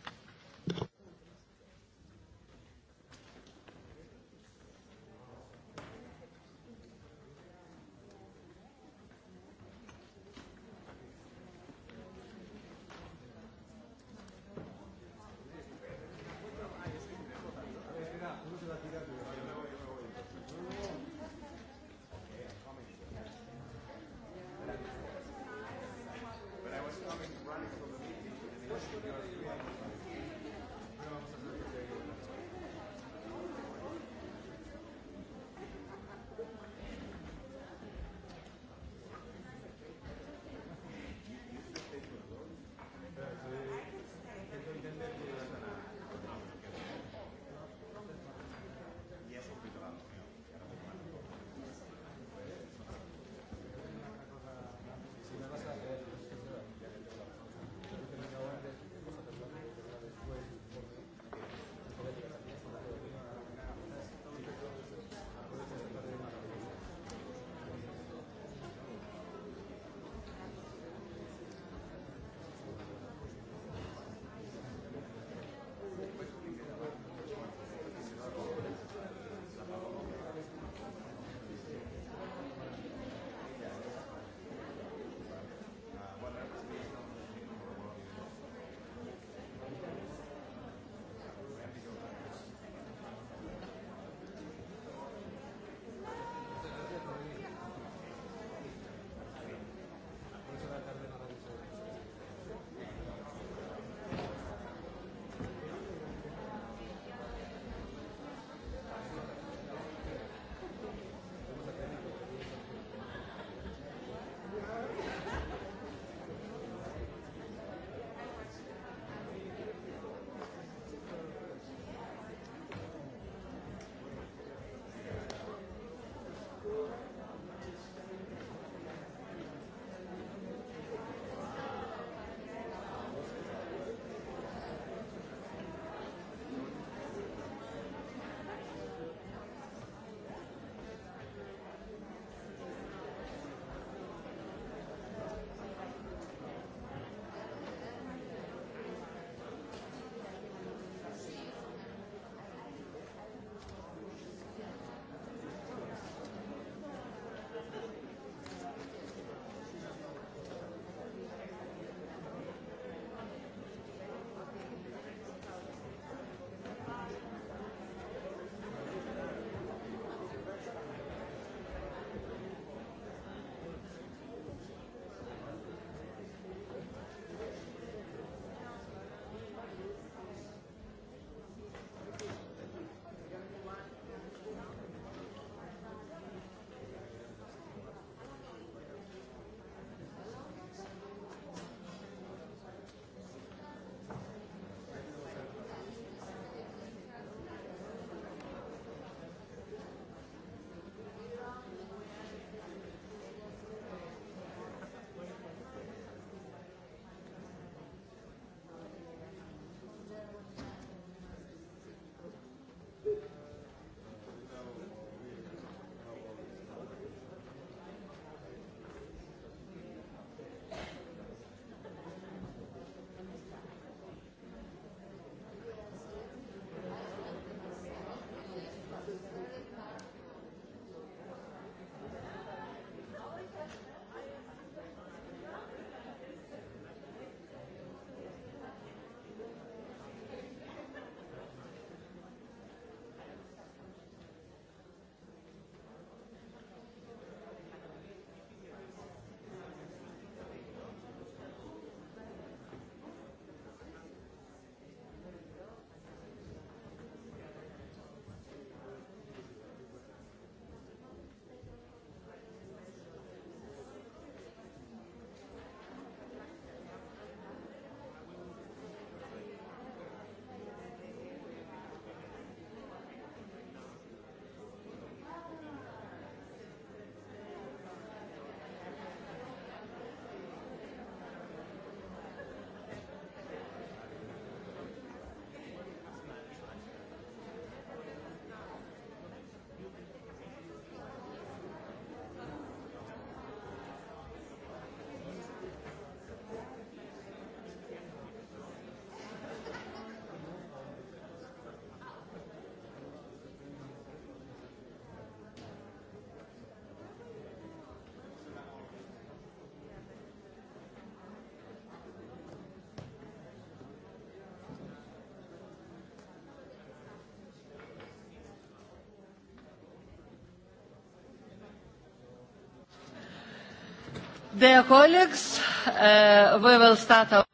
Dear colleagues, uh, we will start our...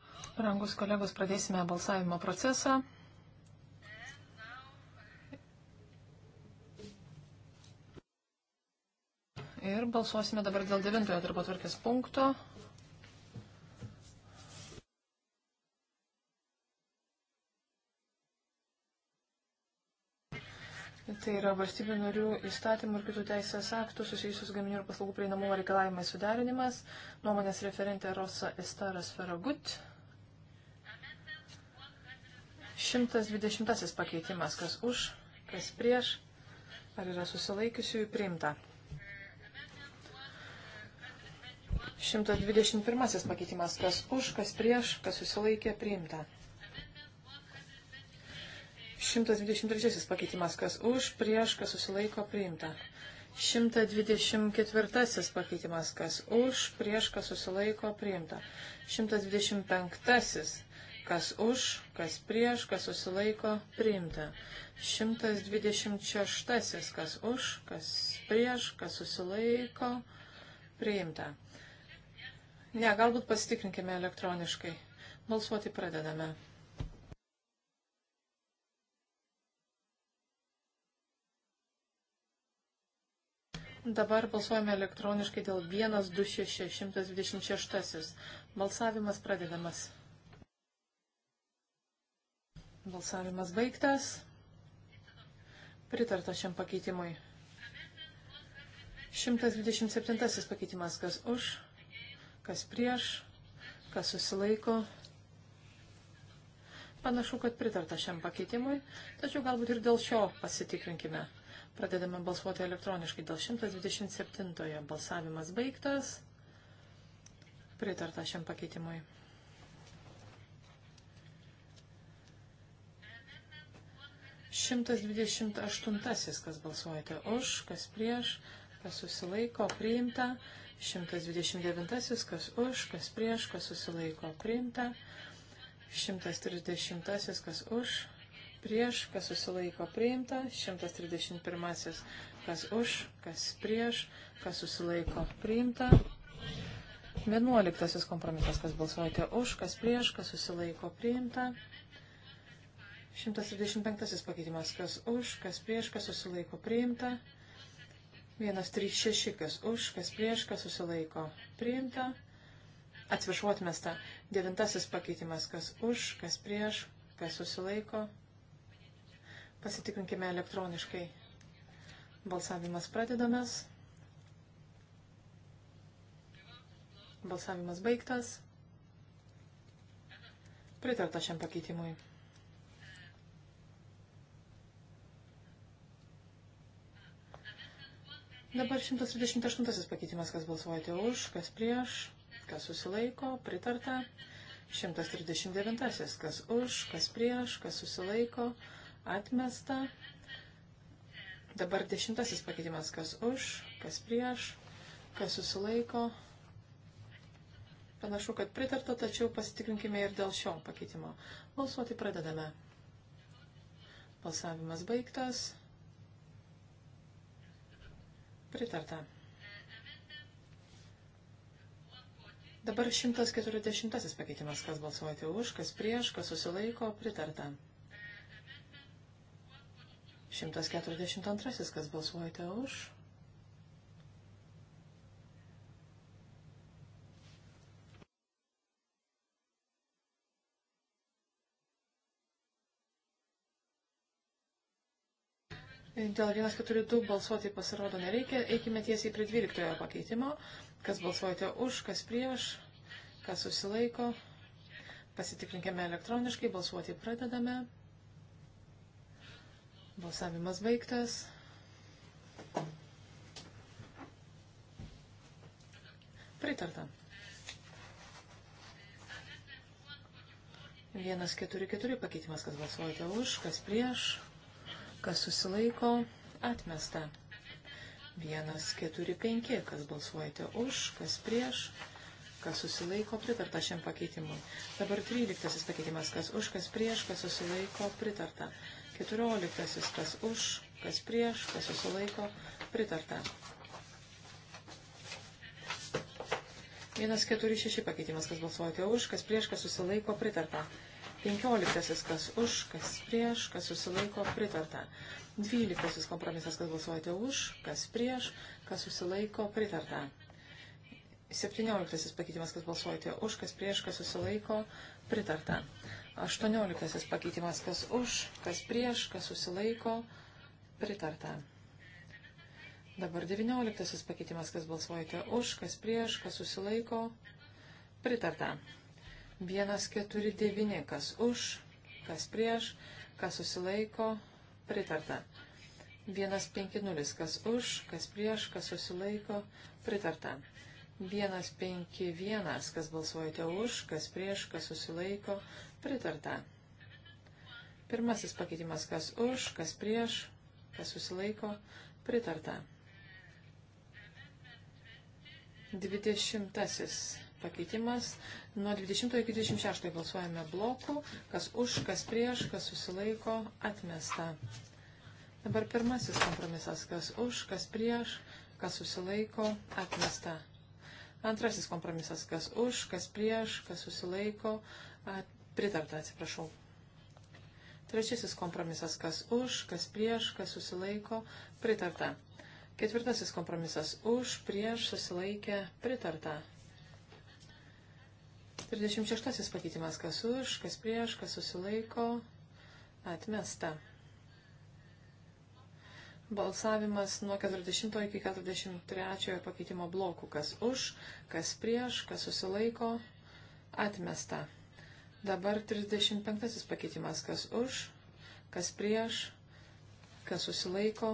Rangus kolegos, pradėsime balsavimo procesą. Ir balsuosime dabar dėl devintojo darbo tvarkės punkto. valstybių narių įstatymų ir kitų teisės aktų susijusius gaminių ir paslaugų prieinamumo reikalavimai suderinimas. Nuomonės referentė Rosa Estaras Feragut. 120 pakeitimas, kas už, kas prieš, ar yra susilaikiusiųjų priimta. 121 pakeitimas, kas už, kas prieš, kas susilaikė, priimta. 123 pakeitimas, kas už, prieš, kas susilaiko priimta. 124 pakeitimas, kas už, prieš, kas susilaiko, priimta. 125, kas už, kas prieš, kas susilaiko, priimta. 126, kas už, kas prieš, kas susilaiko, priimta. Ne, galbūt pasitikrinkime elektroniškai. Balsuoti pradedame. Dabar balsuojame elektroniškai dėl 12626. Balsavimas pradedamas. Balsavimas baigtas. Pritarta šiam pakeitimui. 127 pakeitimas. Kas už, kas prieš, kas susilaiko. Panašu, kad pritarta šiam pakeitimui, tačiau galbūt ir dėl šio pasitikrinkime. Pradedame balsuoti elektroniškai dėl 127-ojo. Balsavimas baigtas. Pritarta šiam pakeitimui. Šimtas dvidešimt aštuntasis, kas balsuojate už, kas prieš, kas susilaiko, priimta. Šimtas dvidešimt devintasis, kas už, kas prieš, kas susilaiko, priimta. Šimtas trisdešimtasis, kas už, prieš, kas susilaiko priimta, 131 kas už, kas prieš, kas susilaiko priimta. 11 kompromisas, kas balsuojate už, kas prieš, kas susilaiko priimta. 125 pakeitimas, kas už, kas prieš, kas susilaiko priimta. 136, kas už, kas prieš, kas susilaiko priimta. Atsiprašau atmesta. Devintasis pakeitimas, kas už, kas prieš, kas susilaiko priimta. Pasitikrinkime elektroniškai. Balsavimas pradedamas. Balsavimas baigtas. Pritarta šiam pakeitimui. Dabar 128 pakeitimas, kas balsuojate už, kas prieš, kas susilaiko, pritarta. 139, kas už, kas prieš, kas susilaiko, pritarta atmesta. Dabar dešimtasis pakeitimas, kas už, kas prieš, kas susilaiko. Panašu, kad pritarta, tačiau pasitikrinkime ir dėl šio pakeitimo. Balsuoti pradedame. Balsavimas baigtas. Pritarta. Dabar 140 pakeitimas, kas balsuoti už, kas prieš, kas susilaiko, pritarta. 142. Kas balsuojate už? Dėl 142 balsuoti pasirodo nereikia. Eikime tiesiai prie 12 pakeitimo. Kas balsuojate už, kas prieš, kas susilaiko. Pasitikrinkime elektroniškai, balsuoti pradedame. Balsavimas baigtas. Pritarta. Vienas, keturi, keturi pakeitimas, kas balsuojate už, kas prieš, kas susilaiko, atmesta. Vienas, keturi, penki, kas balsuojate už, kas prieš, kas susilaiko, pritarta šiam pakeitimui. Dabar 13 pakeitimas, kas už, kas prieš, kas susilaiko, pritarta. Keturioliktasis, kas už, kas prieš, kas susilaiko, pritarta. Vienas keturi šeši pakeitimas, kas balsuojate už, kas prieš, kas susilaiko, pritarta. Penkioliktasis, kas už, kas prieš, kas susilaiko, pritarta. Dvyliktasis kompromisas, kas balsuojate už, kas prieš, kas susilaiko, pritarta. Septynioliktasis pakeitimas, kas balsuojate už, kas prieš, kas susilaiko, pritarta. 18 pakeitimas, kas už, kas prieš, kas susilaiko, pritarta. Dabar 19 pakeitimas, kas balsuojate už, kas prieš, kas susilaiko, pritarta. 149, kas už, kas prieš, kas susilaiko, pritarta. 150, kas už, kas prieš, kas susilaiko, pritarta. 151, kas balsuojate už, kas prieš, kas susilaiko, pritarta. Pirmasis pakeitimas, kas už, kas prieš, kas susilaiko, pritarta. Dvidešimtasis pakeitimas. Nuo 20 iki 26 balsuojame blokų, kas už, kas prieš, kas susilaiko, atmesta. Dabar pirmasis kompromisas, kas už, kas prieš, kas susilaiko, atmesta. Antrasis kompromisas, kas už, kas prieš, kas susilaiko, pritarta, atsiprašau. Trečiasis kompromisas, kas už, kas prieš, kas susilaiko, pritarta. Ketvirtasis kompromisas, už, prieš, susilaikė, pritarta. 36 pakeitimas, kas už, kas prieš, kas susilaiko, atmesta. Balsavimas nuo 40 iki 43 pakeitimo blokų. Kas už, kas prieš, kas susilaiko, atmesta. Dabar 35 pakeitimas. Kas už, kas prieš, kas susilaiko.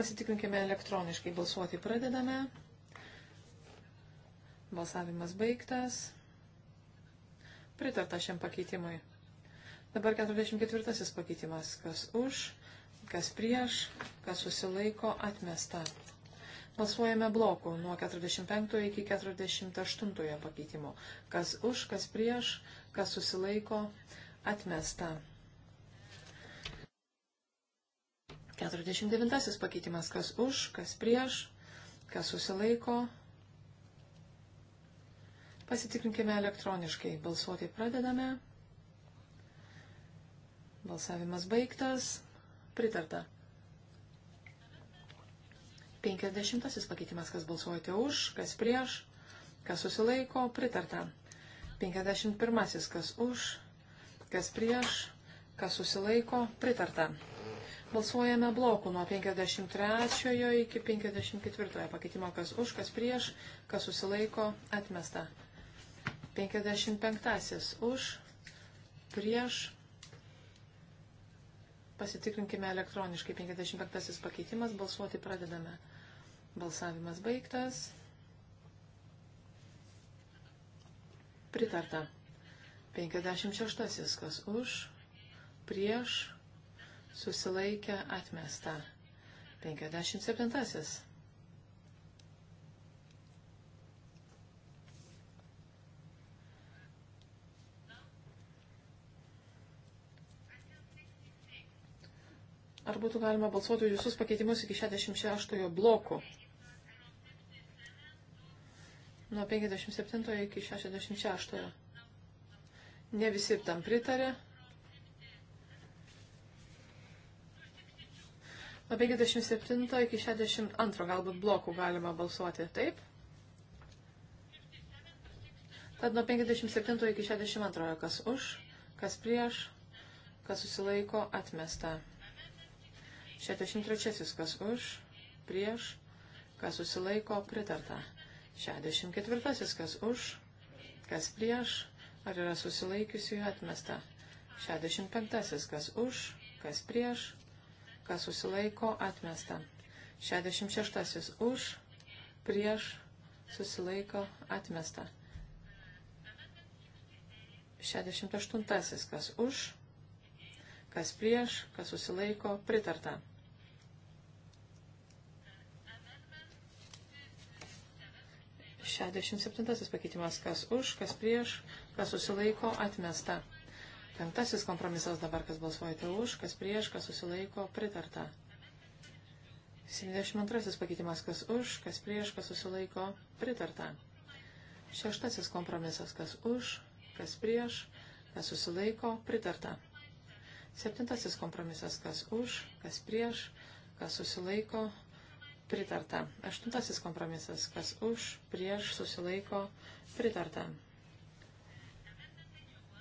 Pasitikrinkime elektroniškai. Balsuoti pradedame. Balsavimas baigtas. Pritarta šiam pakeitimui. Dabar 44 pakeitimas. Kas už, kas prieš, kas susilaiko atmesta. Balsuojame blokų nuo 45 iki 48 pakeitimo. Kas už, kas prieš, kas susilaiko atmesta. 49 pakeitimas. Kas už, kas prieš, kas susilaiko. Pasitikrinkime elektroniškai. Balsuoti pradedame. Balsavimas baigtas pritarta. 50 pakeitimas, kas balsuojate už, kas prieš, kas susilaiko, pritarta. 51 kas už, kas prieš, kas susilaiko, pritarta. Balsuojame blokų nuo 53 iki 54 pakeitimo, kas už, kas prieš, kas susilaiko, atmesta. 55 už, prieš, Pasitikrinkime elektroniškai. 55 pakeitimas. Balsuoti pradedame. Balsavimas baigtas. Pritarta. 56. Kas už, prieš, susilaikę, atmesta. 57. ar būtų galima balsuoti už visus pakeitimus iki 66 blokų. Nuo 57 iki 66. Ne visi tam pritarė. Nuo 57 iki 62 galbūt blokų galima balsuoti. Taip? Tad nuo 57 iki 62 kas už, kas prieš, kas susilaiko atmesta. 63. Kas už, prieš, kas susilaiko, pritarta. 64. Kas už, kas prieš, ar yra susilaikiusių atmesta. 65. Kas už, kas prieš, kas susilaiko, atmesta. 66. Už, prieš, susilaiko, atmesta. 68. Kas už, kas prieš, kas susilaiko, pritarta. Šešdešimt septintasis pakeitimas, kas už, kas prieš, kas susilaiko, atmesta. Penktasis kompromisas dabar, kas balsuojate už, kas prieš, kas susilaiko, pritarta. 72 pakeitimas, kas už, kas prieš, kas susilaiko, pritarta. Šeštasis kompromisas, kas už, kas prieš, kas susilaiko, pritarta. Septintasis kompromisas, kas už, kas prieš, kas susilaiko, pritarta. Aštuntasis kompromisas, kas už, prieš, susilaiko, pritarta.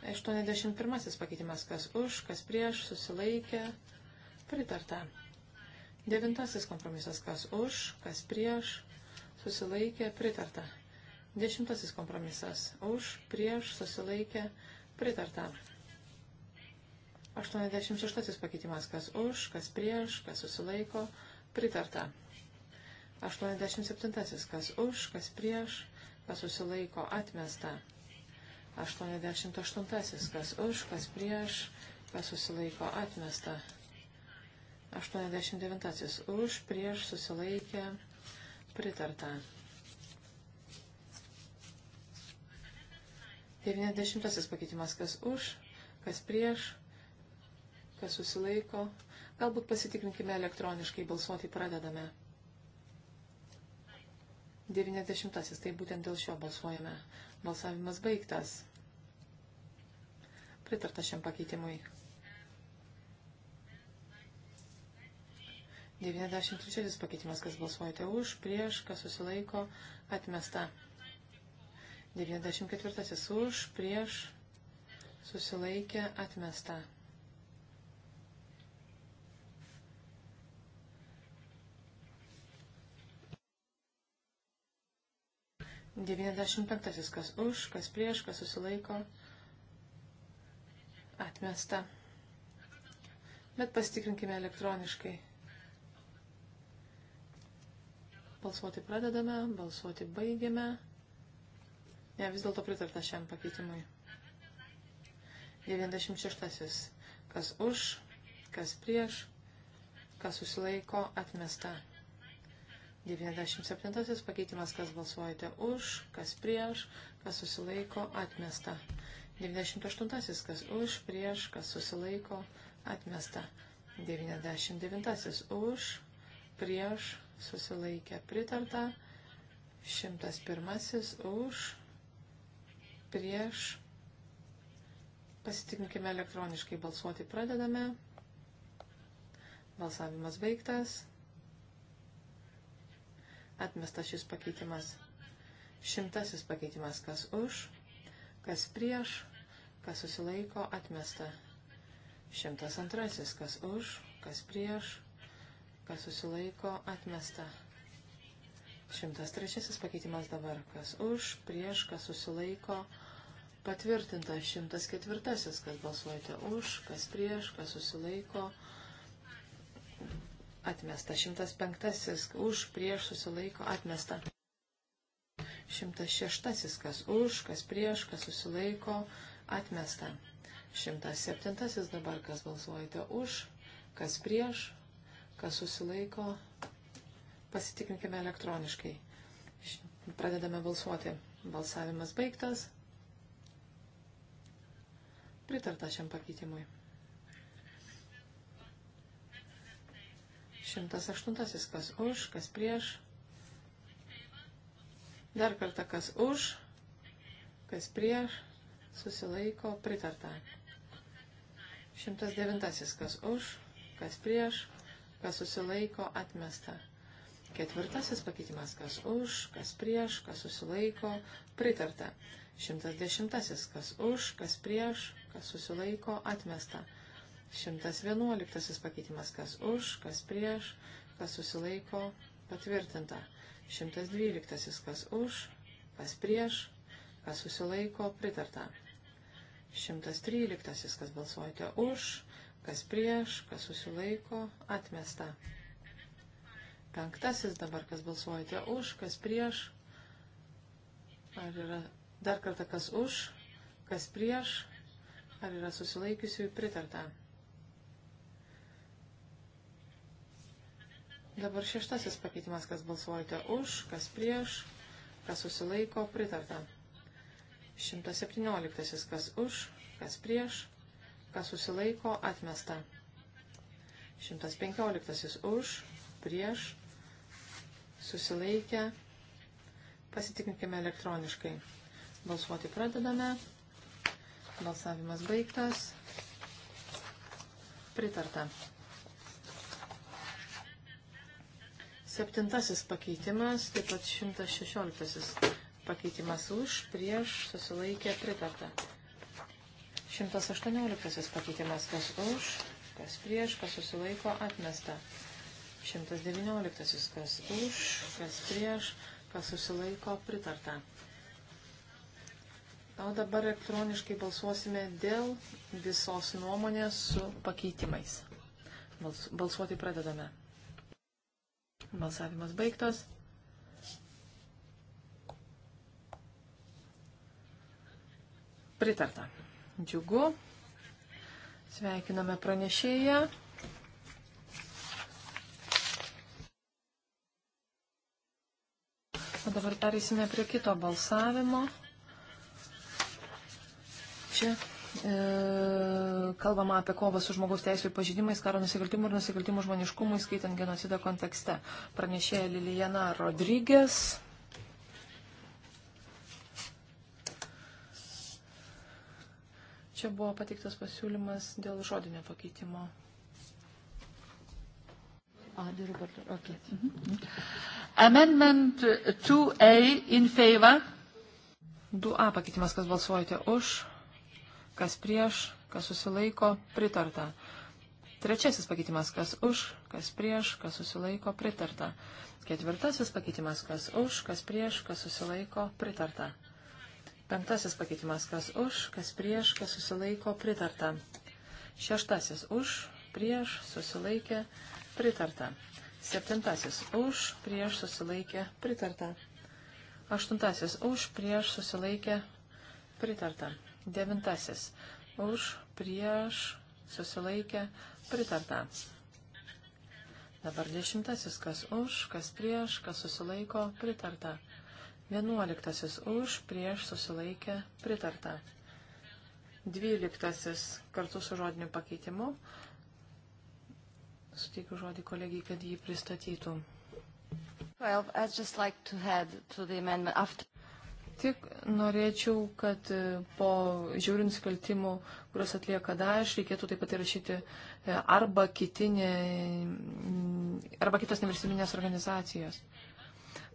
81 pakeitimas, kas už, kas prieš, susilaikė, pritarta. Devintasis kompromisas, kas už, kas prieš, susilaikė, pritarta. Dešimtasis kompromisas, už, prieš, susilaikė, pritarta. 86 pakeitimas, kas už, kas prieš, kas susilaiko, pritarta. 87 kas už, kas prieš, kas susilaiko, atmesta. 88 kas už, kas prieš, kas susilaiko, atmesta. 89 už, prieš, susilaikė, pritarta. 90 pakeitimas, kas už, kas prieš, kas susilaiko. Galbūt pasitikrinkime elektroniškai, balsuoti pradedame. 90-asis, tai būtent dėl šio balsuojame. Balsavimas baigtas. Pritarta šiam pakeitimui. 93 pakeitimas, kas balsuojate už, prieš, kas susilaiko, atmesta. 94 už, prieš, susilaikė, atmesta. 95. Kas už, kas prieš, kas susilaiko. Atmesta. Bet pasitikrinkime elektroniškai. Balsuoti pradedame, balsuoti baigiame. Ne, vis dėlto pritarta šiam pakeitimui. 96. Kas už, kas prieš, kas susilaiko, atmesta. 97 pakeitimas, kas balsuojate už, kas prieš, kas susilaiko, atmesta. 98 kas už, prieš, kas susilaiko, atmesta. 99 už, prieš, susilaikė, pritarta. 101 už, prieš. Pasitikinkime elektroniškai balsuoti pradedame. Balsavimas baigtas. Atmestas šis pakeitimas. Šimtasis pakeitimas, kas už, kas prieš, kas susilaiko, atmesta. Šimtas antrasis, kas už, kas prieš, kas susilaiko, atmesta. Šimtas trečiasis pakeitimas dabar, kas už, prieš, kas susilaiko, patvirtinta. Šimtas ketvirtasis, kas balsuojate už, kas prieš, kas susilaiko, atmesta atmesta. 105 už, prieš susilaiko atmesta. 106 kas už, kas prieš, kas susilaiko atmesta. 107 dabar kas balsuojate už, kas prieš, kas susilaiko. Pasitikrinkime elektroniškai. Pradedame balsuoti. Balsavimas baigtas. Pritarta šiam pakeitimui. 108. Kas už, kas prieš. Dar kartą kas už, kas prieš, susilaiko, pritarta. 109. Kas už, kas prieš, kas susilaiko, atmesta. Ketvirtasis pakeitimas, kas už, kas prieš, kas susilaiko, pritarta. 110. Kas už, kas prieš, kas susilaiko, atmesta. 111 pakeitimas, kas už, kas prieš, kas susilaiko, patvirtinta. 112 kas už, kas prieš, kas susilaiko, pritarta. 113 kas balsuojate už, kas prieš, kas susilaiko, atmesta. Penktasis dabar, kas balsuojate už, kas prieš, ar yra dar kartą kas už, kas prieš, ar yra susilaikiusiųjų pritarta. Dabar šeštasis pakeitimas, kas balsuojate už, kas prieš, kas susilaiko, pritarta. 117. Kas už, kas prieš, kas susilaiko, atmesta. 115. Už, prieš, susilaikę. Pasitikrinkime elektroniškai. Balsuoti pradedame. Balsavimas baigtas. Pritarta. Septintasis pakeitimas, taip pat 116 pakeitimas už, prieš, susilaikė, pritarta. 118 pakeitimas, kas už, kas prieš, kas susilaiko, atmesta. 119 kas už, kas prieš, kas susilaiko, pritarta. O dabar elektroniškai balsuosime dėl visos nuomonės su pakeitimais. Balsuoti pradedame. Balsavimas baigtas. Pritarta. Džiugu. Sveikiname pranešėją. O dabar perėsime prie kito balsavimo. Čia E, kalbama apie kovą su žmogaus teisų ir pažydimais, karo nusikaltimų ir nusikaltimų žmoniškumui, skaitant genocido kontekste. Pranešėja Lilijana Rodrygės. Čia buvo pateiktas pasiūlymas dėl žodinio pakeitimo. Okay. Mm -hmm. Amendment 2A in favor. 2A pakeitimas, kas balsuojate už, kas prieš, kas susilaiko, pritarta. Trečiasis pakeitimas, kas už, kas prieš, kas susilaiko, pritarta. Ketvirtasis pakeitimas, kas už, kas prieš, kas susilaiko, pritarta. Penktasis pakeitimas, kas už, kas prieš, kas susilaiko, pritarta. Šeštasis už, prieš, susilaikė, pritarta. Septintasis už, prieš, susilaikė, pritarta. Aštuntasis už, prieš, susilaikė, pritarta. Devintasis. Už, prieš, susilaikę, pritarta. Dabar dešimtasis, kas už, kas prieš, kas susilaiko, pritarta. Vienuoliktasis už, prieš, susilaikę, pritarta. Dvyliktasis kartu su žodiniu pakeitimu. Suteikiu žodį kolegijai, kad jį pristatytų. 12, I'd just like to add to the amendment after tik norėčiau, kad e, po žiaurių nusikaltimų, kuriuos atlieka Daesh, reikėtų taip pat įrašyti e, arba, kitinė, arba kitos nevyriausybinės organizacijos.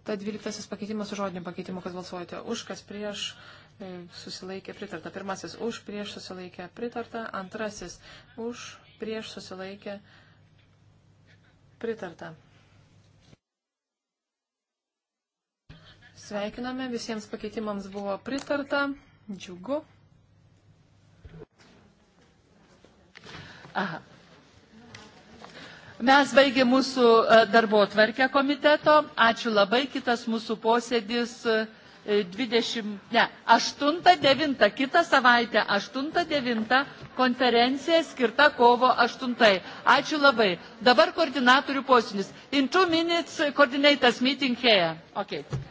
Ta dvyliktasis pakeitimas su žodiniu pakeitimu, kas balsuojate už, kas prieš e, susilaikė pritarta. Pirmasis už, prieš susilaikė pritarta. Antrasis už, prieš susilaikė pritarta. Sveikiname, visiems pakeitimams buvo pritarta. Džiugu. Aha. Mes baigė mūsų e, darbo atvarkę komiteto. Ačiū labai. Kitas mūsų posėdis 20, e, ne, 8-9, kitą savaitę 8-9 konferencija skirta kovo 8. Ačiū labai. Dabar koordinatorių posėdis. In two minutes coordinators meeting here. Okay.